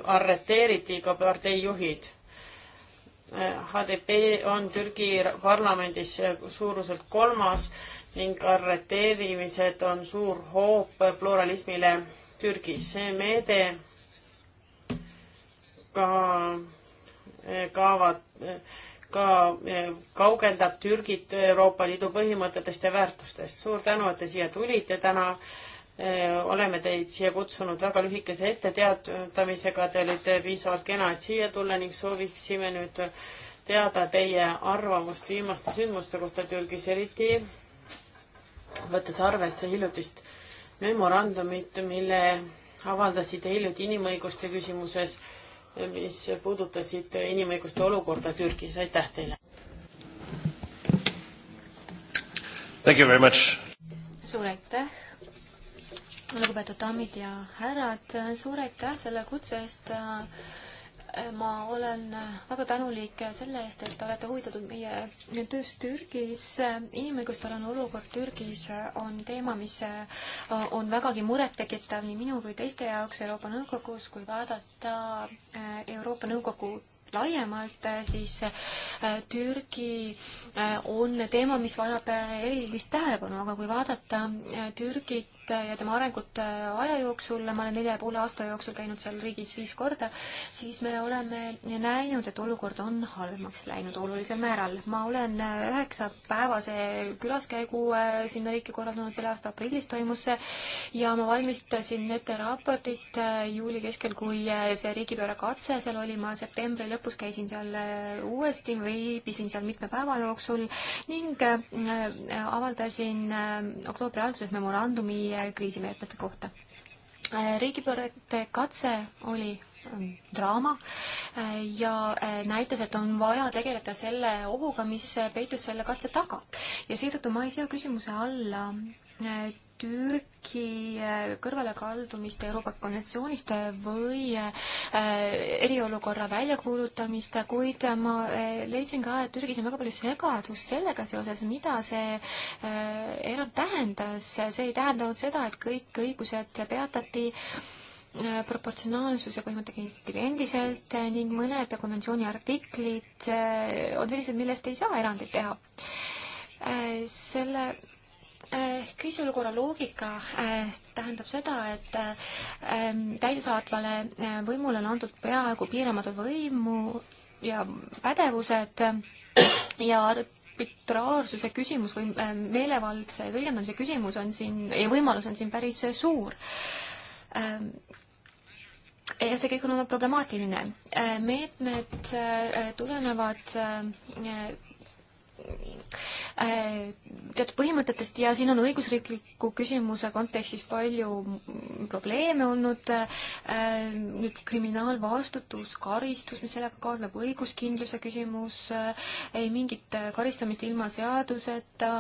arreteeriti, ka partei juhid HDP ehm, on Türgi parlamendis suuruselt kolmas ning arreteerimised on suur hoop pluralismile Türgis. see meede ka eh, kaavad, ka eh, kaugendab Türgit Euroopa Liidu põhimõtetest ja väärtustest. suur tänu, et te siia tulite täna. Eh, oleme teid siia kutsunud väga lühikese etteteatamisega, te olite piisavalt kena, et siia tulla ning sooviksime nüüd teada teie arvamust viimaste sündmuste kohta Türgis, eriti võttes arvesse hiljutist memorandumit, mille avaldasid hiljuti inimõiguste küsimuses, mis puudutasid inimõiguste olukorda Türgis, aitäh teile! suur aitäh, lugupeetud daamid ja härrad, suur aitäh selle kutse eest äh, ma olen väga tänulik selle eest, et te olete huvitatud meie tööst Türgis. inimõigustalane olukord Türgis on teema, mis on vägagi murettekitav nii minu kui teiste jaoks Euroopa Nõukogus, kui vaadata eh, Euroopa Nõukogu laiemalt, eh, siis eh, Türgi on teema, mis vajab erilist tähelepanu, aga kui vaadata Türgit arengut ja tema arengut äh, aja jooksul, ma olen nelja ja poole aasta jooksul käinud seal riigis viis korda, siis me oleme näinud, et olukord on halvemaks läinud olulisel määral. ma olen äh, üheksapäevase külaskäigu äh, sinna riiki korraldanud, selle aasta aprillis toimus see ja ma valmistasin ette raportit juuli keskel, kui see riigipööra katse seal oli, ma septembri lõpus käisin seal uuesti, viibisin seal mitme päeva jooksul ning avaldasin oktoobri alguses memorandumi kriisimeetmete kohta. Äh, riigipöörde katse oli ähm, draama äh, ja äh, näitas, et on vaja tegeleda selle ohuga, mis peitus selle katse taga. ja seetõttu ma ei sea küsimuse alla Türgi äh, kõrvalekaldumist Euroopa konventsioonist või äh, eriolukorra väljakuulutamist, kuid ma äh, leidsin ka, et Türgis on väga palju segadust sellega seoses, mida see enam tähendas. see ei tähendanud seda, et kõik õigused peatati proportsionaalsuse põhimõte kehtib endiselt ning mõned konventsiooni artiklid on sellised, millest ei saa erandeid teha. selle Eh, kriisiolukorra loogika eh, tähendab seda, et eh, täidesaatvale võimule on antud peaaegu piiramatud võimu ja pädevused ja arbitraarsuse küsimus või meelevaldse tõlgendamise küsimus on siin ja võimalus on siin päris suur ja see kõik on olnud problemaatiline. meetmed tulenevad Äh, teatud põhimõtetest ja siin on õigusriikliku küsimuse kontekstis palju probleeme olnud, äh, nüüd kriminaalvastutus, karistus, mis sellega kaasneb, õiguskindluse küsimus, äh, ei mingit karistamist ilma seaduseta,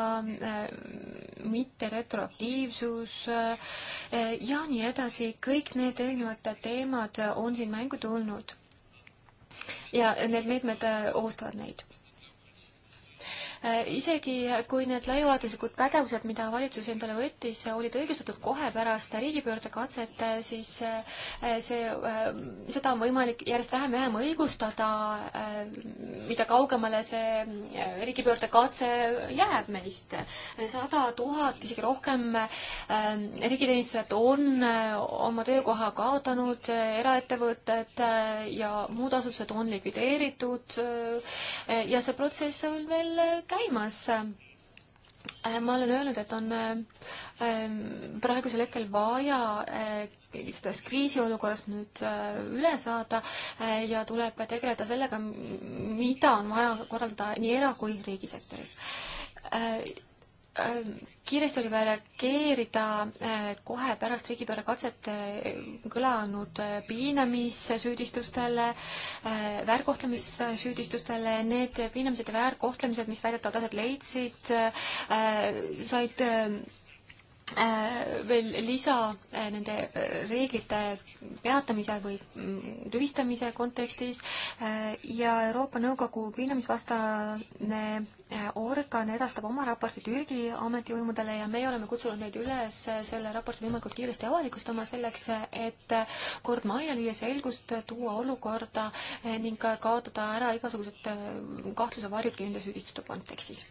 mitte retroaktiivsus ja nii edasi, kõik need erinevad teemad on siin mängu tulnud. ja need meetmed ohustavad neid Äh, isegi kui need laiaulatuslikud pädevused, mida valitsus endale võttis, olid õigustatud kohe pärast riigipöördekatset, äh, siis äh, see, seda on võimalik järjest vähem ja vähem õigustada, mida kaugemale see riigipöördekatse jääb meist. sada tuhat, isegi rohkem riigiteenistujad on oma töökoha kaotanud, eraettevõtted ja muud asutused on likvideeritud ja see protsess on veel käimas. Äh, ma olen öelnud, et on ähm, praegusel hetkel vaja äh, sellest kriisiolukorrast nüüd äh, üle saada ja tuleb tegeleda sellega, mida on vaja korraldada nii era- kui riigisektoris Äh, kiiresti oli vaja reageerida äh, kohe pärast riigipööre katset äh, kõlanud piinamissüüdistustele, väärkohtlemissüüdistustele, need piinamised ja väärkohtlemised, mis väidetavalt aset leidsid, said Äh, veel lisa äh, nende äh, reeglite peatamise või mm, tühistamise kontekstis ja Euroopa Nõukogu piinamisvastane organ edastab oma raporti Türgi ametivõimudele ja meie oleme kutsunud neid üles selle raporti võimalikult kiiresti avalikustama selleks, et kord majja lüüa selgust, tuua olukorda ning kaotada ära igasugused kahtluse varjudki nende süüdistuste kontekstis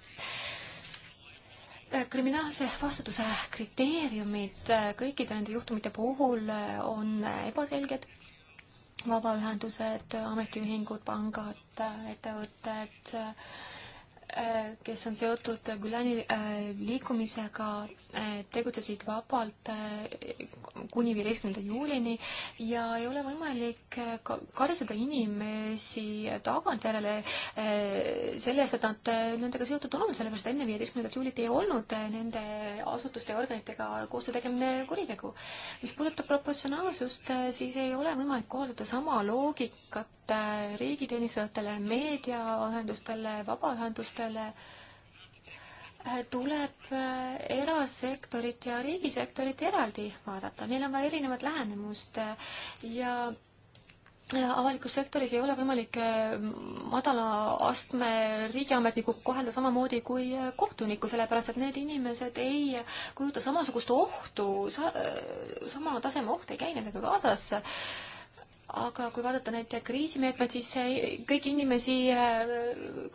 Äh, kriminaalse vastutuse kriteeriumid äh, kõikide nende juhtumite puhul äh, on ebaselged. vabaühendused, ametiühingud, pangad, ettevõtted et, Äh, kes on seotud Gülani äh, liikumisega, äh, tegutsesid vabalt kuni viieteistkümnenda juulini ja ei ole võimalik karistada inimesi tagantjärele selle eest, et nad nendega seotud on, sellepärast enne viieteistkümnendat juulit ei olnud nende asutuste ja organitega koostöö tegemine kuritegu. mis puudutab proportsionaalsust, siis ei ole võimalik kohaldada sama loogikat riigiteenistujatele, meediaühendustele, vabaühendustele, küsimustele, äh, tuleb äh, erasektorit ja riigisektorit eraldi vaadata, neil on vaja erinevat lähenemust äh, ja avalikus sektoris ei ole võimalik madala astme riigiametnikku kohelda samamoodi kui kohtunikku, sellepärast et need inimesed ei kujuta samasugust ohtu sa,, sama taseme oht ei käi nendega kaasas aga kui vaadata neid kriisimeetmeid, siis kõiki inimesi äh,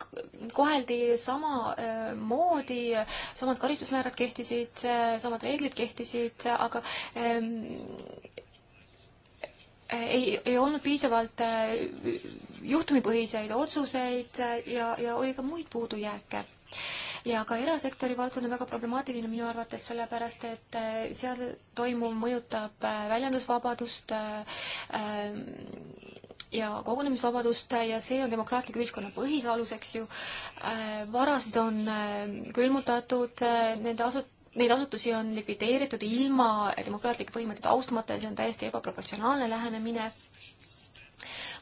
koheldi samamoodi, äh, samad karistusmäärad kehtisid, äh, samad reeglid kehtisid, aga ähm, ei, ei olnud piisavalt juhtumipõhiseid otsuseid ja, ja oli ka muid puudujääke ja ka erasektori valdkond on väga problemaatiline minu arvates, sellepärast et äh, seal toimuv mõjutab äh, väljendusvabadust äh, ähm, ja kogunemisvabadust ja see on demokraatliku ühiskonna põhise aluseks ju. varasid on külmutatud, nende asut-, neid asutusi on likvideeritud ilma demokraatlikke põhimõtteid austamata ja see on täiesti ebaproportsionaalne lähenemine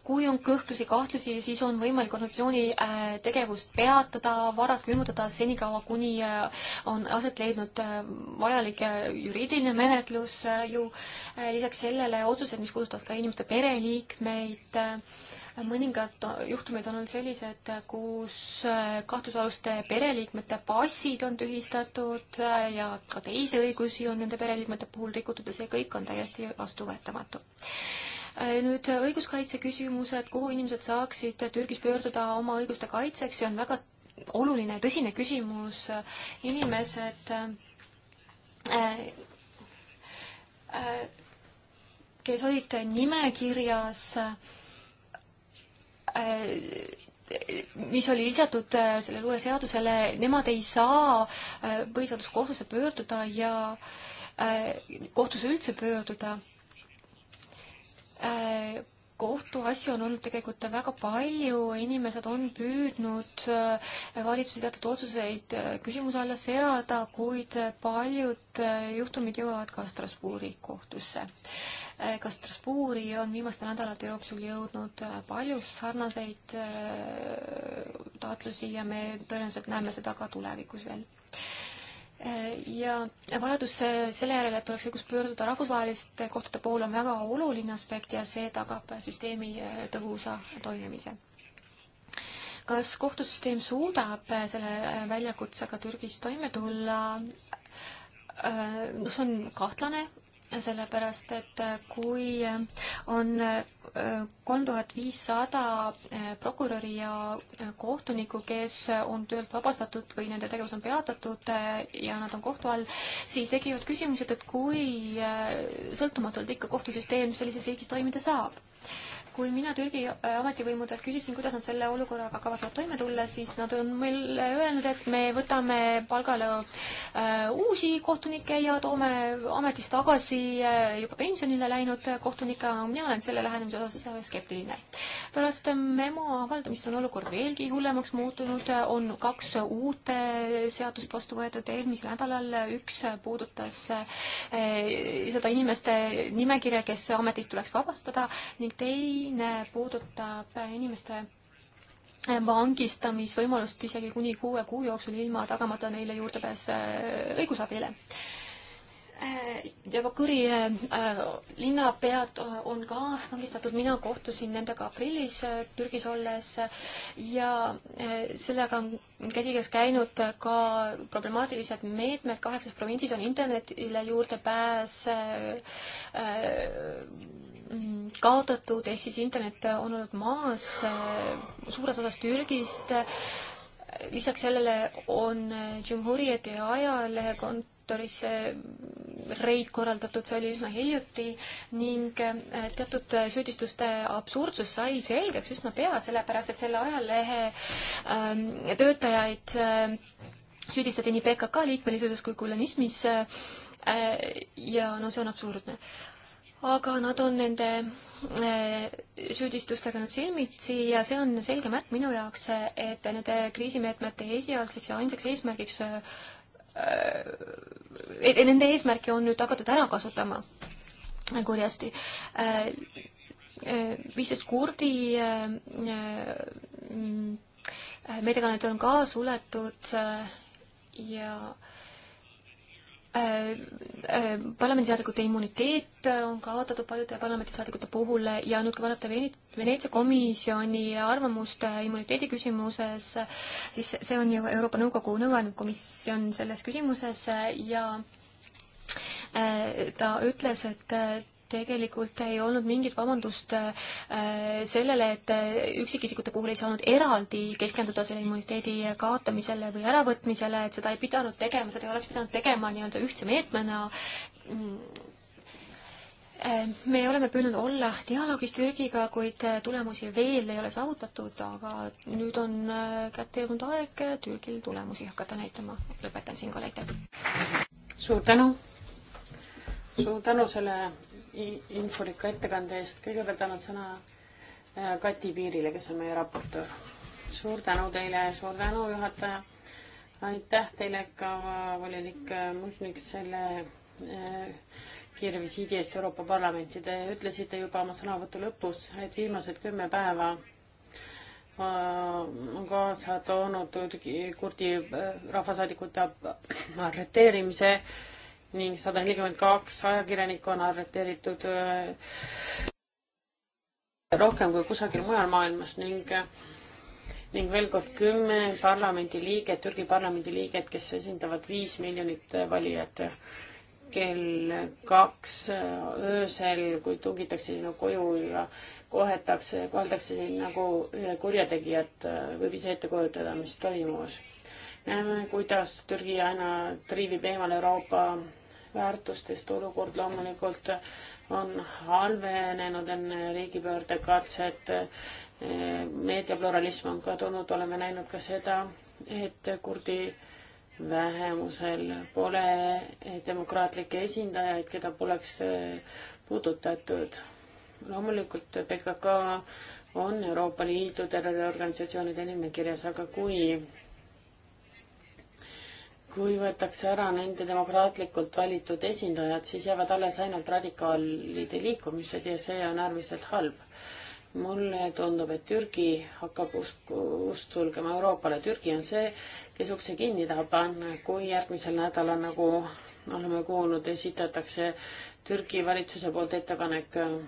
kui on kõhklusi, kahtlusi, siis on võimalik organisatsiooni äh, tegevust peatada, varad külmutada senikaua, kuni äh, on aset leidnud äh, vajalik juriidiline menetlus ju. lisaks sellele otsused, mis puudutavad ka inimeste pereliikmeid, mõningad juhtumid on olnud sellised, kus kahtlusaluste pereliikmete passid on tühistatud ja ka teisi õigusi on nende pereliikmete puhul rikutud ja see kõik on täiesti vastuvõetamatu Äh, nüüd õiguskaitse küsimused, kuhu inimesed saaksid Türgis pöörduda oma õiguste kaitseks, see on väga oluline ja tõsine küsimus. inimesed äh, äh, kes olid nimekirjas äh, mis oli lisatud äh, sellele uuele seadusele, nemad ei saa äh, põhiseaduskohtusse pöörduda ja kohtusse üldse pöörduda. Äh, kohtuasju on olnud tegelikult väga palju, inimesed on püüdnud äh, valitsuse teatud otsuseid äh, küsimuse alla seada, kuid paljud juhtumid jõuavad ka Strasbourgi kohtusse. ka Strasbourgi on viimaste nädalate jooksul jõudnud palju sarnaseid taotlusi ja me tõenäoliselt näeme seda ka tulevikus veel ja vajadus äh, selle järele, et oleks õigus pöörduda rahvusvaheliste kohtade poole, on väga oluline aspekt ja see tagab süsteemi äh, tõhusa toimimise. kas kohtusüsteem suudab äh, selle väljakutsega Türgis toime tulla? no see on kahtlane, sellepärast et kui on äh, kolm tuhat viissada äh, prokuröri ja äh, kohtunikku, kes on töölt vabastatud või nende tegevus on peatatud ja nad on kohtu all, siis tekivad küsimused, et kui sõltumatult ikka kohtusüsteem sellises riigis toimida saab kui mina Türgi äh, ametivõimudelt küsisin, kuidas nad selle olukorraga kavatsevad toime tulla, siis nad on meile öelnud, et me võtame palgale äh, uusi kohtunikke ja toome ametist tagasi äh, juba pensionile läinud kohtunikke, aga mina olen selle lähenemise osas skeptiline. pärast memo avaldamist on olukord veelgi hullemaks muutunud, on kaks uut seadust vastu võetud eelmisel nädalal, üks puudutas seda inimeste nimekirja, kes ametist tuleks vabastada ning tei-, teine puudutab inimeste vangistamisvõimalust isegi kuni kuue kuu jooksul, ilma tagamata neile juurdepääs äh, õigusabile. Äh, Jabakõri äh, linnapead on ka vangistatud, mina kohtusin nendega aprillis Türgis olles ja sellega on käsikäes käinud ka problemaatilised meetmed, kaheksas provintsis on internetile juurdepääs äh, Mhm, kaotatud, ehk siis internet on olnud maas äh, suures osas Türgist. lisaks sellele on äh, Džumhuriyeti ajalehe kontoris äh, reid korraldatud, see oli üsna hiljuti ning teatud süüdistuste absurdsus sai selgeks üsna pea, sellepärast et selle ajalehe ähm, töötajaid süüdistati nii PKK liikmelisuses kui kullanismis ja no see on absurdne aga nad on nende eh, süüdistustega nüüd silmitsi ja see on selge märk minu jaoks, et nende kriisimeetmete esialgseks ja ainsaks eesmärgiks, eh, et nende eesmärki on nüüd hakatud ära kasutama kurjasti. Eh, viisteist kurdi mm, meediakanalid on ka suletud ja äh, Äh, äh, parlamendisaadikute immuniteet äh, on kaotatud paljude parlamendisaadikute puhul ja nüüd, kui vaadata Veneetsia komisjoni arvamust immuniteedi küsimuses, siis see on ju Euroopa Nõukogu nõuandev komisjon selles küsimuses ja ta ütles, et tegelikult ei olnud mingit vabandust äh, sellele, et äh, üksikisikute puhul ei saanud eraldi keskenduda selle immuniteedi kaotamisele või äravõtmisele, et seda ei pidanud tegema, seda ei oleks pidanud tegema nii-öelda ühtse meetmena mm. äh, me oleme püüdnud olla dialoogis Türgiga, kuid tulemusi veel ei ole saavutatud, aga nüüd on kätte jõudnud aeg Türgil tulemusi hakata näitama. lõpetan siinkohal, aitäh! suur tänu! suur tänu selle infurika ettekande eest. kõigepealt annan sõna äh, Kati Piirile, kes on meie raportöör. suur tänu teile, suur tänu, juhataja. aitäh teile ka volinik Mužnik selle äh, kiire visiidi eest Euroopa Parlamenti. Te ütlesite juba oma sõnavõtu lõpus, et viimased kümme päeva äh, on kaasa toonud kurdi rahvasaadikute arreteerimise äh, ning sada nelikümmend kaks ajakirjanikku on arreteeritud äh, rohkem kui kusagil mujal maailmas ning äh, ning veel kord kümme parlamendiliiget, Türgi parlamendiliiget, kes esindavad viis miljonit äh, valijat. kell kaks öösel, kui tungitakse sinna koju ja kohetakse, koheldakse sind nagu kurjategijat, võib ise ette kujutada, mis toimus näeme, kuidas Türgi aina triivib eemale Euroopa väärtustest, olukord loomulikult on halvenenud enne riigipöördekatset, meediapluralism on kadunud, oleme näinud ka seda, et kurdi vähemusel pole demokraatlikke esindajaid, keda poleks puudutatud. loomulikult PKK on Euroopa Liidu terroriorganisatsioonide nimekirjas, aga kui kui võetakse ära nende demokraatlikult valitud esindajad, siis jäävad alles ainult radikaalide liikumised ja see on äärmiselt halb. mulle tundub, et Türgi hakkab ust, ust sulgema Euroopale. Türgi on see, kes ukse kinni tahab panna, kui järgmisel nädalal, nagu oleme kuulnud, esitatakse Türgi valitsuse poolt ettepanek äh,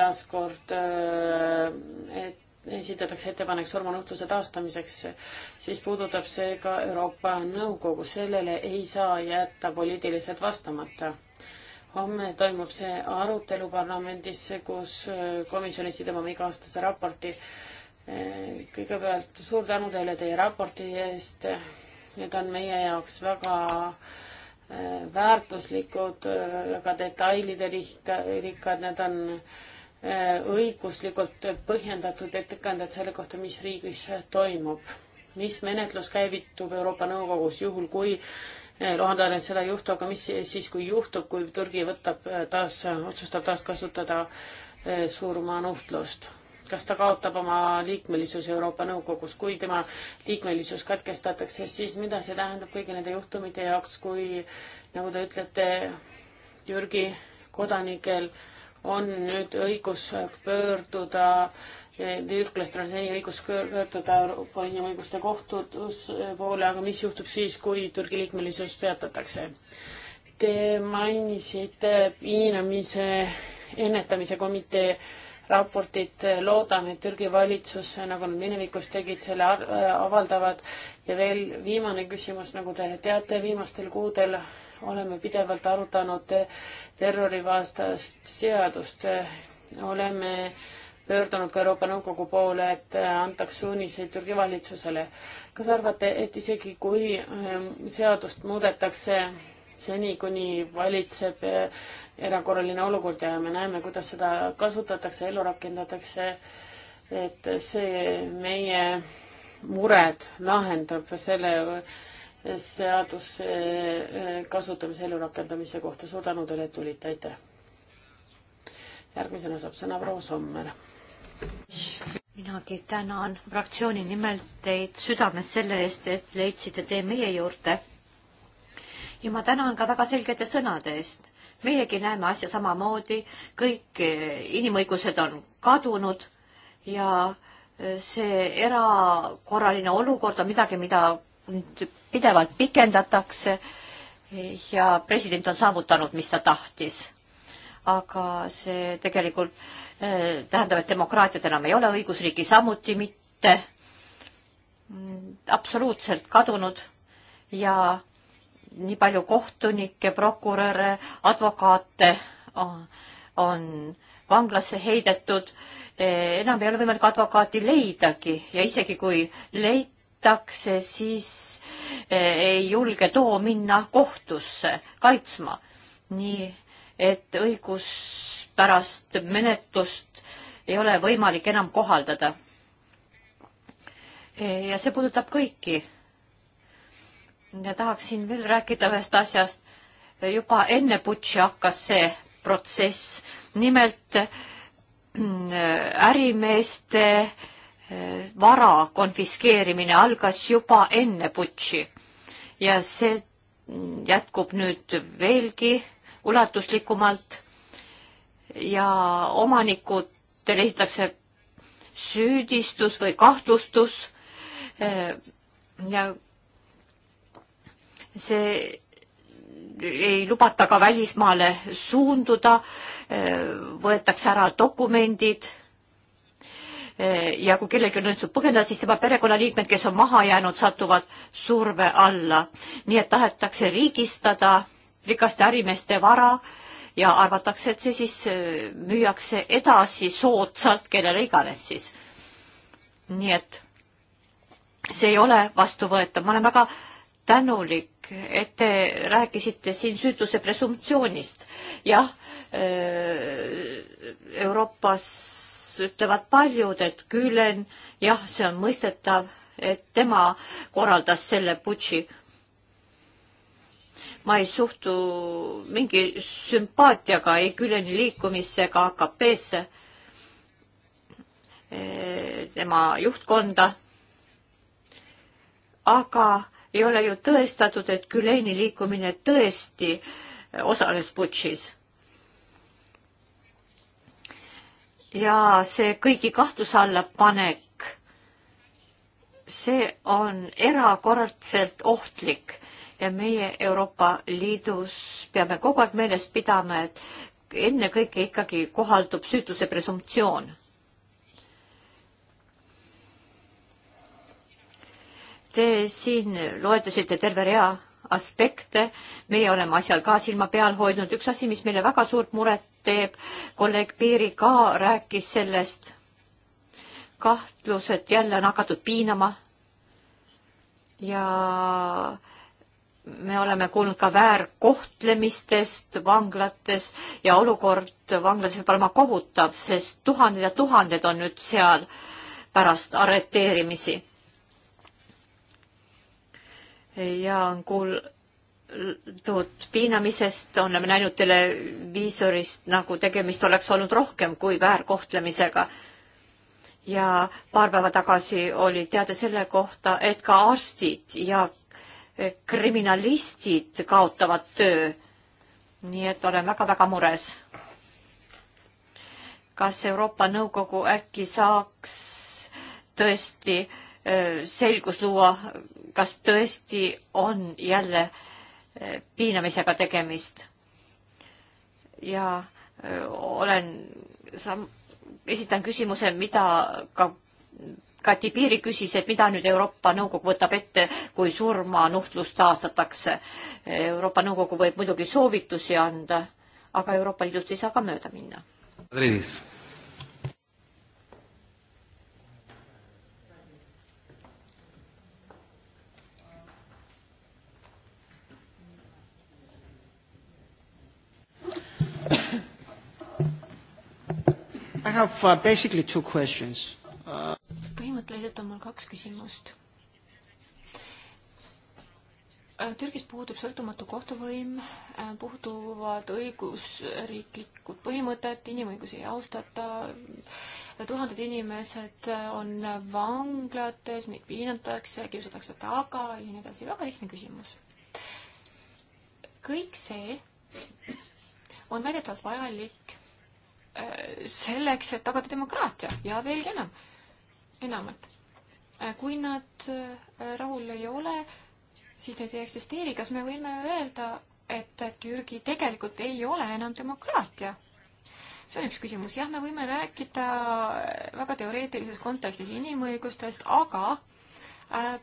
taaskord, äh, et esitatakse ettepanek surmanuhtluse taastamiseks, siis puudutab see ka Euroopa Nõukogu, sellele ei saa jätta poliitiliselt vastamata. homme toimub see arutelu parlamendis, kus komisjon esitab oma iga-aastase raporti. kõigepealt suur tänu teile teie raporti eest, need on meie jaoks väga äh, väärtuslikud, äh, väga detailide rikkad, rikkad, need on äh, Äh, õiguslikult põhjendatud ettekanded selle kohta, mis riigis toimub. mis menetlus käivitub Euroopa Nõukogus juhul, kui äh, loodan, et seda ei juhtu, aga mis siis, kui juhtub, kui Türgi võtab äh, taas, otsustab taaskasutada surmanuhtlust? kas ta kaotab oma liikmelisuse Euroopa Nõukogus, kui tema liikmelisus katkestatakse, siis mida see tähendab kõigi nende juhtumite jaoks, kui nagu te ütlete, Türgi kodanikel äh, on nüüd õigus pöörduda türklastel on seni õigus pöörduda Euroopa Inimõiguste Kohtus poole, aga mis juhtub siis, kui Türgi liikmelisus peatatakse? Te mainisite piinamise ennetamise komitee raportit, loodame, et Türgi valitsus, nagu nad minevikus tegid, selle avaldavad ja veel viimane küsimus, nagu te teate, viimastel kuudel oleme pidevalt arutanud terrorivastast seadust, oleme pöördunud ka Euroopa Nõukogu poole, et antaks suuniseid Türgi valitsusele. kas arvate, et isegi kui ehm, seadust muudetakse seni, kuni valitseb eh, erakorraline olukord ja me näeme, kuidas seda kasutatakse, ellu rakendatakse, et see meie mured lahendab selle seaduse eh, kasutamise elurakendamise kohta. suur tänu teile, et tulite, aitäh. järgmisena saab sõna proua Sommer. minagi tänan fraktsiooni nimel teid südamest selle eest, et leidsite tee meie juurde. ja ma tänan ka väga selgete sõnade eest. meiegi näeme asja samamoodi, kõik eh, inimõigused on kadunud ja eh, see erakorraline olukord on midagi, mida nüüd pidevalt pikendatakse ja president on saavutanud, mis ta tahtis. aga see tegelikult eh, tähendab, et demokraatiat enam ei ole, õigusriigi samuti mitte, absoluutselt kadunud ja nii palju kohtunikke, prokuröre, advokaate on, on vanglasse heidetud, eh, enam ei ole võimalik advokaati leidagi ja isegi kui leid-, peetakse, siis eh, ei julge too minna kohtusse kaitsma. nii et õiguspärast menetlust ei ole võimalik enam kohaldada. Eh, ja see puudutab kõiki. ja tahaksin veel rääkida ühest asjast. Eh, juba enne Butši hakkas see protsess. nimelt ärimeeste äh, vara konfiskeerimine algas juba enne putši ja see jätkub nüüd veelgi ulatuslikumalt ja omanikutele esitatakse süüdistus või kahtlustus ja see ei lubata ka välismaale suunduda, võetakse ära dokumendid ja kui kellelgi on õnnestunud põgeneda, siis tema perekonnaliikmed, kes on maha jäänud, satuvad surve alla. nii et tahetakse riigistada rikaste ärimeeste vara ja arvatakse, et see siis äh, müüakse edasi soodsalt kellele iganes siis. nii et see ei ole vastuvõetav, ma olen väga tänulik, et te rääkisite siin süütuse presumptsioonist. jah, äh, Euroopas sellest ütlevad paljud, et Külen, jah, see on mõistetav, et tema korraldas selle putši. ma ei suhtu mingi sümpaatiaga ei Küleni liikumisse ega AKP-sse, e, tema juhtkonda. aga ei ole ju tõestatud, et Küleni liikumine tõesti osales putšis ja see kõigi kahtluse alla panek, see on erakordselt ohtlik ja meie Euroopa Liidus peame kogu aeg meeles pidama, et ennekõike ikkagi kohaldub süütuse presumptsioon. Te siin loetlesite terve rea aspekte, meie oleme asjal ka silma peal hoidnud, üks asi, mis meile väga suurt muret teeb. kolleeg Piiri ka rääkis sellest. kahtlus, et jälle on hakatud piinama. ja me oleme kuulnud ka väärkohtlemistest vanglates ja olukord vanglas võib olema kohutav, sest tuhanded ja tuhanded on nüüd seal pärast arreteerimisi. ja on kuul-, toodud piinamisest oleme näinud televiisorist, nagu tegemist oleks olnud rohkem kui väärkohtlemisega. ja paar päeva tagasi oli teade selle kohta, et ka arstid ja kriminalistid kaotavad töö. nii et olen väga-väga mures. kas Euroopa Nõukogu äkki saaks tõesti äh, selgus luua, kas tõesti on jälle äh, piinamisega tegemist. ja olen, esitan küsimuse, mida ka Kati Piiri küsis, et mida nüüd Euroopa Nõukogu võtab ette, kui surmanuhtlus taastatakse. Euroopa Nõukogu võib muidugi soovitusi anda, aga Euroopa Liidust ei saa ka mööda minna. Madridis I have uh, basically two questions uh.... põhimõtteliselt on mul kaks küsimust. Äh, Türgis puudub sõltumatu kohtuvõim, äh, puuduvad õigusriiklikud põhimõtted, inimõigusi ei austata, tuhanded inimesed äh, on vanglates, neid piinatakse, kiusatakse taga ja nii edasi, väga lihtne küsimus. kõik see on väidetavalt vajalik äh, selleks, et tagada demokraatia ja veelgi enam, enamat. Äh, kui nad äh, rahul ei ole, siis neid ei eksisteeri. kas me võime öelda, et Türgi tegelikult ei ole enam demokraatia? see on üks küsimus. jah, me võime rääkida väga teoreetilises kontekstis inimõigustest, aga Äh,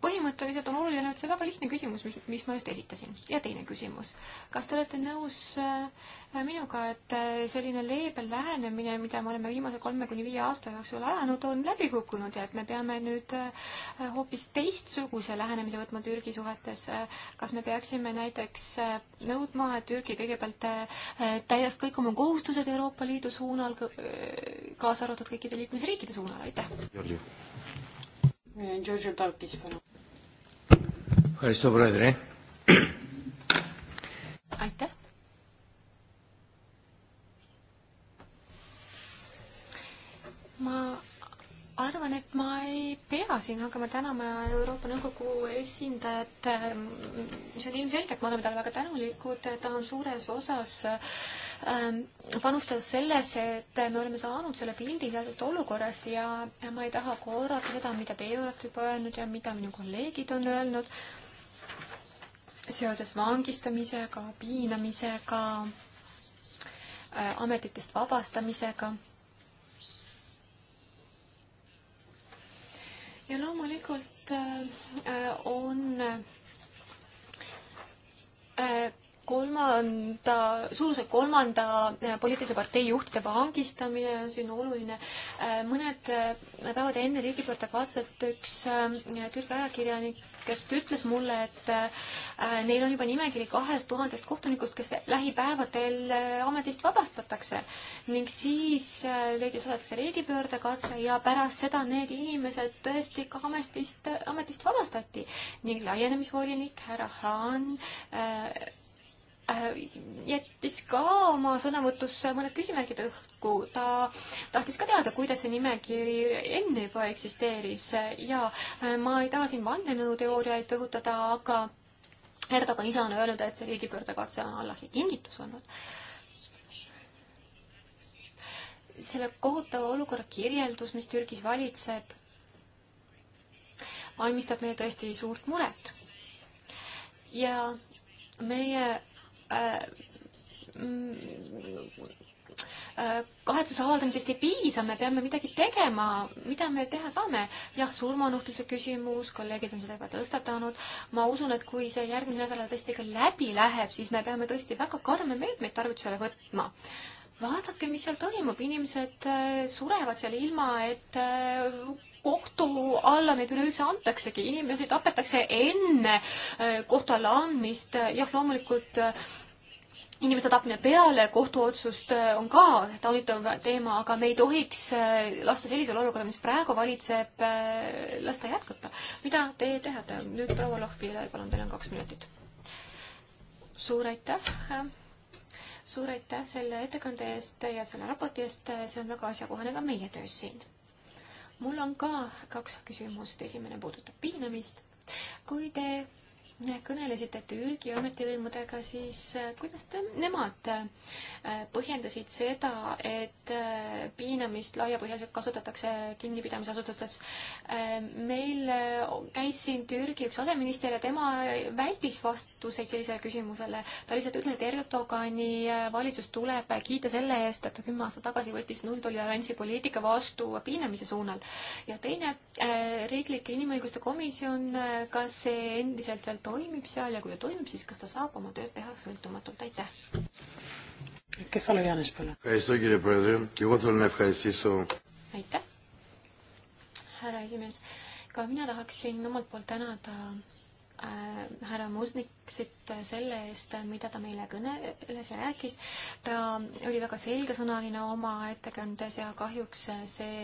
põhimõtteliselt on oluline, et see väga lihtne küsimus, mis, mis ma just esitasin. ja teine küsimus. kas te olete nõus äh, minuga, et äh, selline leebel lähenemine, mida me oleme viimase kolme kuni viie aasta jooksul ajanud, on läbi kukkunud ja et me peame nüüd hoopis teistsuguse lähenemise võtma Türgi suhetes? kas me peaksime näiteks nõudma, et Türgi kõigepealt täidaks kõik oma kohustused Euroopa Liidu suunal, kaasa arvatud kõikide liikmesriikide suunal? aitäh! George Takis, palun. Eh? aitäh. ma arvan, et ma ei pea siin hakkama tänama Euroopa Nõukogu esindajat. Ähm, see on ilmselge, et me oleme talle väga tänulikud, ta on suures osas ähm, panustanud sellesse, et me oleme saanud selle pildi sealsest olukorrast ja ma ei taha korrata seda, mida teie olete juba öelnud ja mida minu kolleegid on öelnud seoses vangistamisega, piinamisega, äh, ametitest vabastamisega ja loomulikult äh, äh, on äh, kolmanda, suuruse kolmanda äh, poliitilise partei juhtide vangistamine on siin oluline. Äh, mõned äh, päevad enne riigipöörde katset üks Türgi ajakirjanik, kes ütles mulle, et neil on juba nimekiri kahest tuhandest kohtunikust, kes lähipäevadel ametist vabastatakse ning siis leidis aset see riigipöörde katse ja pärast seda need inimesed tõesti ka ametist, ametist vabastati ning laienemisvolinik härra Haan Äh, jättis ka oma sõnavõtus mõned küsimärgid õhku. ta tahtis ka teada, kuidas see nimekiri enne juba eksisteeris ja äh, ma ei taha siin vandenõuteooriaid õhutada, aga Erdogan ise on öelnud, et see riigipöördekatse on Allahi kingitus olnud. selle kohutava olukorra kirjeldus, mis Türgis valitseb, valmistab meile tõesti suurt muret. ja meie kahetsuse avaldamisest ei piisa, me peame midagi tegema, mida me teha saame. jah, surmanuhtluse küsimus, kolleegid on seda juba tõstatanud. ma usun, et kui see järgmisel nädalal tõesti ka läbi läheb, siis me peame tõesti väga karme meetmeid tarvitusele võtma vaadake, mis seal toimub, inimesed äh, surevad seal ilma, et äh, kohtu alla neid üleüldse antaksegi, inimesi tapetakse enne äh, kohtu alla andmist, jah, loomulikult äh, inimese tapmine peale kohtuotsust äh, on ka taunitav teema, aga me ei tohiks lasta sellisel olukorral, mis praegu valitseb, lasta jätkata. mida te teate? nüüd proua Lohvpiller, palun, teil on kaks minutit. suur aitäh suur aitäh selle ettekande eest ja selle raporti eest, see on väga asjakohane ka meie töös siin mul on ka kaks küsimust, esimene puudutab piinamist. kui te kõnelesite Türgi ametivõimudega, siis äh, kuidas te, nemad äh, põhjendasid seda, et äh, piinamist laiapõhjaliselt kasutatakse kinnipidamisasutustes? meil käis siin Türgi üks aseminister ja tema vältis vastuseid sellisele küsimusele. ta lihtsalt ütles, et Erdogani valitsus tuleb kiita selle eest, et ta kümme aastat tagasi võttis nulltolerantsi poliitika vastu piinamise suunal. ja teine, riiklik inimõiguste komisjon, kas see endiselt veel toimub? toimib seal ja kui ta toimib, siis kas ta saab oma tööd teha sõltumatult, aitäh. Κεφάλαιο Γιάννης, πολύ. Ευχαριστώ κύριε Πρόεδρε και εγώ θέλω να ευχαριστήσω. Aitäh, härra esimees. ka mina tahaksin omalt poolt tänada äh, härra Musniksit selle eest, mida ta meile kõneles ja rääkis. ta oli väga selgesõnaline oma ettekandes ja kahjuks see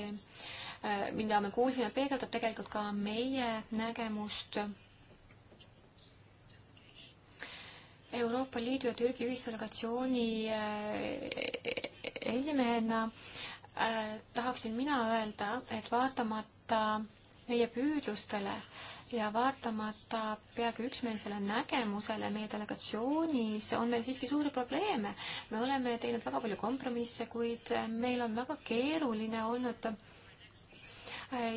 äh,, mida me kuulsime, peegeldab tegelikult ka meie nägemust äh, Euroopa Liidu ja Türgi ühisdelegatsiooni eh, esimehena eh, tahaksin mina öelda, et vaatamata meie püüdlustele ja vaatamata peaaegu üksmeelsele nägemusele meie delegatsioonis on meil siiski suuri probleeme. me oleme teinud väga palju kompromisse, kuid meil on väga keeruline olnud äh,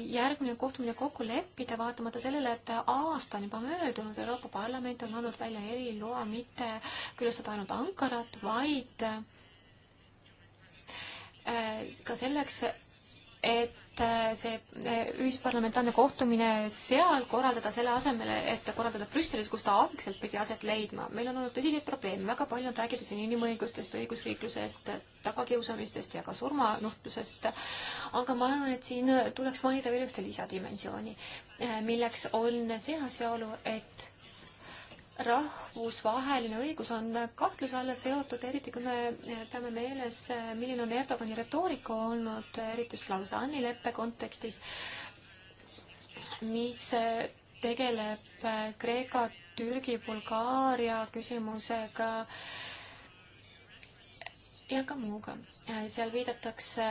järgmine kohtumine kokku leppida, vaatamata sellele, et aasta on juba möödunud, Euroopa Parlament on andnud välja eriloa mitte külastada ainult Ankarat, vaid äh, ka selleks, et et äh, see äh, ühisparlamentaarne kohtumine seal korraldada, selle asemel, et korraldada Brüsselis, kus ta algselt pidi aset leidma. meil on olnud tõsiseid probleeme, väga palju on räägitud siin inimõigustest, õigusriiklusest, tagakiusamistest ja ka surmanuhtlusest, aga ma arvan, et siin tuleks mainida veel ühte lisadimensiooni, äh, milleks on see asjaolu, et rahvusvaheline õigus on kahtluse alla seotud, eriti kui me peame meeles, milline on Erdogani retoorika olnud, eriti just Lausanne'i leppe kontekstis, mis tegeleb Kreeka, Türgi, Bulgaaria küsimusega ja ka muuga. seal viidatakse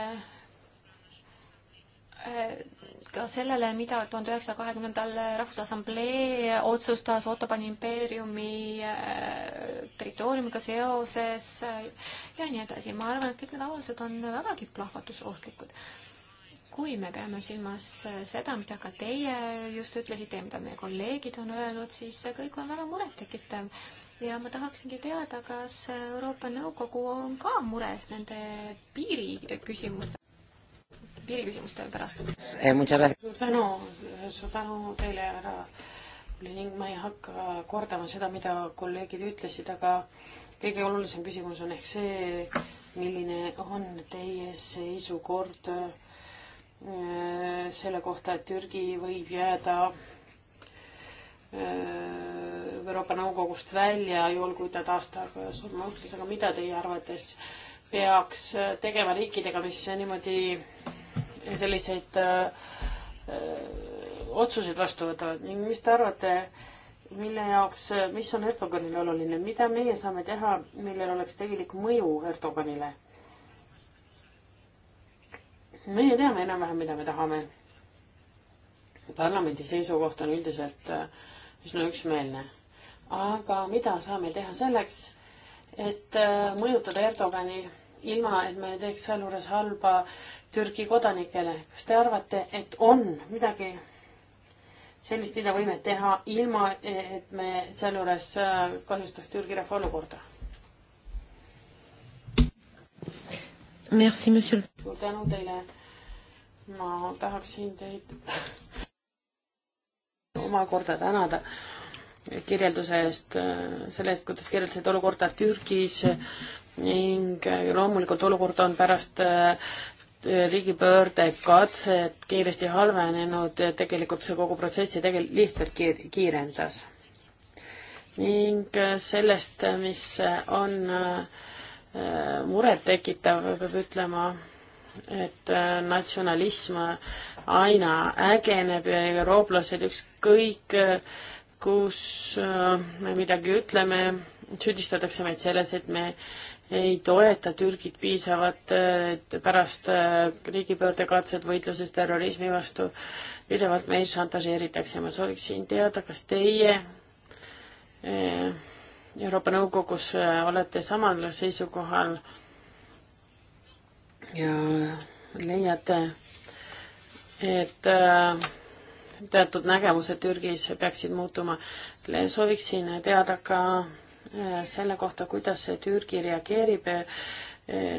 ka sellele, mida tuhande üheksasaja kahekümnendal Rahvusassamblee otsustas Ottomani impeeriumi äh, territooriumiga seoses äh, ja nii edasi. ma arvan, et kõik need avaldused on vägagi plahvatusohtlikud. kui me peame silmas äh, seda, mida ka teie just ütlesite ja mida meie kolleegid on öelnud, siis see kõik on väga murettekitav ja ma tahaksingi teada, kas Euroopa Nõukogu on ka mures nende piiriküsimuste piiriküsimuste pärast. Eh, suur tänu, suur tänu teile, härra ning ma ei hakka kordama seda, mida kolleegid ütlesid, aga kõige olulisem küsimus on ehk see, milline on teie seisukord eh, selle kohta, et Türgi võib jääda eh, Euroopa Nõukogust välja, juhul kui ta taastab surmaõiguse, aga mida teie arvates peaks tegema riikidega, mis niimoodi selliseid äh, äh, otsuseid vastu võtavad ning mis te arvate, mille jaoks, mis on Erdoganile oluline, mida meie saame teha, millel oleks tegelik mõju Erdoganile? meie teame enam-vähem, mida me tahame. parlamendi seisukoht on üldiselt äh, üsna üksmeelne. aga mida saame teha selleks, et mõjutada Erdogani ilma, et me teeks sealjuures halba Türgi kodanikele. kas te arvate, et on midagi sellist, mida võime teha ilma, et me sealjuures äh, kahjustaks Türgi rahva olukorda? suur tänu teile. ma tahaksin teid omakorda tänada kirjelduse eest, äh, selle eest, kuidas kirjeldasid olukorda Türgis ning äh, loomulikult olukord on pärast riigipöörde katset kiiresti halvenenud, tegelikult see kogu protsessi tegel-, lihtsalt kiir-, kiirendas. ning äh, sellest, äh, mis äh, on murettekitav, peab ütlema, et natsionalism aina ägeneb ja eurooplased ükskõik, kus me midagi ütleme, süüdistatakse meid selles, et me äh, ei toeta Türgit piisavat pärast äh, riigipöördekatset võitluses terrorismi vastu, pidevalt meid šantažeeritakse. ma sooviksin teada, kas teie äh, Euroopa Nõukogus äh, olete samal seisukohal ja leiate, et teatud nägemused Türgis peaksid muutuma. sooviksin teada ka Äh, selle kohta, kuidas Türgi reageerib äh,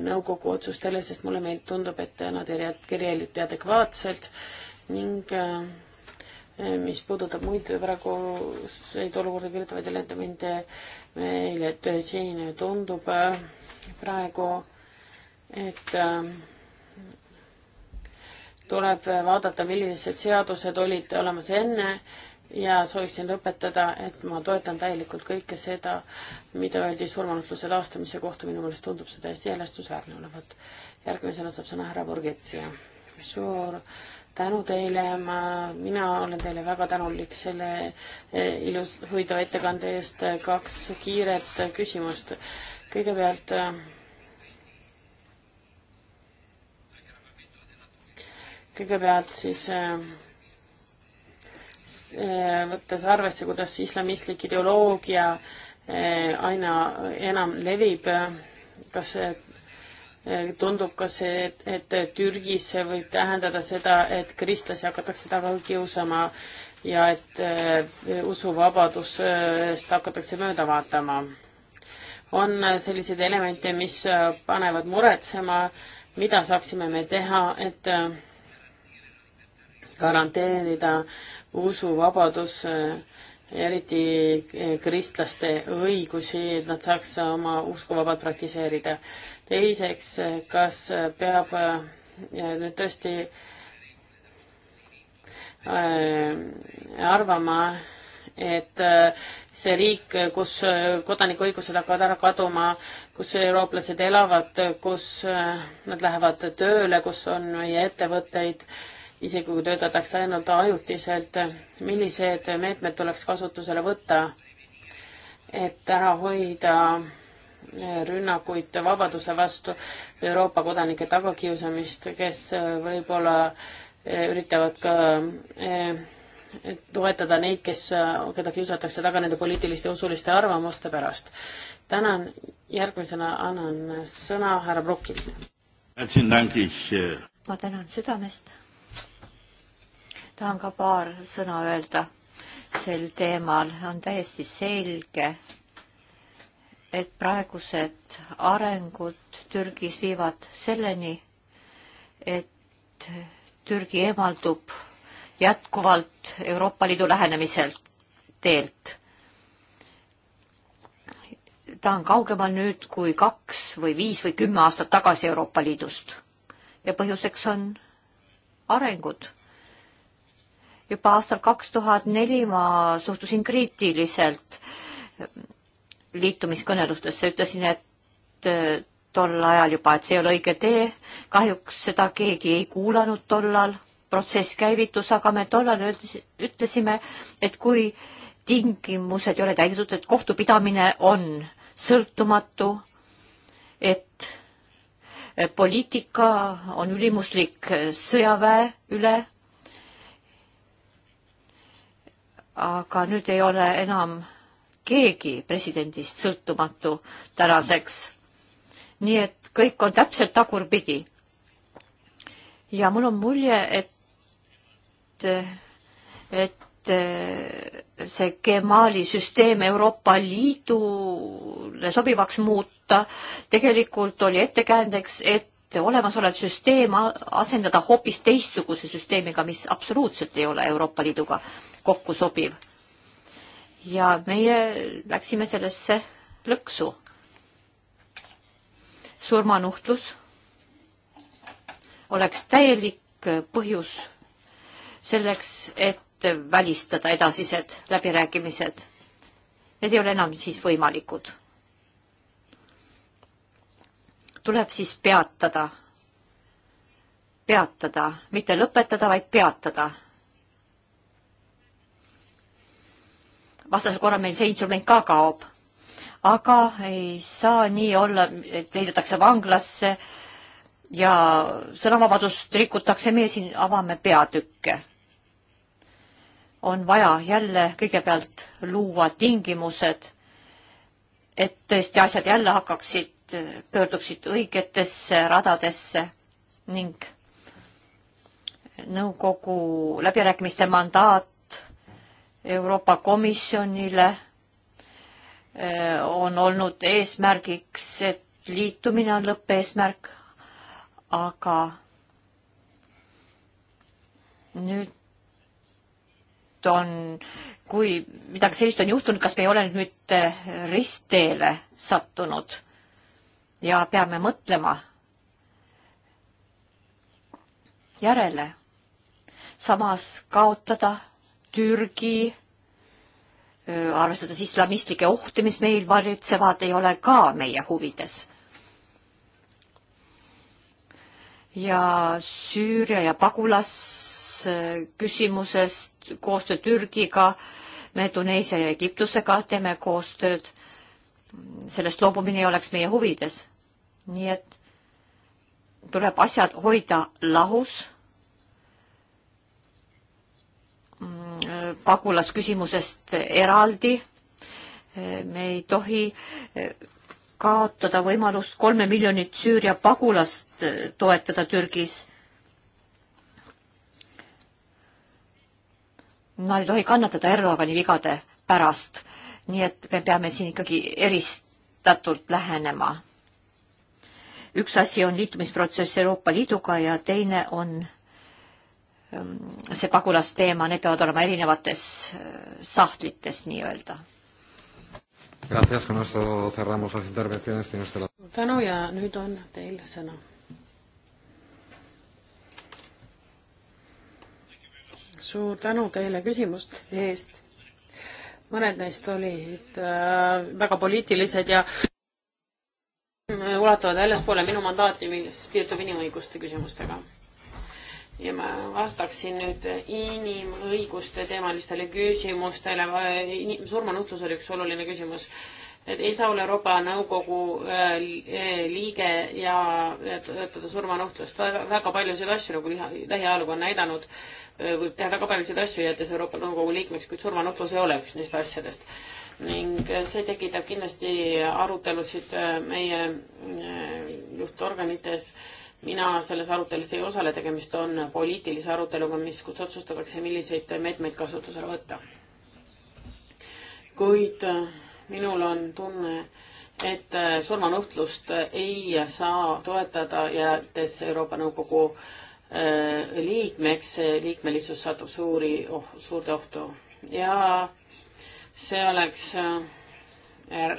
nõukogu otsustele, sest mulle meil tundub, et nad ei reageeri adekvaatselt ning äh, mis puudutab muid praeguseid olukordi kirjutavaid elemente, meile siin tundub praegu, et tuleb vaadata, millised seadused olid olemas enne ja sooviksin lõpetada, et ma toetan täielikult kõike seda, mida öeldi surmanutluse taastamise kohta, minu meelest tundub see täiesti häälestusväärne olevat. järgmisena saab sõna härra Burgitsia. suur tänu teile, ma, mina olen teile väga tänulik selle eh, ilus, huvitava ettekande eest, kaks kiiret küsimust. kõigepealt eh, kõigepealt siis äh, Äh, võttes arvesse, kuidas islamistlik ideoloogia äh, aina enam levib, kas see äh, tundub ka see, et, et Türgis see võib tähendada seda, et kristlasi hakatakse taga kiusama ja et usuvabadusest hakatakse mööda vaatama. on selliseid elemente, mis panevad muretsema, mida saaksime me teha, et garanteerida usuvabadusse, eriti eh, kristlaste õigusi, et nad saaks oma usku vabalt praktiseerida. teiseks, kas peab eh, nüüd tõesti eh, arvama, et see riik, kus kodanikuõigused hakkavad ära kaduma, kus eurooplased elavad, kus nad lähevad tööle, kus on meie ettevõtteid, isegi kui töötatakse ainult ajutiselt, millised meetmed tuleks kasutusele võtta, et ära hoida rünnakuid vabaduse vastu või Euroopa kodanike tagakiusamist, kes võib-olla eh, üritavad ka eh, toetada neid, kes, keda kiusatakse taga nende poliitiliste ja usuliste arvamuste pärast. tänan, järgmisena annan sõna härra Brokile. Äh, ma tänan südamest tahan ka paar sõna öelda sel teemal. on täiesti selge, et praegused arengud Türgis viivad selleni, et Türgi eemaldub jätkuvalt Euroopa Liidu lähenemiselt teelt. ta on kaugemal nüüd kui kaks või viis või kümme aastat tagasi Euroopa Liidust ja põhjuseks on arengud juba aastal kaks tuhat neli ma suhtusin kriitiliselt liitumiskõnelustesse, ütlesin, et äh, tol ajal juba, et see ei ole õige tee. kahjuks seda keegi ei kuulanud tollal, protsess käivitus, aga me tollal ütlesime, et kui tingimused ei ole täidetud, et kohtupidamine on sõltumatu, et äh, poliitika on ülimuslik äh, sõjaväe üle aga nüüd ei ole enam keegi presidendist sõltumatu tänaseks. nii et kõik on täpselt tagurpidi. ja mul on mulje, et, et see Gemali süsteem Euroopa Liidule sobivaks muuta tegelikult oli ettekäändeks, et olemasolev süsteem asendada hoopis teistsuguse süsteemiga, mis absoluutselt ei ole Euroopa Liiduga kokku sobiv. ja meie läksime sellesse lõksu. surmanuhtlus oleks täielik põhjus selleks, et välistada edasised läbirääkimised. Need ei ole enam siis võimalikud. tuleb siis peatada, peatada, mitte lõpetada, vaid peatada vastasel korral meil see instrument ka kaob. aga ei saa nii olla, et heidetakse vanglasse ja sõnavabadust rikutakse, meie siin avame peatükke. on vaja jälle kõigepealt luua tingimused, et tõesti asjad jälle hakkaksid, pöörduksid õigetesse radadesse ning nõukogu läbirääkimiste mandaat Euroopa Komisjonile eh, on olnud eesmärgiks, et liitumine on lõppeesmärk, aga nüüd on, kui midagi sellist on juhtunud, kas me ei ole nüüd mitte ristteele sattunud ja peame mõtlema järele, samas kaotada Türgi, arvestades islamistlikke ohte, mis meil valitsevad, ei ole ka meie huvides. ja Süüria ja pagulasküsimusest koostöö Türgiga, me Tuneesia ja Egiptusega teeme koostööd. sellest loobumine ei oleks meie huvides. nii et tuleb asjad hoida lahus pagulasküsimusest eraldi. me ei tohi kaotada võimalust kolme miljonit Süüria pagulast toetada Türgis. Nad ei tohi kannatada Erdogani vigade pärast, nii et me peame siin ikkagi eristatult lähenema. üks asi on liitumisprotsess Euroopa Liiduga ja teine on Ehm, see pagulasteema, need peavad olema erinevates ehm, sahtlites nii-öelda. tänu ja nüüd on teil sõna. suur tänu teile küsimuste eest. mõned neist olid äh, väga poliitilised ja ulatuvad väljaspoole minu mandaati, mis piirdub inimõiguste küsimustega ja ma vastaksin nüüd inimõiguste teemalistele küsimustele. surmanuhtlus oli üks oluline küsimus. et ei saa olla Euroopa Nõukogu äh, liige ja äh, töötada surmanuhtlust. väga paljusid asju nagu lähiajalugu on näidanud, äh, võib teha väga paljusid asju, jättes Euroopa Nõukogu liikmeks, kuid surmanuhtlus ei ole üks neist asjadest. ning see tekitab kindlasti arutelusid meie juhtorganites mina selles arutelus ei osale, tegemist on poliitilise aruteluga, mis, kus otsustatakse, milliseid meetmeid kasutusele võtta. kuid äh, minul on tunne, et äh, surmanuhtlust ei saa toetada, jäädes Euroopa Nõukogu äh, liikmeks, liikmelisus satub suuri oh,, suurde ohtu ja see oleks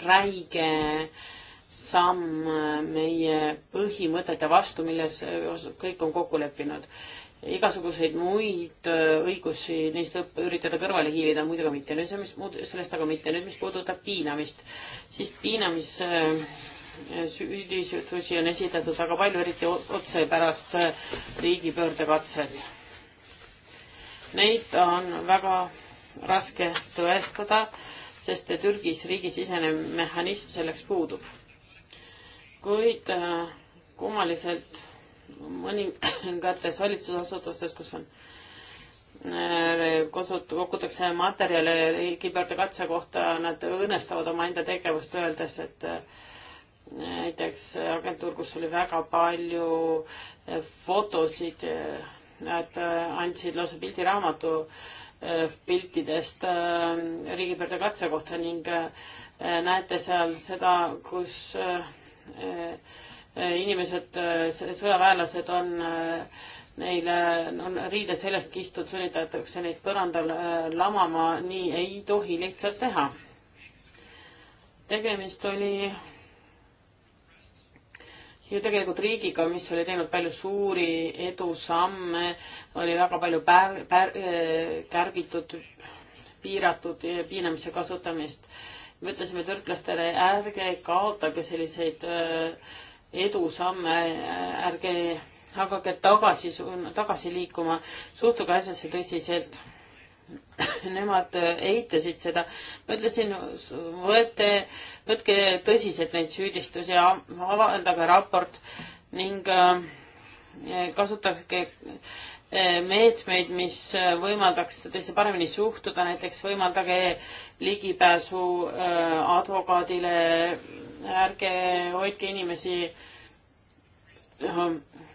räige äh, samm meie põhimõtete vastu, milles kõik on kokku leppinud. igasuguseid muid õigusi neist õpp, üritada kõrvale hiilida muidugi mitte, nüüd see, mis muud, sellest aga mitte, nüüd mis puudutab piinamist, siis piinamis äh, süüdistusi on esitatud väga palju, eriti otse pärast äh, riigipöördekatset. Neid on väga raske tõestada, sest Türgis riigisisene mehhanism selleks puudub kuid äh, kummaliselt mõningates valitsusasutustes, kus on äh, kosut-, kogutakse materjale riigipöördekatse kohta, nad õõnestavad omaenda tegevust, öeldes, et äh, näiteks agentuur, kus oli väga palju fotosid, nad andsid lausa pildiraamatu piltidest riigipöördekatse kohta ning näete seal seda, kus Äh, äh, inimesed, äh, sõjaväelased on neile, on riided seljast kistud, sunnitatakse neid põrandal lamama, nii ei tohi lihtsalt teha. tegemist oli ju tegelikult riigiga, mis oli teinud palju suuri edusamme, oli väga palju pär-, pär-, kärbitud, piiratud piinamise kasutamist me ütlesime türklastele, ärge kaotage selliseid äh, edusamme, ärge hakake tagasi, tagasi liikuma, suhtuge asjasse tõsiselt. Nemad äh, eitasid seda. ma ütlesin, võete, võtke tõsiselt neid süüdistusi, avaldage raport ning äh, kasutage meetmeid, mis võimaldaks teisse paremini suhtuda, näiteks võimaldage ligipääsu äh, advokaadile, ärge hoidke inimesi äh,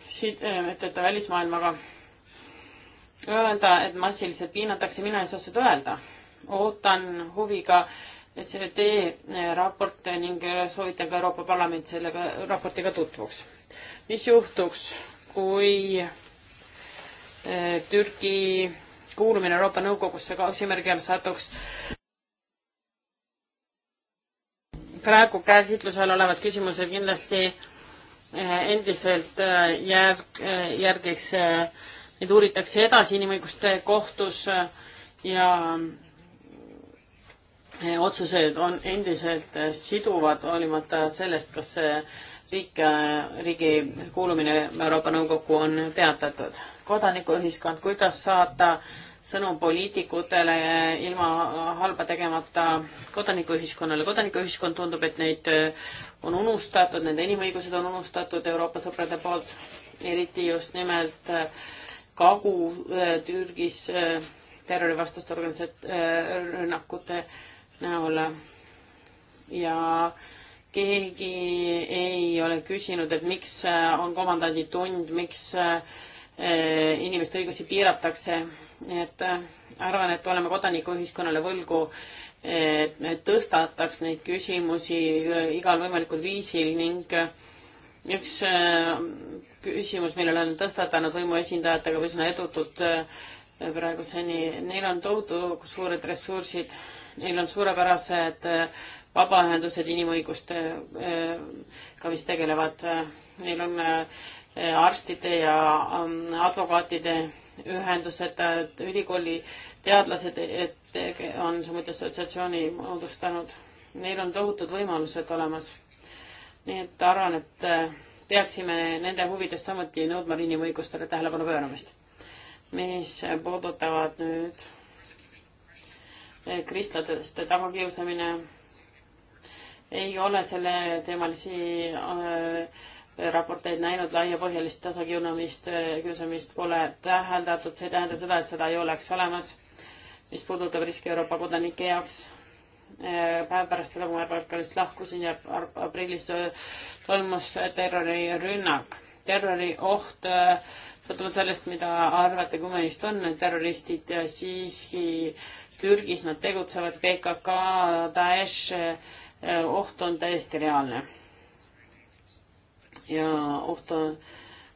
sidemete äh, välismaailmaga. Öelda, et massiliselt piinatakse, mina ei saa seda öelda. ootan huviga SVT raporte ning soovitan ka Euroopa Parlament sellega raportiga tutvuks. mis juhtuks, kui Türgi kuulumine Euroopa Nõukogusse ka küsimärgi alla satuks praegu käsitlusel olevad küsimused kindlasti eh, endiselt eh, jääb, eh, järgiks, neid uuritakse edasi inimõiguste kohtus ja otsused on endiselt siduvad, hoolimata sellest, kas see riik, riigi kuulumine Euroopa Nõukokku on peatatud. kodanikuühiskond, kuidas saata äh, sõnum poliitikutele ilma halba tegemata kodanikuühiskonnale. kodanikuühiskond tundub, et neid äh, on unustatud, nende inimõigused on unustatud Euroopa sõprade poolt, eriti just nimelt äh, Kagu-Türgis äh, terrorivastaste organisat-, rünnakute näol. ja keegi ei ole küsinud, et miks on komandanditund, miks inimeste õigusi piiratakse nii et äh, arvan, et oleme kodanikuühiskonnale võlgu, et tõstataks neid küsimusi äh, igal võimalikul viisil ning äh, üks küsimus, mille olen tõstatanud võimuesindajatega või üsna edutult praeguseni, neil on tohutu suured ressursid, neil on suurepärased vabaühendused inimõigustega, mis tegelevad, neil on arstide ja advokaatide ühendused, ülikooli teadlased et on samuti assotsiatsiooni moodustanud. Neil on tohutud võimalused olemas. nii et arvan, et peaksime nende huvides samuti nõudma inimõigustele tähelepanu pööramist. mis puudutavad nüüd kristlaste tagakiusamine, ei ole selleteemalisi äh, raporteid näinud, laiapõhjalist tasakiunamist, kiusamist pole täheldatud, see ei tähenda seda, et seda ei oleks olemas. mis puudutab riski Euroopa kodanike jaoks, eh, päev pärast seda, kui ma Balkanist lahkusin ja aprillis eh, toimus terrorirünnak. terrorioht, eh, sõltuvalt sellest, mida arvate, kui mõnist on terroristid, siiski Türgis nad tegutsevad, PKK, Daesh, oht on täiesti reaalne ja oht on,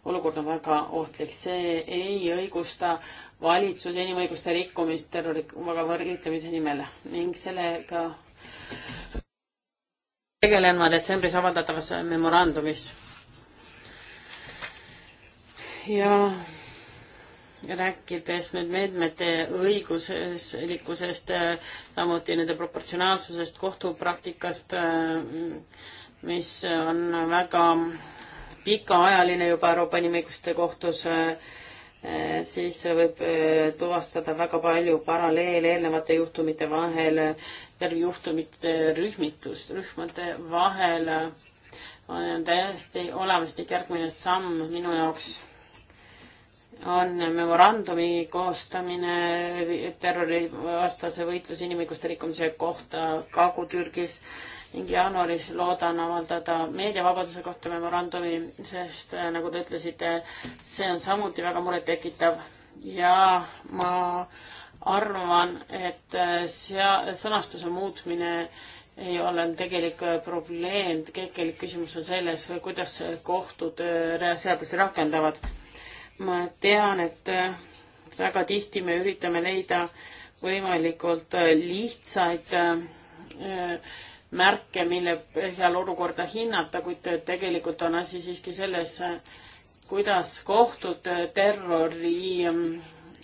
olukord on väga ohtlik. see ei õigusta valitsuse inimõiguste rikkumist terroriga võrdlemise nimel ning sellega tegelen ma detsembris avaldatavas memorandumis. ja rääkides nüüd meetmete õiguslikkusest, samuti nende proportsionaalsusest, kohtupraktikast, mis on väga pikaajaline juba Euroopa Inimõiguste Kohtus, äh, äh, siis võib äh, tuvastada väga palju paralleele eelnevate juhtumite vahel ja juhtumite rühmitust, rühmade vahel on täiesti olemas ning järgmine samm minu jaoks on memorandumi koostamine terrorivastase võitluse inimõiguste rikkumise kohta Kagu-Türgis ning jaanuaris loodan avaldada meediavabaduse kohta memorandumi, sest äh, nagu te ütlesite, see on samuti väga murettekitav ja ma arvan, et äh, sea-, sõnastuse muutmine ei ole tegelik äh, probleem, tegelik küsimus on selles, kuidas kohtud seadusi rakendavad. ma tean, et väga tihti me üritame leida võimalikult lihtsaid märke, mille põhjal olukorda hinnata, kuid tegelikult on asi siiski selles, kuidas kohtud terrori mm,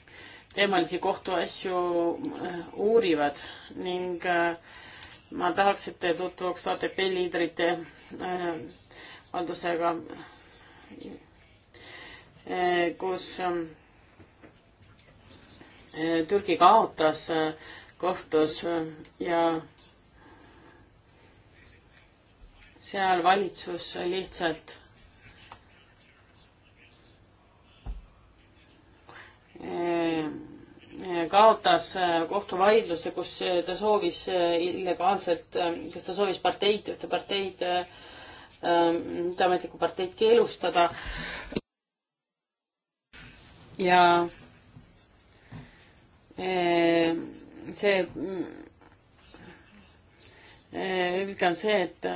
teemalisi kohtuasju mm, uurivad ning mm, ma tahaks, et te tutvuks ATP liidrite haldusega, kus Türgi kaotas kohtus ja seal valitsus lihtsalt eh, kaotas kohtuvaidluse, kus ta soovis illegaalselt, kas ta soovis parteid, ühte parteid, mitteametlikku parteid keelustada. ja eh, see, ilge eh, on see, et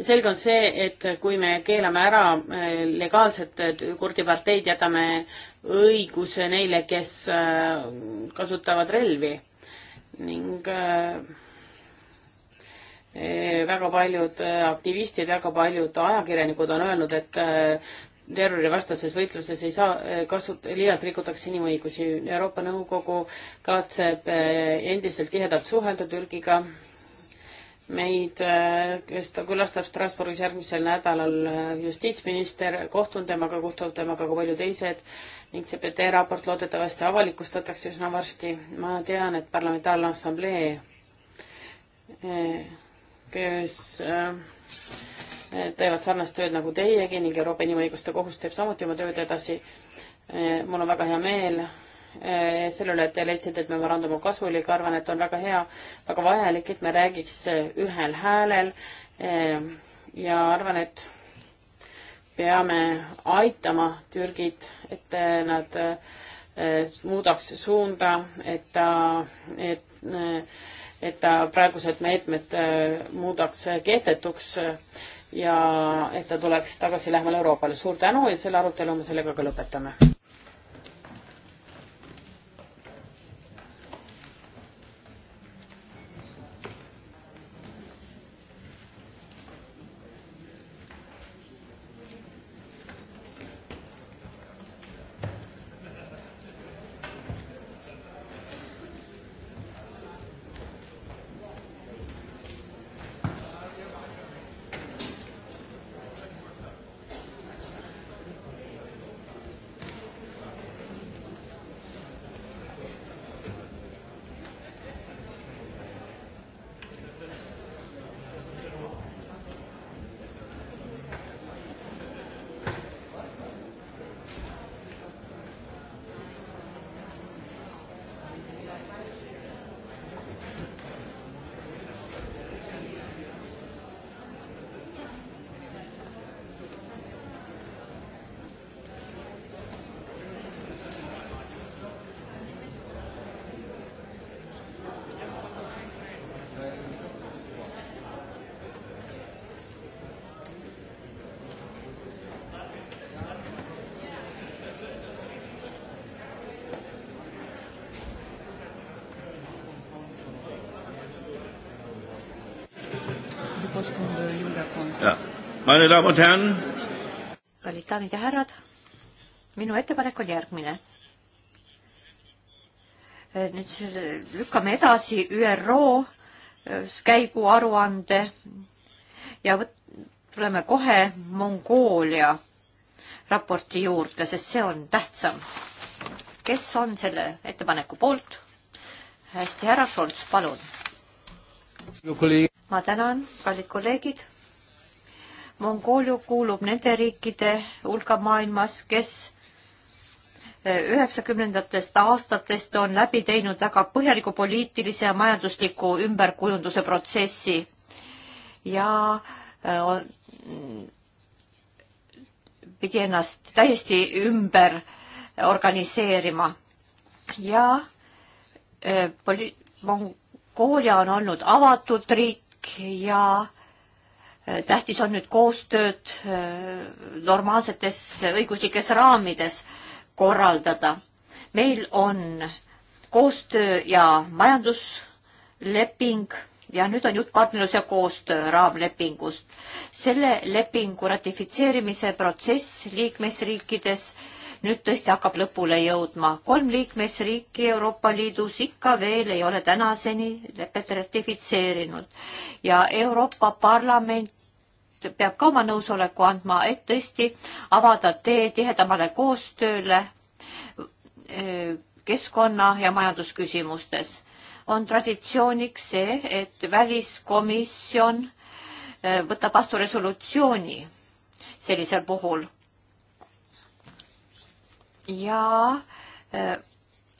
selge on see, et kui me keelame ära äh, legaalsed äh, kurdi parteid, jätame õiguse neile, kes äh, kasutavad relvi ning e, väga paljud aktivistid, väga paljud ajakirjanikud on öelnud, et terrorivastases võitluses ei saa kasut-, liialt rikutakse inimõigusi. Euroopa Nõukogu kavatseb endiselt tihedalt suhelda Türgiga meid, äh, kes ta külastab Strasbourgis järgmisel nädalal äh, justiitsminister, kohtun temaga, kohtuvad temaga ka paljud teised ning see PT raport loodetavasti avalikustatakse üsna varsti. ma tean, et Parlamentaarne Assamblee, äh, kes teevad sarnast tööd nagu teiegi ning Euroopa Inimõiguste Kohus teeb samuti oma tööd edasi. mul on väga hea meel Eh, selle üle, et te leidsite, et memorandum on kasulik, arvan, et on väga hea, väga vajalik, et me räägiks eh, ühel häälel eh, ja arvan, et peame aitama Türgit, et nad muudaks suunda, et ta, et, et ta praegused meetmed muudaks kehtetuks ja et ta tuleks tagasi lähemale Euroopale. suur tänu ja selle arutelu me sellega ka lõpetame. Meine Damen und Herren. kallid daamid ja härrad, minu ettepanek on järgmine. Eh, nüüd selle lükkame edasi ÜRO eh, käigu aruande ja võt-, tuleme kohe Mongoolia raporti juurde, sest see on tähtsam. kes on selle ettepaneku poolt? hästi, härra Šolts, palun. ma tänan, kallid kolleegid Mongoolia kuulub nende riikide hulka maailmas, kes eh, üheksakümnendatest aastatest on läbi teinud väga põhjaliku poliitilise ja majandusliku ümberkujunduse protsessi ja eh, on, pidi ennast täiesti ümber organiseerima ja eh, poli-, Mongoolia on olnud avatud riik ja Äh, tähtis on nüüd koostööd äh, normaalsetes õiguslikes raamides korraldada. meil on koostöö ja majandusleping ja nüüd on jutt partnerluse koostöö raamlepingust. selle lepingu ratifitseerimise protsess liikmesriikides nüüd tõesti hakkab lõpule jõudma. kolm liikmesriiki Euroopa Liidus ikka veel ei ole tänaseni lepet ratifitseerinud ja Euroopa Parlament peab ka oma nõusoleku andma, et tõesti avada tee tihedamale koostööle e, keskkonna ja majandusküsimustes. on traditsiooniks see, et väliskomisjon e, võtab vastu resolutsiooni sellisel puhul. ja e,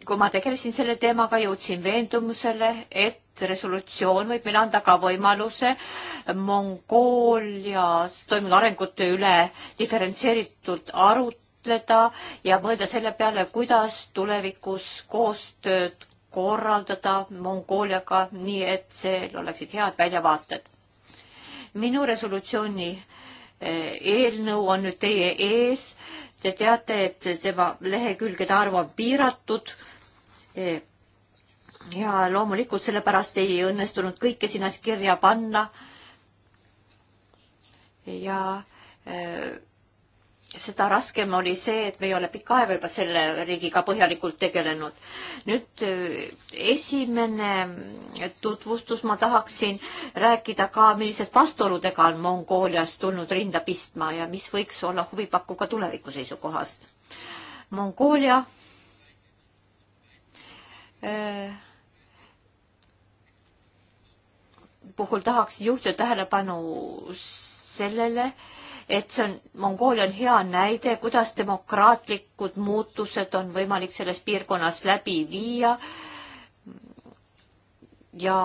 kui ma tegelesin selle teemaga, jõudsin veendumusele, et et resolutsioon võib meile anda ka võimaluse Mongoolias toimunud arengute üle diferentseeritult arutleda ja mõelda selle peale, kuidas tulevikus koostööd korraldada Mongooliaga, nii et seal oleksid head väljavaated. minu resolutsiooni eh, eelnõu on nüüd teie ees. Te teate, et tema lehekülgede arv on piiratud eh, ja loomulikult sellepärast ei õnnestunud kõike sinna kirja panna. ja äh, seda raskem oli see, et me ei ole pikka aega juba selle riigiga põhjalikult tegelenud. nüüd äh, esimene tutvustus, ma tahaksin rääkida ka, millised vastuoludega on Mongoolias tulnud rinda pistma ja mis võiks olla huvipakkuv ka tuleviku seisukohast. Mongoolia äh, puhul tahaks juhtida tähelepanu sellele, et see on, Mongoolia on hea näide, kuidas demokraatlikud muutused on võimalik selles piirkonnas läbi viia ja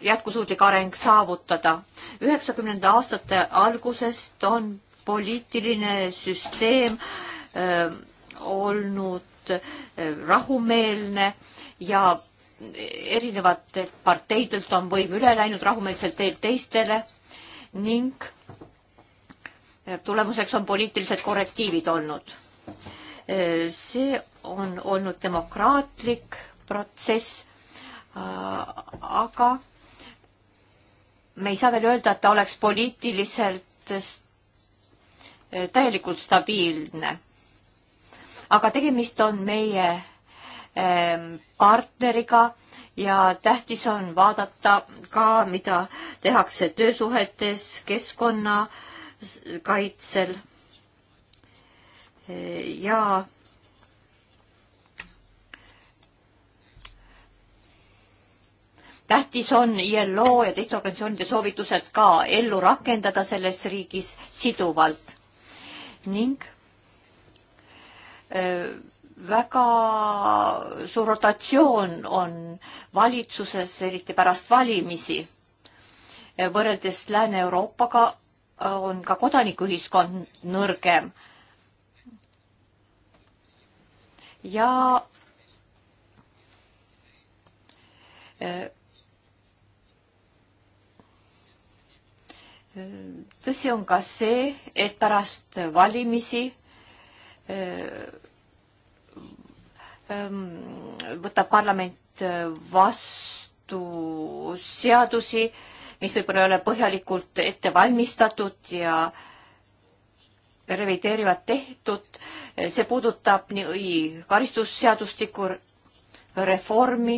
jätkusuutlik areng saavutada. üheksakümnenda aastate algusest on poliitiline süsteem öö, olnud öö, rahumeelne ja erinevatelt parteidelt on võim üle läinud rahumeelselt teelt teistele ning tulemuseks on poliitilised korrektiivid olnud. see on olnud demokraatlik protsess, aga me ei saa veel öelda, et ta oleks poliitiliselt täielikult stabiilne. aga tegemist on meie Ähm, partneriga ja tähtis on vaadata ka, mida tehakse töösuhetes, keskkonnakaitsel ja tähtis on ILO ja teiste organisatsioonide soovitused ka ellu rakendada selles riigis siduvalt ning öö, äh, väga suur rotatsioon on valitsuses, eriti pärast valimisi. võrreldes Lääne-Euroopaga äh, on ka kodanikuühiskond nõrgem. ja äh, tõsi on ka see, et pärast valimisi äh, Ehm, võtab parlament äh, vastu seadusi, mis võib-olla ei ole põhjalikult ette valmistatud ja revideerivad tehtud. see puudutab nii karistusseadustiku reformi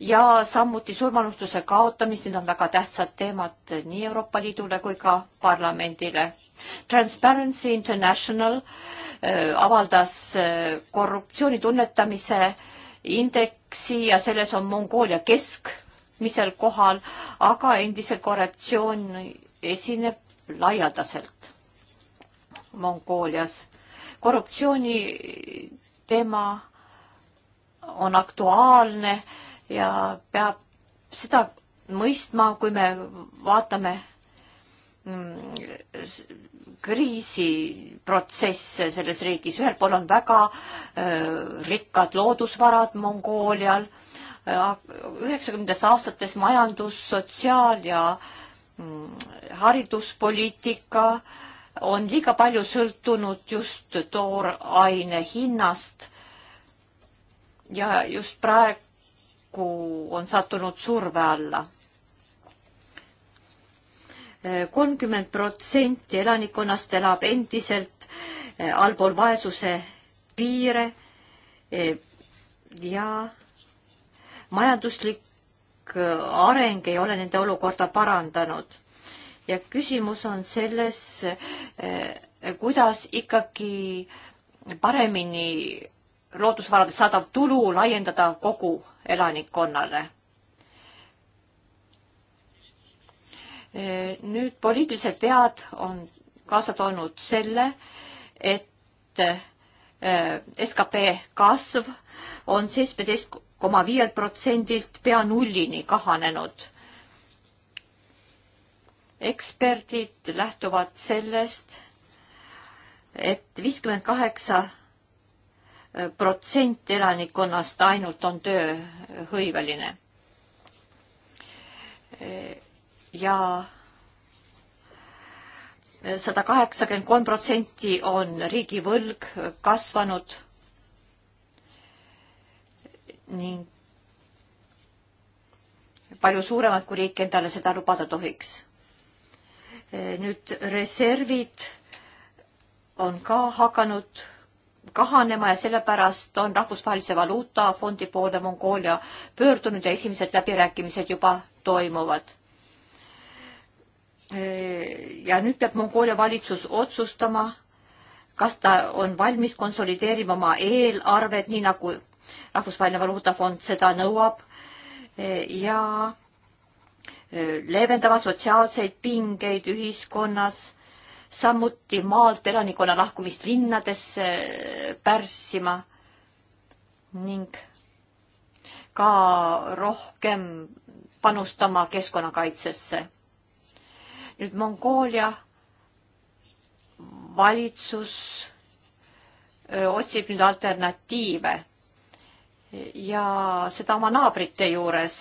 ja samuti surmanuhtluse kaotamist, need on väga tähtsad teemad nii Euroopa Liidule kui ka parlamendile. Transparency International äh, avaldas äh, korruptsiooni tunnetamise indeksi ja selles on Mongoolia keskmisel kohal, aga endiselt korruptsioon esineb laialdaselt Mongoolias. korruptsiooni teema on aktuaalne ja peab seda mõistma, kui me vaatame mm, kriisiprotsesse selles riigis, ühel pool on väga öö, rikkad loodusvarad Mongoolial, üheksakümnendates aastates majandus, sotsiaal ja mm, hariduspoliitika on liiga palju sõltunud just tooraine hinnast ja just praegu paraku on sattunud surve alla. kolmkümmend protsenti elanikkonnast elab endiselt eh, allpool vaesuse piire eh, ja majanduslik eh, areng ei ole nende olukorda parandanud. ja küsimus on selles, kuidas ikkagi paremini loodusvaradest saadav tulu laiendada kogu elanikkonnale. nüüd poliitilised vead on kaasa toonud selle, et eh, skp kasv on seitsmeteist koma viielt protsendilt pea nullini kahanenud eksperdid lähtuvad sellest et, et viiskümmend kaheksa protsent elanikkonnast ainult on tööhõiveline. ja sada kaheksakümmend kolm protsenti on riigivõlg kasvanud ning palju suuremad, kui riik endale seda lubada tohiks. nüüd reservid on ka hakanud kahanema ja sellepärast on Rahvusvahelise Valuutafondi poole Mongoolia pöördunud ja esimesed läbirääkimised juba toimuvad. ja nüüd peab Mongoolia valitsus otsustama, kas ta on valmis konsolideerima oma eelarved, nii nagu Rahvusvaheline Valuutafond seda nõuab ja leevendama sotsiaalseid pingeid ühiskonnas samuti maalt elanikkonna lahkumist linnadesse pärssima ning ka rohkem panustama keskkonnakaitsesse. nüüd Mongoolia valitsus öö, otsib nüüd alternatiive ja seda oma naabrite juures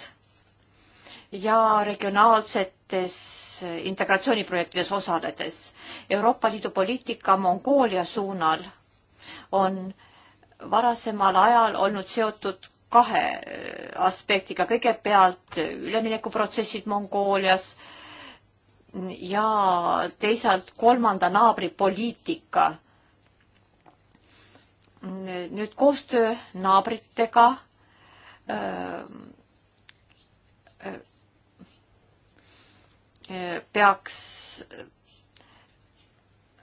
ja regionaalset erinevates eh, integratsiooniprojektides osaledes. Euroopa Liidu poliitika Mongoolia suunal on varasemal ajal olnud seotud kahe eh, aspektiga, kõigepealt üleminekuprotsessid Mongoolias ja teisalt kolmanda naabri poliitika. nüüd koostöö naabritega eh, peaks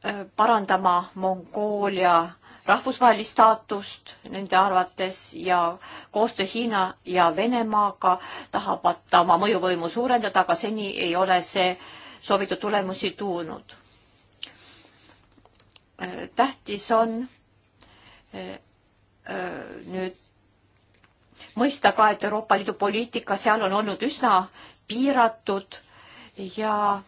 äh, parandama Mongoolia rahvusvahelist staatust nende arvates ja koostöö Hiina ja Venemaaga tahavad ta oma mõjuvõimu suurendada, aga seni ei ole see soovitud tulemusi tuunud. Äh, tähtis on äh, nüüd mõista ka, et Euroopa Liidu poliitika seal on olnud üsna piiratud ja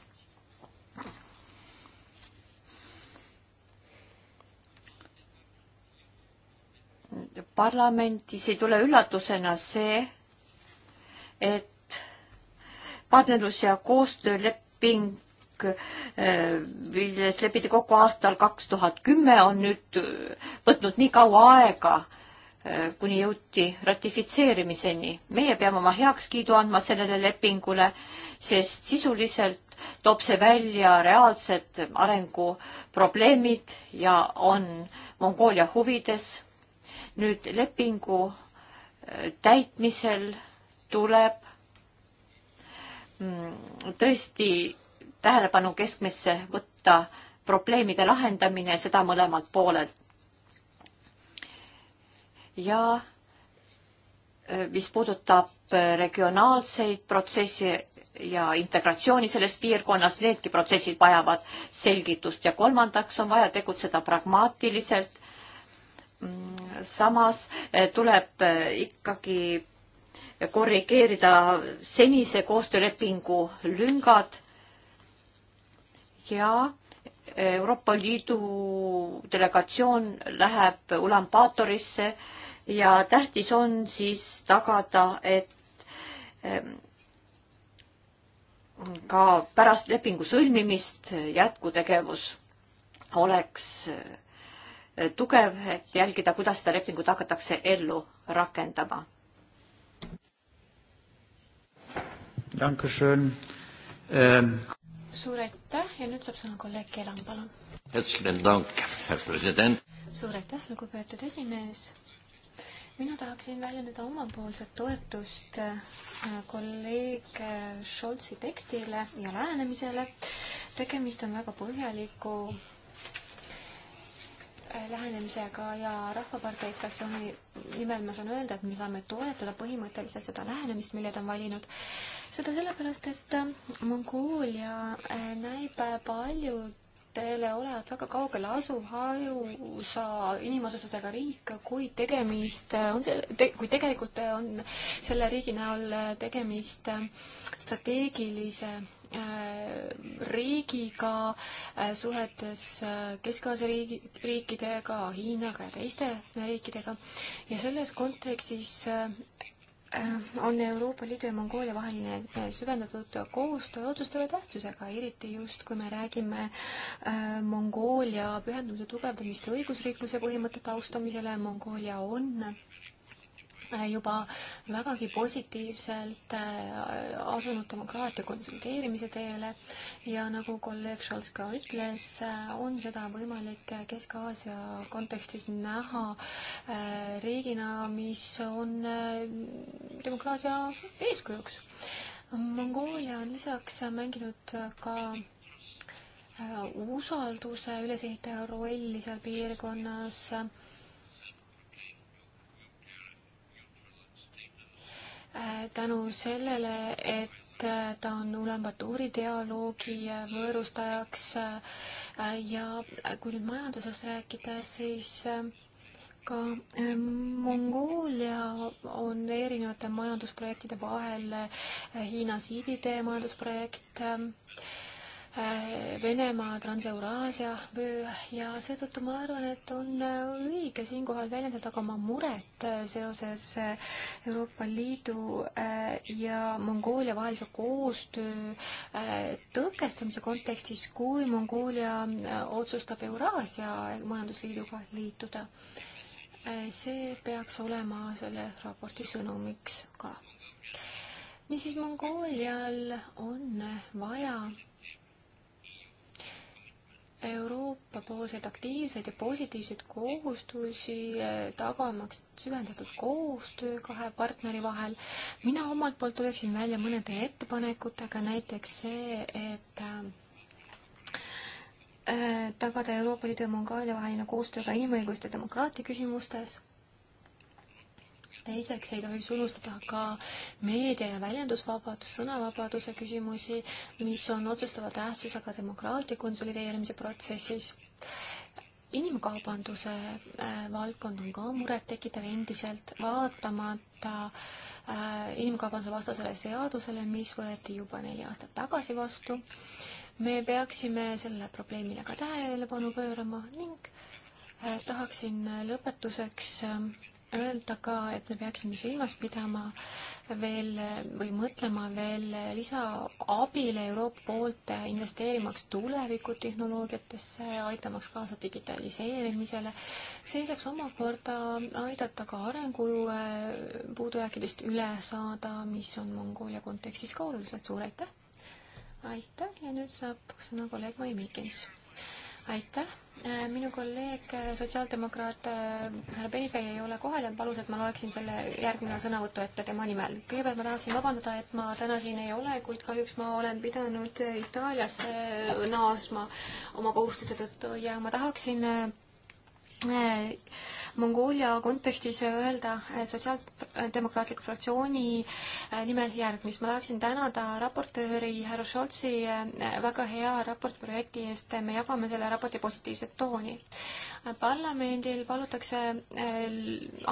parlamendis ei tule üllatusena see, et partnerlus ja koostööleping, milles lepiti kokku aastal kaks tuhat kümme, on nüüd võtnud nii kaua aega Äh, kuni jõuti ratifitseerimiseni. meie peame oma heakskiidu andma sellele lepingule, sest sisuliselt toob see välja reaalsed arenguprobleemid ja on Mongoolia huvides. nüüd lepingu äh, täitmisel tuleb mm, tõesti tähelepanu keskmesse võtta probleemide lahendamine, seda mõlemalt poolelt ja äh, mis puudutab äh, regionaalseid protsesse ja integratsiooni selles piirkonnas, needki protsessid vajavad selgitust ja kolmandaks on vaja tegutseda pragmaatiliselt. Mm, samas äh, tuleb ikkagi korrigeerida senise koostöölepingu lüngad ja Euroopa Liidu delegatsioon läheb Ulaanbaatorisse ja tähtis on siis tagada, et ehm, ka pärast lepingu sõlmimist jätkutegevus oleks eh, tugev, et jälgida, kuidas seda lepingut hakatakse ellu rakendama suur aitäh ja nüüd saab sõna kolleeg Kelam, palun. suur aitäh, lugupeetud esimees mina tahaksin väljendada omapoolset toetust äh, kolleeg äh, Scholzi tekstile ja lähenemisele. tegemist on väga põhjaliku lähenemisega ja Rahvapartei fraktsiooni nimel ma saan öelda, et me saame toetada põhimõtteliselt seda lähenemist, mille ta on valinud. seda sellepärast, et äh, Mongoolia äh, näib äh, paljudele olevat väga kaugel asuv hajusa inimasustusega riik, kuid tegemist on see te,, kui tegelikult on selle riigi näol tegemist strateegilise Äh, riigiga, äh, suhetes äh, Kesk-Aasia riigi, riikidega, Hiinaga ja teiste riikidega. ja selles kontekstis on Euroopa Liidu ja Mongoolia vaheline süvendatud koostöö otsustava tähtsusega, eriti just, kui me räägime Mongoolia pühendumise tugevdamist õigusriikluse põhimõtete austamisele. Mongoolia on Äh, juba vägagi positiivselt äh, asunud demokraatia konsulteerimise teele ja nagu kolleeg Scholz ka ütles, äh, on seda võimalik Kesk-Aasia kontekstis näha riigina, mis on demokraatia eeskujuks. Mongoolia on lisaks mänginud ka usalduse ülesehitaja rolli seal piirkonnas tänu sellele, et äh, ta on Ulaanbatuuri dialoogi äh, võõrustajaks äh, ja kui nüüd majandusest rääkida, siis ka Mongoolia on erinevate majandusprojektide vahel Hiina siidide majandusprojekt Äh, Venemaa, Transeuraasia vöö ja seetõttu ma arvan, et on äh, õige siinkohal väljendada ka oma muret äh, seoses Euroopa Liidu ja Mongoolia vahelise koostöö tõkestamise kontekstis, kui Mongoolia otsustab Euraasia majandusliiduga liituda. see peaks olema selle raporti sõnumiks ka. niisiis, Mongoolial on vaja Euroopa poolseid aktiivseid ja positiivseid kohustusi, eh, tagamaks süvendatud koostöö kahe partneri vahel. mina omalt poolt tuleksin välja mõnede ettepanekutega, näiteks see, et eh, tagada Euroopa Liidu ja Mongoolia vaheline koostöö ka inimõiguste ja demokraatia küsimustes teiseks ei tohiks unustada ka meedia ja väljendusvabadus, sõnavabaduse küsimusi, mis on otsustava tähtsusega demokraatia konsolideerimise protsessis. inimkaubanduse äh, valdkond on ka murettekitav endiselt, vaatamata äh, inimkaubanduse vastasele seadusele, mis võeti juba neli aastat tagasi vastu. me peaksime sellele probleemile ka tähelepanu pöörama ning äh, tahaksin lõpetuseks öelda ka, et me peaksime silmas pidama veel või mõtlema veel lisaabile Euroopa poolt, investeerimaks tulevikutehnoloogiatesse, aitamaks kaasa digitaliseerimisele. see saaks omakorda aidata ka arengu äh, puudujääkidest üle saada, mis on Mongoolia kontekstis ka oluliselt suur, aitäh! aitäh ja nüüd saab sõna kolleeg Mai Mikins aitäh, äh, minu kolleeg, äh, sotsiaaldemokraat äh, härra Benifei ei ole kohal ja palus, et ma loeksin selle järgmine sõnavõtu ette tema nimel. kõigepealt ma tahaksin vabandada, et ma täna siin ei ole, kuid kahjuks ma olen pidanud Itaaliasse naasma oma kohustuste tõttu ja ma tahaksin Mongoolia kontekstis öelda Sotsiaaldemokraatliku fraktsiooni äh, nimel järgmist. ma tahaksin tänada raportööri härra Šoltsi äh, väga hea raportprojekti eest, me jagame selle raporti positiivset tooni. parlamendil palutakse äh,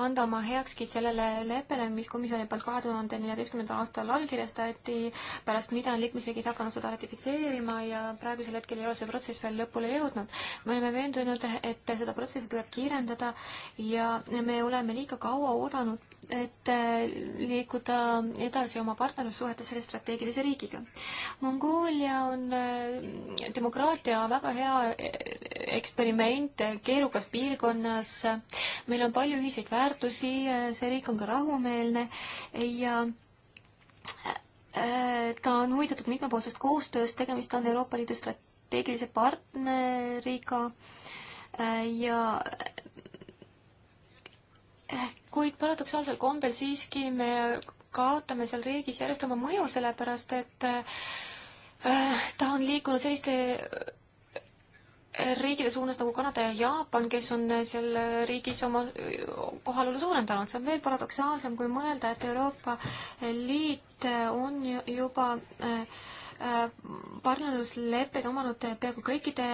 anda oma heakskiit sellele leppele, mis komisjoni poolt kahe tuhande neljateistkümnendal aastal allkirjastati, pärast mida on liikmesriigid hakanud seda ratifitseerima ja praegusel hetkel ei ole see protsess veel lõpule jõudnud. me oleme veendunud, et seda protsessi tuleb kiirendada ja me oleme liiga kaua oodanud, et äh, liikuda edasi oma partnerlussuhetes selle strateegilise riigiga. Mongoolia on äh, demokraatia väga hea äh, eksperiment keerukas piirkonnas, meil on palju ühiseid väärtusi, see riik on ka rahumeelne ja ta on huvitatud mitmepoolsest koostööst, tegemist on Euroopa Liidu strateegilise partneriga ja kuid paradoksaalsel kombel siiski me kaotame seal riigis järjest oma mõju, sellepärast et äh, ta on liikunud selliste äh, riikide suunas nagu Kanada ja Jaapan, kes on seal riigis oma kohalolu suurendanud, see on veel paradoksaalsem, kui mõelda, et Euroopa Liit on juba äh, partnerlusleppeid omanud peaaegu kõikide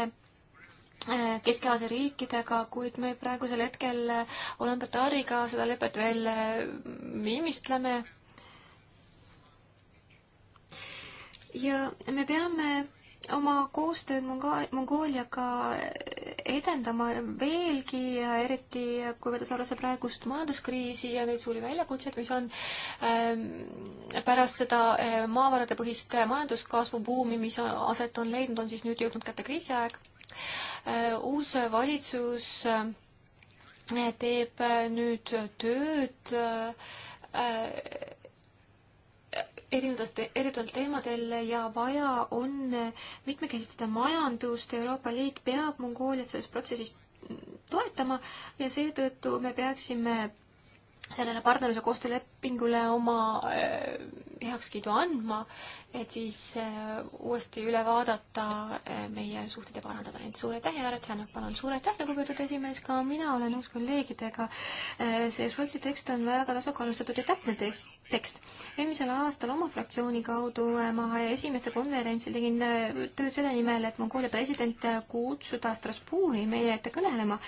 Äh, Kesk-Aasia riikidega, kuid me praegusel hetkel äh, Ulaanbaatariga seda lepet veel äh, viimistleme. ja me peame oma koostööd Mongooliaga edendama veelgi, eriti kui võttes arvesse praegust majanduskriisi ja neid suuri väljakutseid, mis on ähm, pärast seda äh, maavarade põhist majanduskasvu buumi, mis aset on leidnud, on siis nüüd jõudnud kätte kriisiaeg. Äh, uus valitsus äh, teeb nüüd tööd erinevatel, erinevatel teemadel ja vaja on mitmekesistada majandust, Euroopa Liit peab Mongooliat selles protsessis toetama ja seetõttu me peaksime sellele partnerluse koostöölepingule oma eh, heakskiidu andma, et siis eh, uuesti üle vaadata eh, meie suhted ja parandada neid. suur aitäh, Jaara Tšernov, palun. suur aitäh, lugupeetud esimees, ka mina olen nõus kolleegidega. see Šoltsi tekst on väga tasakaalustatud ja täpne tekst tekst. eelmisel aastal oma fraktsiooni kaudu ma esimeste konverentsil tegin töö selle nimel, et Mongoolia president kutsuda Strasbourgi meie ette kõnelema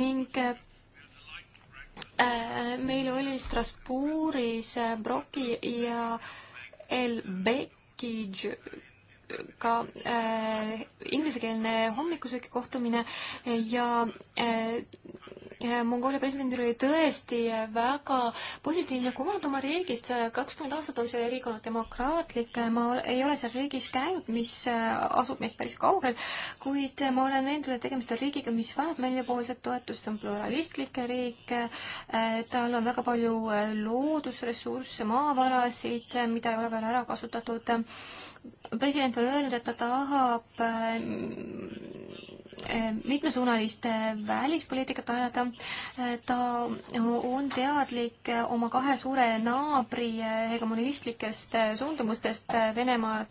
ning Äh, meil oli Strasbourgis äh, Broki ja Elbekid ka äh, inglisekeelne hommikusööki kohtumine ja äh, Eh, Mongoolia presidendil oli tõesti väga positiivne kuvand oma riigist, kakskümmend aastat on see riik olnud demokraatlik, ma ei ole seal riigis käinud, mis eh, asub meist päris kaugel, kuid ma olen veendunud, et tegemist on riigiga, mis vajab meiepoolset toetust, see on pluralistlik riik, eh, tal on väga palju loodusressursse, maavarasid, mida ei ole veel ära kasutatud, president on öelnud, et ta tahab mitmesuunalist äh, välispoliitikat ajada. Äh, ta on teadlik äh, oma kahe suure naabri hegemonistlikest suundumustest, Venemaad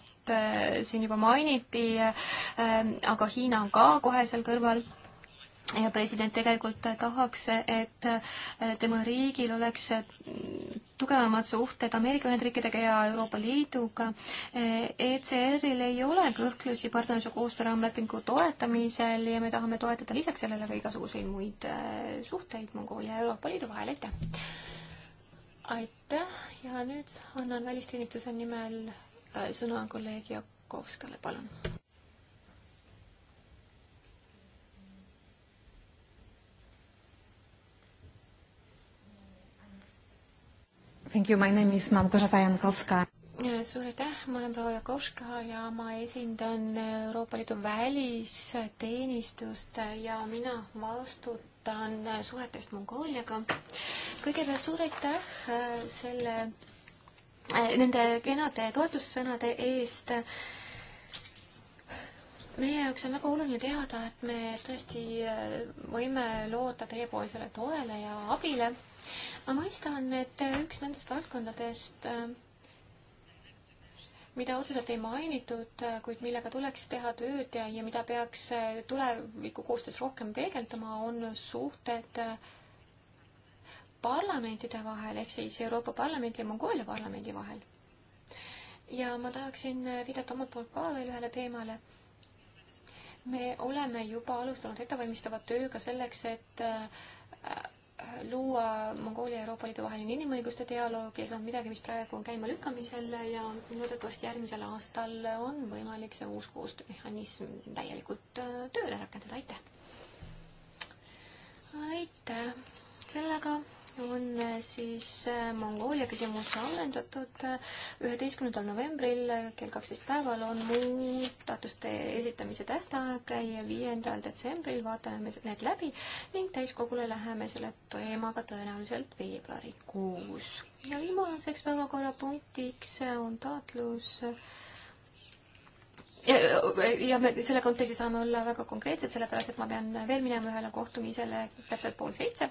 siin juba mainiti, aga Hiina on ka kohe seal kõrval ja president tegelikult tahaks, et tema riigil oleks tugevamad suhted Ameerika Ühendriikidega ja Euroopa Liiduga. ECR-il ei ole kõhklusi partnerluse koostööraamlepingu toetamisel ja me tahame toetada lisaks sellele ka igasuguseid muid äh, suhteid Mongoolia ja Euroopa Liidu vahel, aitäh! aitäh ja nüüd annan välisteenistuse nimel äh, sõna kolleeg Jakovskale, palun! Thank you, my name is Mamgožata Jankovska. suur aitäh, ma olen proua Jakovska ja ma esindan Euroopa Liidu välisteenistust ja mina vastutan suhetest Mongooliaga. kõigepealt suur aitäh äh, selle, äh, nende kenade toetussõnade eest meie jaoks on väga oluline teada, et me tõesti äh, võime loota teiepoolsele toele ja abile ma mõistan, et üks nendest valdkondadest, äh, mida otseselt ei mainitud, äh, kuid millega tuleks teha tööd ja, ja mida peaks äh, tuleviku koostöös rohkem peegeldama, on suhted parlamentide vahel ehk siis Euroopa Parlamendi ja Mongoolia parlamendi vahel. ja ma tahaksin viidata omalt poolt ka veel ühele teemale me oleme juba alustanud ettevalmistava tööga selleks, et luua Mongoolia ja Euroopa Liidu vaheline inimõiguste dialoog ja see on midagi, mis praegu on käimalükkamisel ja loodetavasti järgmisel aastal on võimalik see uus koostöömehhanism täielikult äh, tööle rakendada, aitäh! aitäh! sellega on äh, siis äh, Mongoolia küsimus ammendatud. Äh, üheteistkümnendal novembril kell kaksteist päeval on muudatuste esitamise tähtaeg ja viiendal detsembril vaatame need läbi ning täiskogule läheme selle teemaga tõenäoliselt veebruarikuus. ja viimaseks päevakorrapunktiks on taotlus ja, ja me selle kontekstis tahame olla väga konkreetsed, sellepärast et ma pean veel minema ühele kohtumisele täpselt pool seitse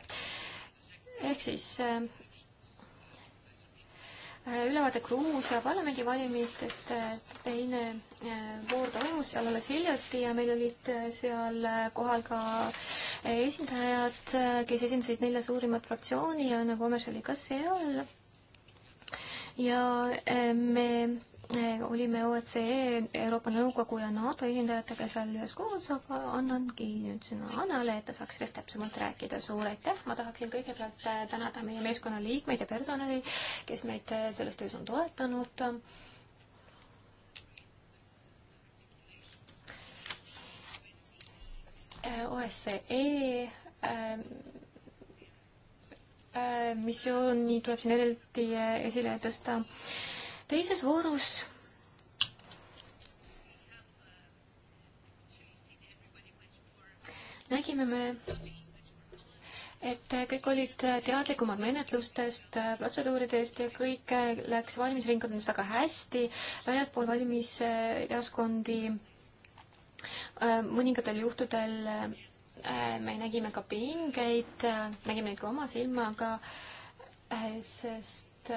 ehk siis äh, äh, ülevaade Gruusia parlamendivalimistest, äh, teine voor toimus seal alles hiljuti ja meil olid seal kohal ka esindajad, kes esindasid nelja suurimat fraktsiooni ja nagu Omes oli ka seal. ja me olime OECE, e, Euroopa Nõukogu ja NATO esindajatega seal üheskoos, aga annangi nüüd sõna Annale, et ta saaks sellest täpsemalt rääkida. suur aitäh, ma tahaksin kõigepealt äh, tänada meie meeskonna liikmeid ja personali, kes meid äh, selles töös on toetanud. Äh, OSCE e, missiooni tuleb siin eriti esile tõsta teises voorus nägime me, et kõik olid teadlikumad menetlustest, protseduuridest ja kõik läks valimisringkondades väga hästi, väljaspool valimisjaoskondi äh, mõningatel juhtudel äh, me nägime ka pingeid, nägime neid ka oma silmaga, äh, sest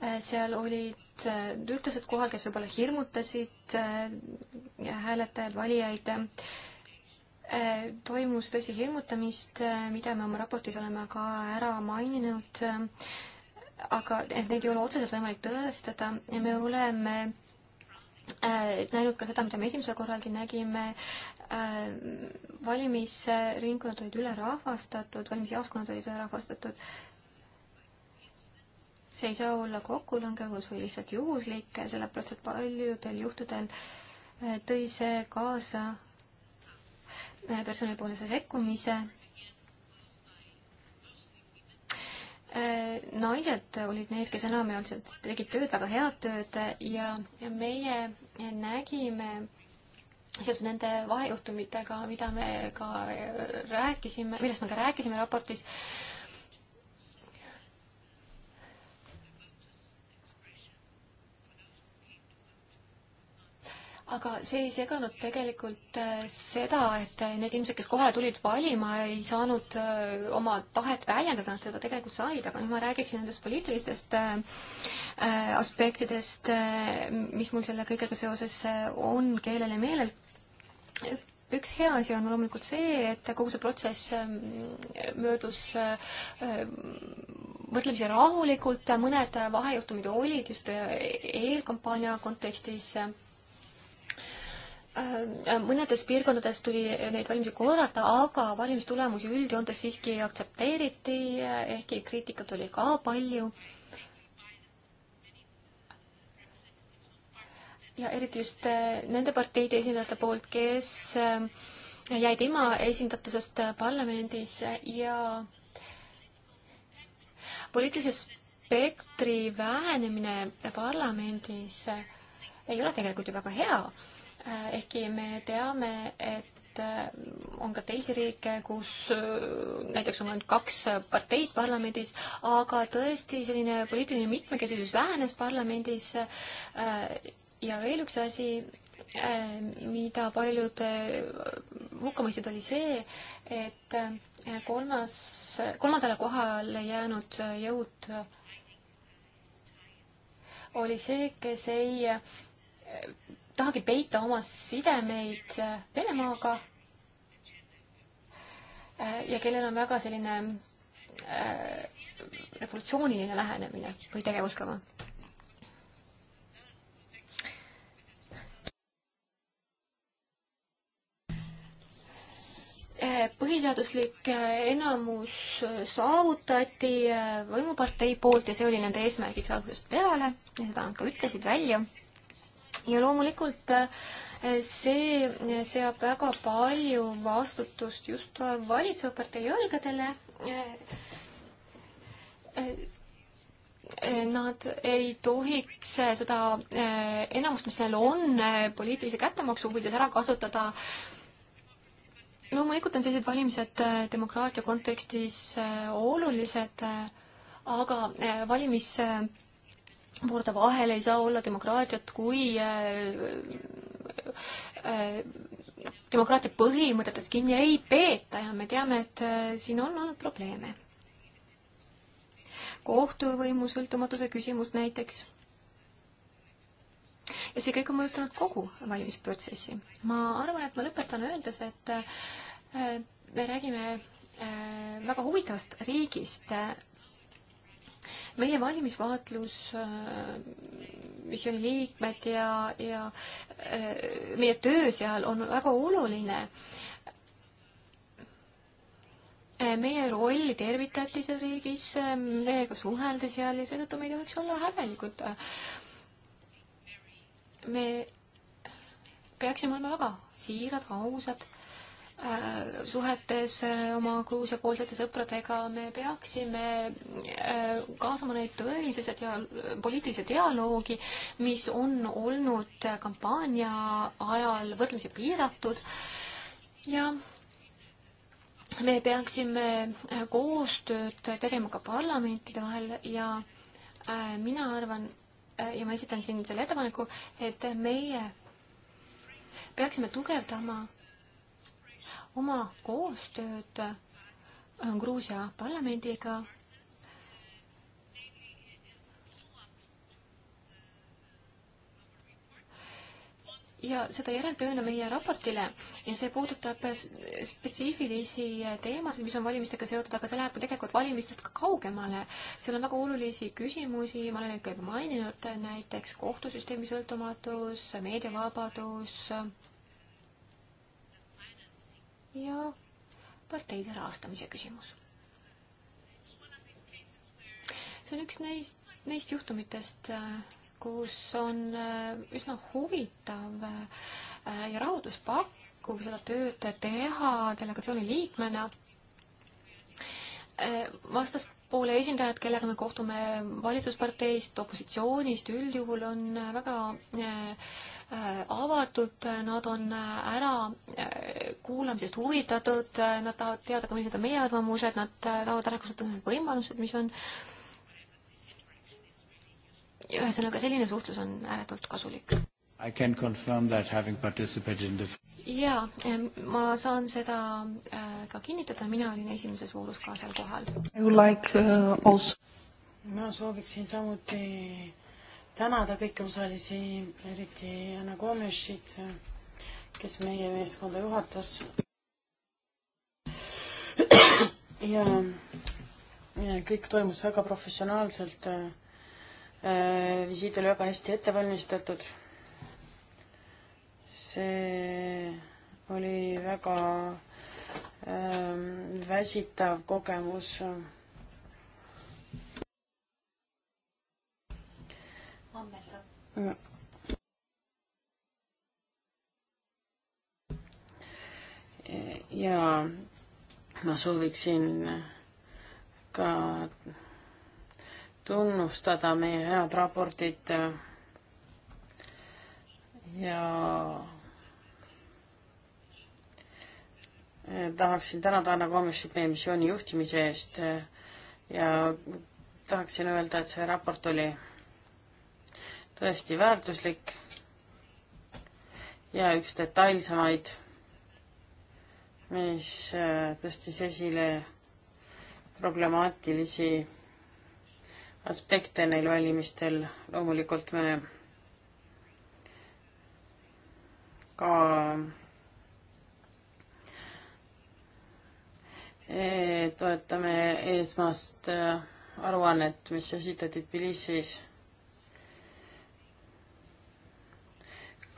Äh, seal olid äh, türklased kohal, kes võib-olla hirmutasid äh, hääletajaid, valijaid. toimus tõsi hirmutamist, mida me oma raportis oleme ka ära maininud, aga et neid ei ole otseselt võimalik tõestada ja me oleme näinud ka seda, mida me esimesel korralgi nägime, valimisringkonnad olid ülerahvastatud, valimisjaoskonnad olid ülerahvastatud see ei saa olla kokkulangevus või lihtsalt juhuslik, sellepärast et paljudel juhtudel eh, tõi see kaasa eh, personalipoolse sekkumise. Eh, naised olid need, kes enamjaolt tegid tööd, väga head tööd ja, ja meie nägime seoses nende vahejuhtumitega, mida me ka rääkisime, millest me ka rääkisime raportis, aga see ei seganud tegelikult äh, seda, et äh, need inimesed, kes kohale tulid valima, ei saanud äh, oma tahet väljendada, nad seda tegelikult said, aga nüüd ma räägiksin nendest poliitilistest aspektidest, mis mul selle kõigega seoses on keelel ja meelel üks hea asi on loomulikult see, et kogu see protsess ähm, möödus võrdlemisi rahulikult, mõned vahejuhtumid olid just eelkampaania kontekstis Äh, äh, mõnedes piirkondades tuli neid valimisi korrata, aga valimistulemusi üldjoontes siiski aktsepteeriti, ehkki kriitikat oli ka palju. ja eriti just äh, nende parteide esindajate poolt, kes jäid ilma esindatusest parlamendis ja poliitilise spektri vähenemine parlamendis ei ole tegelikult ju väga hea Äh, ehkki me teame, et äh, on ka teisi riike, kus äh, näiteks on ainult kaks parteid parlamendis, aga tõesti selline poliitiline mitmekesisus vähenes parlamendis. ja veel üks asi, mida paljud hukka mõistsid, oli see, et kolmas, kolmandale kohale jäänud jõud oli see, kes ei tahagi peita oma sidemeid äh, Venemaaga äh, ja kellel on väga selline äh, revolutsiooniline lähenemine või tegevuskava. Äh, põhiseaduslik enamus saavutati võimupartei poolt ja see oli nende eesmärgiks algusest peale ja seda nad ka ütlesid välja ja loomulikult eh, see seab väga palju vastutust just valitsuspartei jalgadele. Eh, eh, nad ei tohiks seda enamust, mis neil on, poliitilise kättemaksu huvides ära kasutada. loomulikult on sellised valimised demokraatia kontekstis olulised, aga valimis murda vahele, ei saa olla demokraatiat, kui äh, äh, demokraatia põhimõtetest kinni ei peeta ja me teame, et äh, siin on olnud probleeme. kohtuvõimu sõltumatuse küsimus näiteks. ja see kõik on mõjutanud kogu valimisprotsessi. ma arvan, et ma lõpetan öeldes, et me räägime väga huvitavast riigist, meie valimisvaatlusmissiooni äh, liikmed ja, ja äh, meie töö seal on väga oluline. Äh, meie rolli tervitati seal riigis, meiega suheldi seal ja seetõttu me ei tohiks olla häbelikud. me peaksime olema väga siirad, ausad Äh, suhetes äh, oma Gruusia-poolsete sõpradega me peaksime äh, kaasama neid tõelisesse dia-, poliitilise dialoogi, mis on olnud kampaania ajal võrdlemisi piiratud ja me peaksime koostööd tegema ka parlamentide vahel ja mina arvan, ja ma esitan siin selle ettepaneku, et meie peaksime tugevdama oma koostööd äh, Gruusia parlamendiga ja seda järeltööna meie raportile ja see puudutab spetsiifilisi äh, teemasid, mis on valimistega seotud, aga see läheb tegelikult valimistest ka kaugemale. seal on väga olulisi küsimusi, ma olen neid ka juba maininud, näiteks kohtusüsteemi sõltumatus, meediavabadus äh,, ja parteide rahastamise küsimus. see on üks neist, neist juhtumitest, kus on äh, üsna huvitav äh, ja rahulduspakkuv seda tööd teha delegatsiooni liikmena. Äh, vastaspoole esindajad, kellega me kohtume valitsusparteist, opositsioonist, üldjuhul on väga äh, Äh, avatud, äh, nad on äh, ära kuulamisest huvitatud, nad tahavad teada ka, millised on meie arvamused, nad tahavad ära kasutada need võimalused, mis on. ühesõnaga, selline suhtlus on ääretult kasulik. I can confirm that having participated in the jaa, ma saan seda ka kinnitada, mina olin esimeses voorus ka seal kohal. Like, uh, also... ma sooviksin samuti tänada pikkusalisi, eriti Anna Komešit, kes meie meeskonda juhatas. ja kõik toimus väga professionaalselt. Äh, visiit oli väga hästi ette valmistatud. see oli väga ähm, väsitav kogemus ja ma sooviksin ka tunnustada meie head raportit ja tahaksin tänada Anna Komisjoni meie missiooni juhtimise eest ja tahaksin öelda, et see raport oli tõesti väärtuslik ja üks detailsemaid, mis äh, tõstis esile problemaatilisi aspekte neil valimistel. loomulikult me ka äh, toetame esmast äh, aruannet, mis esitati Tbilisis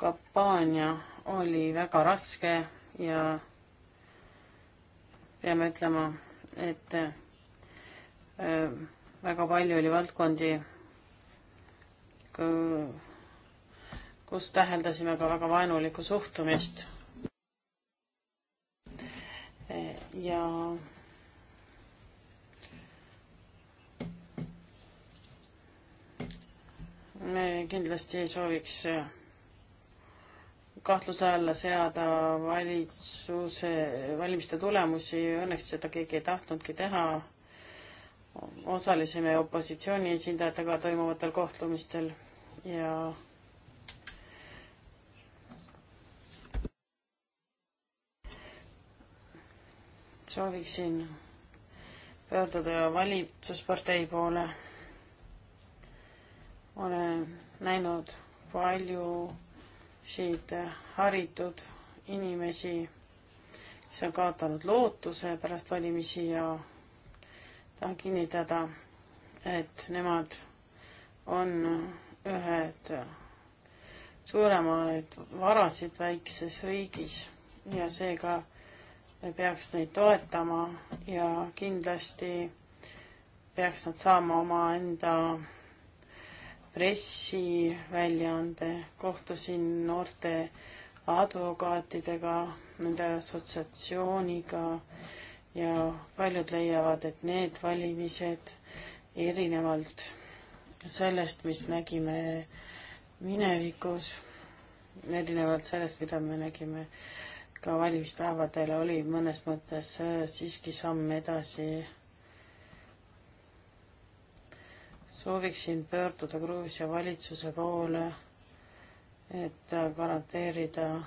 kampaania oli väga raske ja peame ütlema, et äh, väga palju oli valdkondi, kus täheldasime ka väga vaenulikku suhtumist. ja me kindlasti sooviks äh, kahtluse alla seada valitsuse valimiste tulemusi, õnneks seda keegi ei tahtnudki teha. osalesime opositsiooni esindajatega toimuvatel kohtumistel ja sooviksin pöörduda valitsuspartei poole. olen näinud palju siit haritud inimesi, kes on kaotanud lootuse pärast valimisi ja tahan kinnitada, et nemad on ühed suuremaid varasid väikses riigis ja seega peaks neid toetama ja kindlasti peaks nad saama omaenda pressiväljaande, kohtusin noorte advokaatidega, nende assotsiatsiooniga ja paljud leiavad, et need valimised erinevalt sellest, mis nägime minevikus, erinevalt sellest, mida me nägime ka valimispäevadel, oli mõnes mõttes äh, siiski samm edasi sooviksin pöörduda Gruusia valitsuse poole, et garanteerida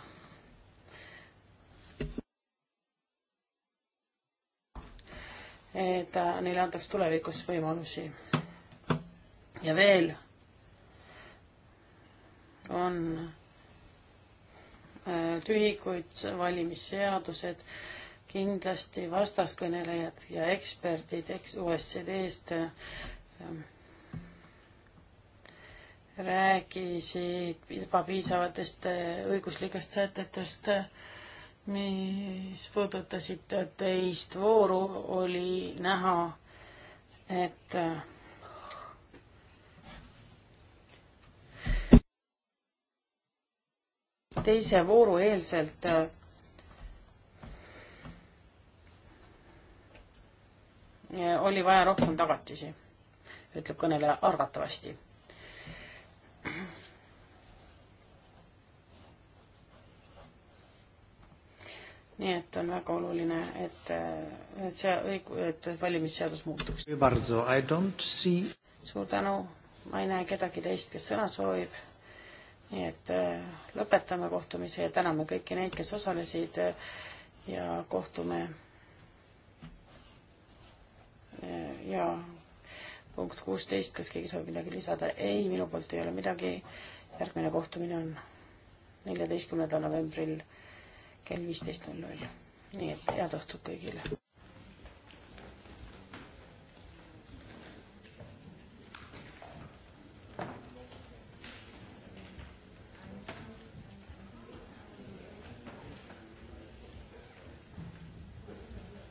et neile antaks tulevikus võimalusi. ja veel on äh, tühikuid valimisseadused, kindlasti vastaskõnelejad ja eksperdid eks OECD-st äh, rääkisid juba piisavatest äh, õiguslikest sätetest, mis puudutasid teist vooru, oli näha, et äh, teise vooru eelselt äh, oli vaja rohkem tagatisi, ütleb kõneleja arvatavasti nii et on väga oluline, et, äh, et see õig-, et valimisseadus muutuks. suur tänu, ma ei näe kedagi teist, kes sõna soovib. nii et äh, lõpetame kohtumise ja täname kõiki neid, kes osalesid äh, ja kohtume. ja punkt kuusteist, kas keegi soovib midagi lisada? ei, minu poolt ei ole midagi. järgmine kohtumine on neljateistkümnendal novembril kell viisteist null null. nii et head õhtut kõigile!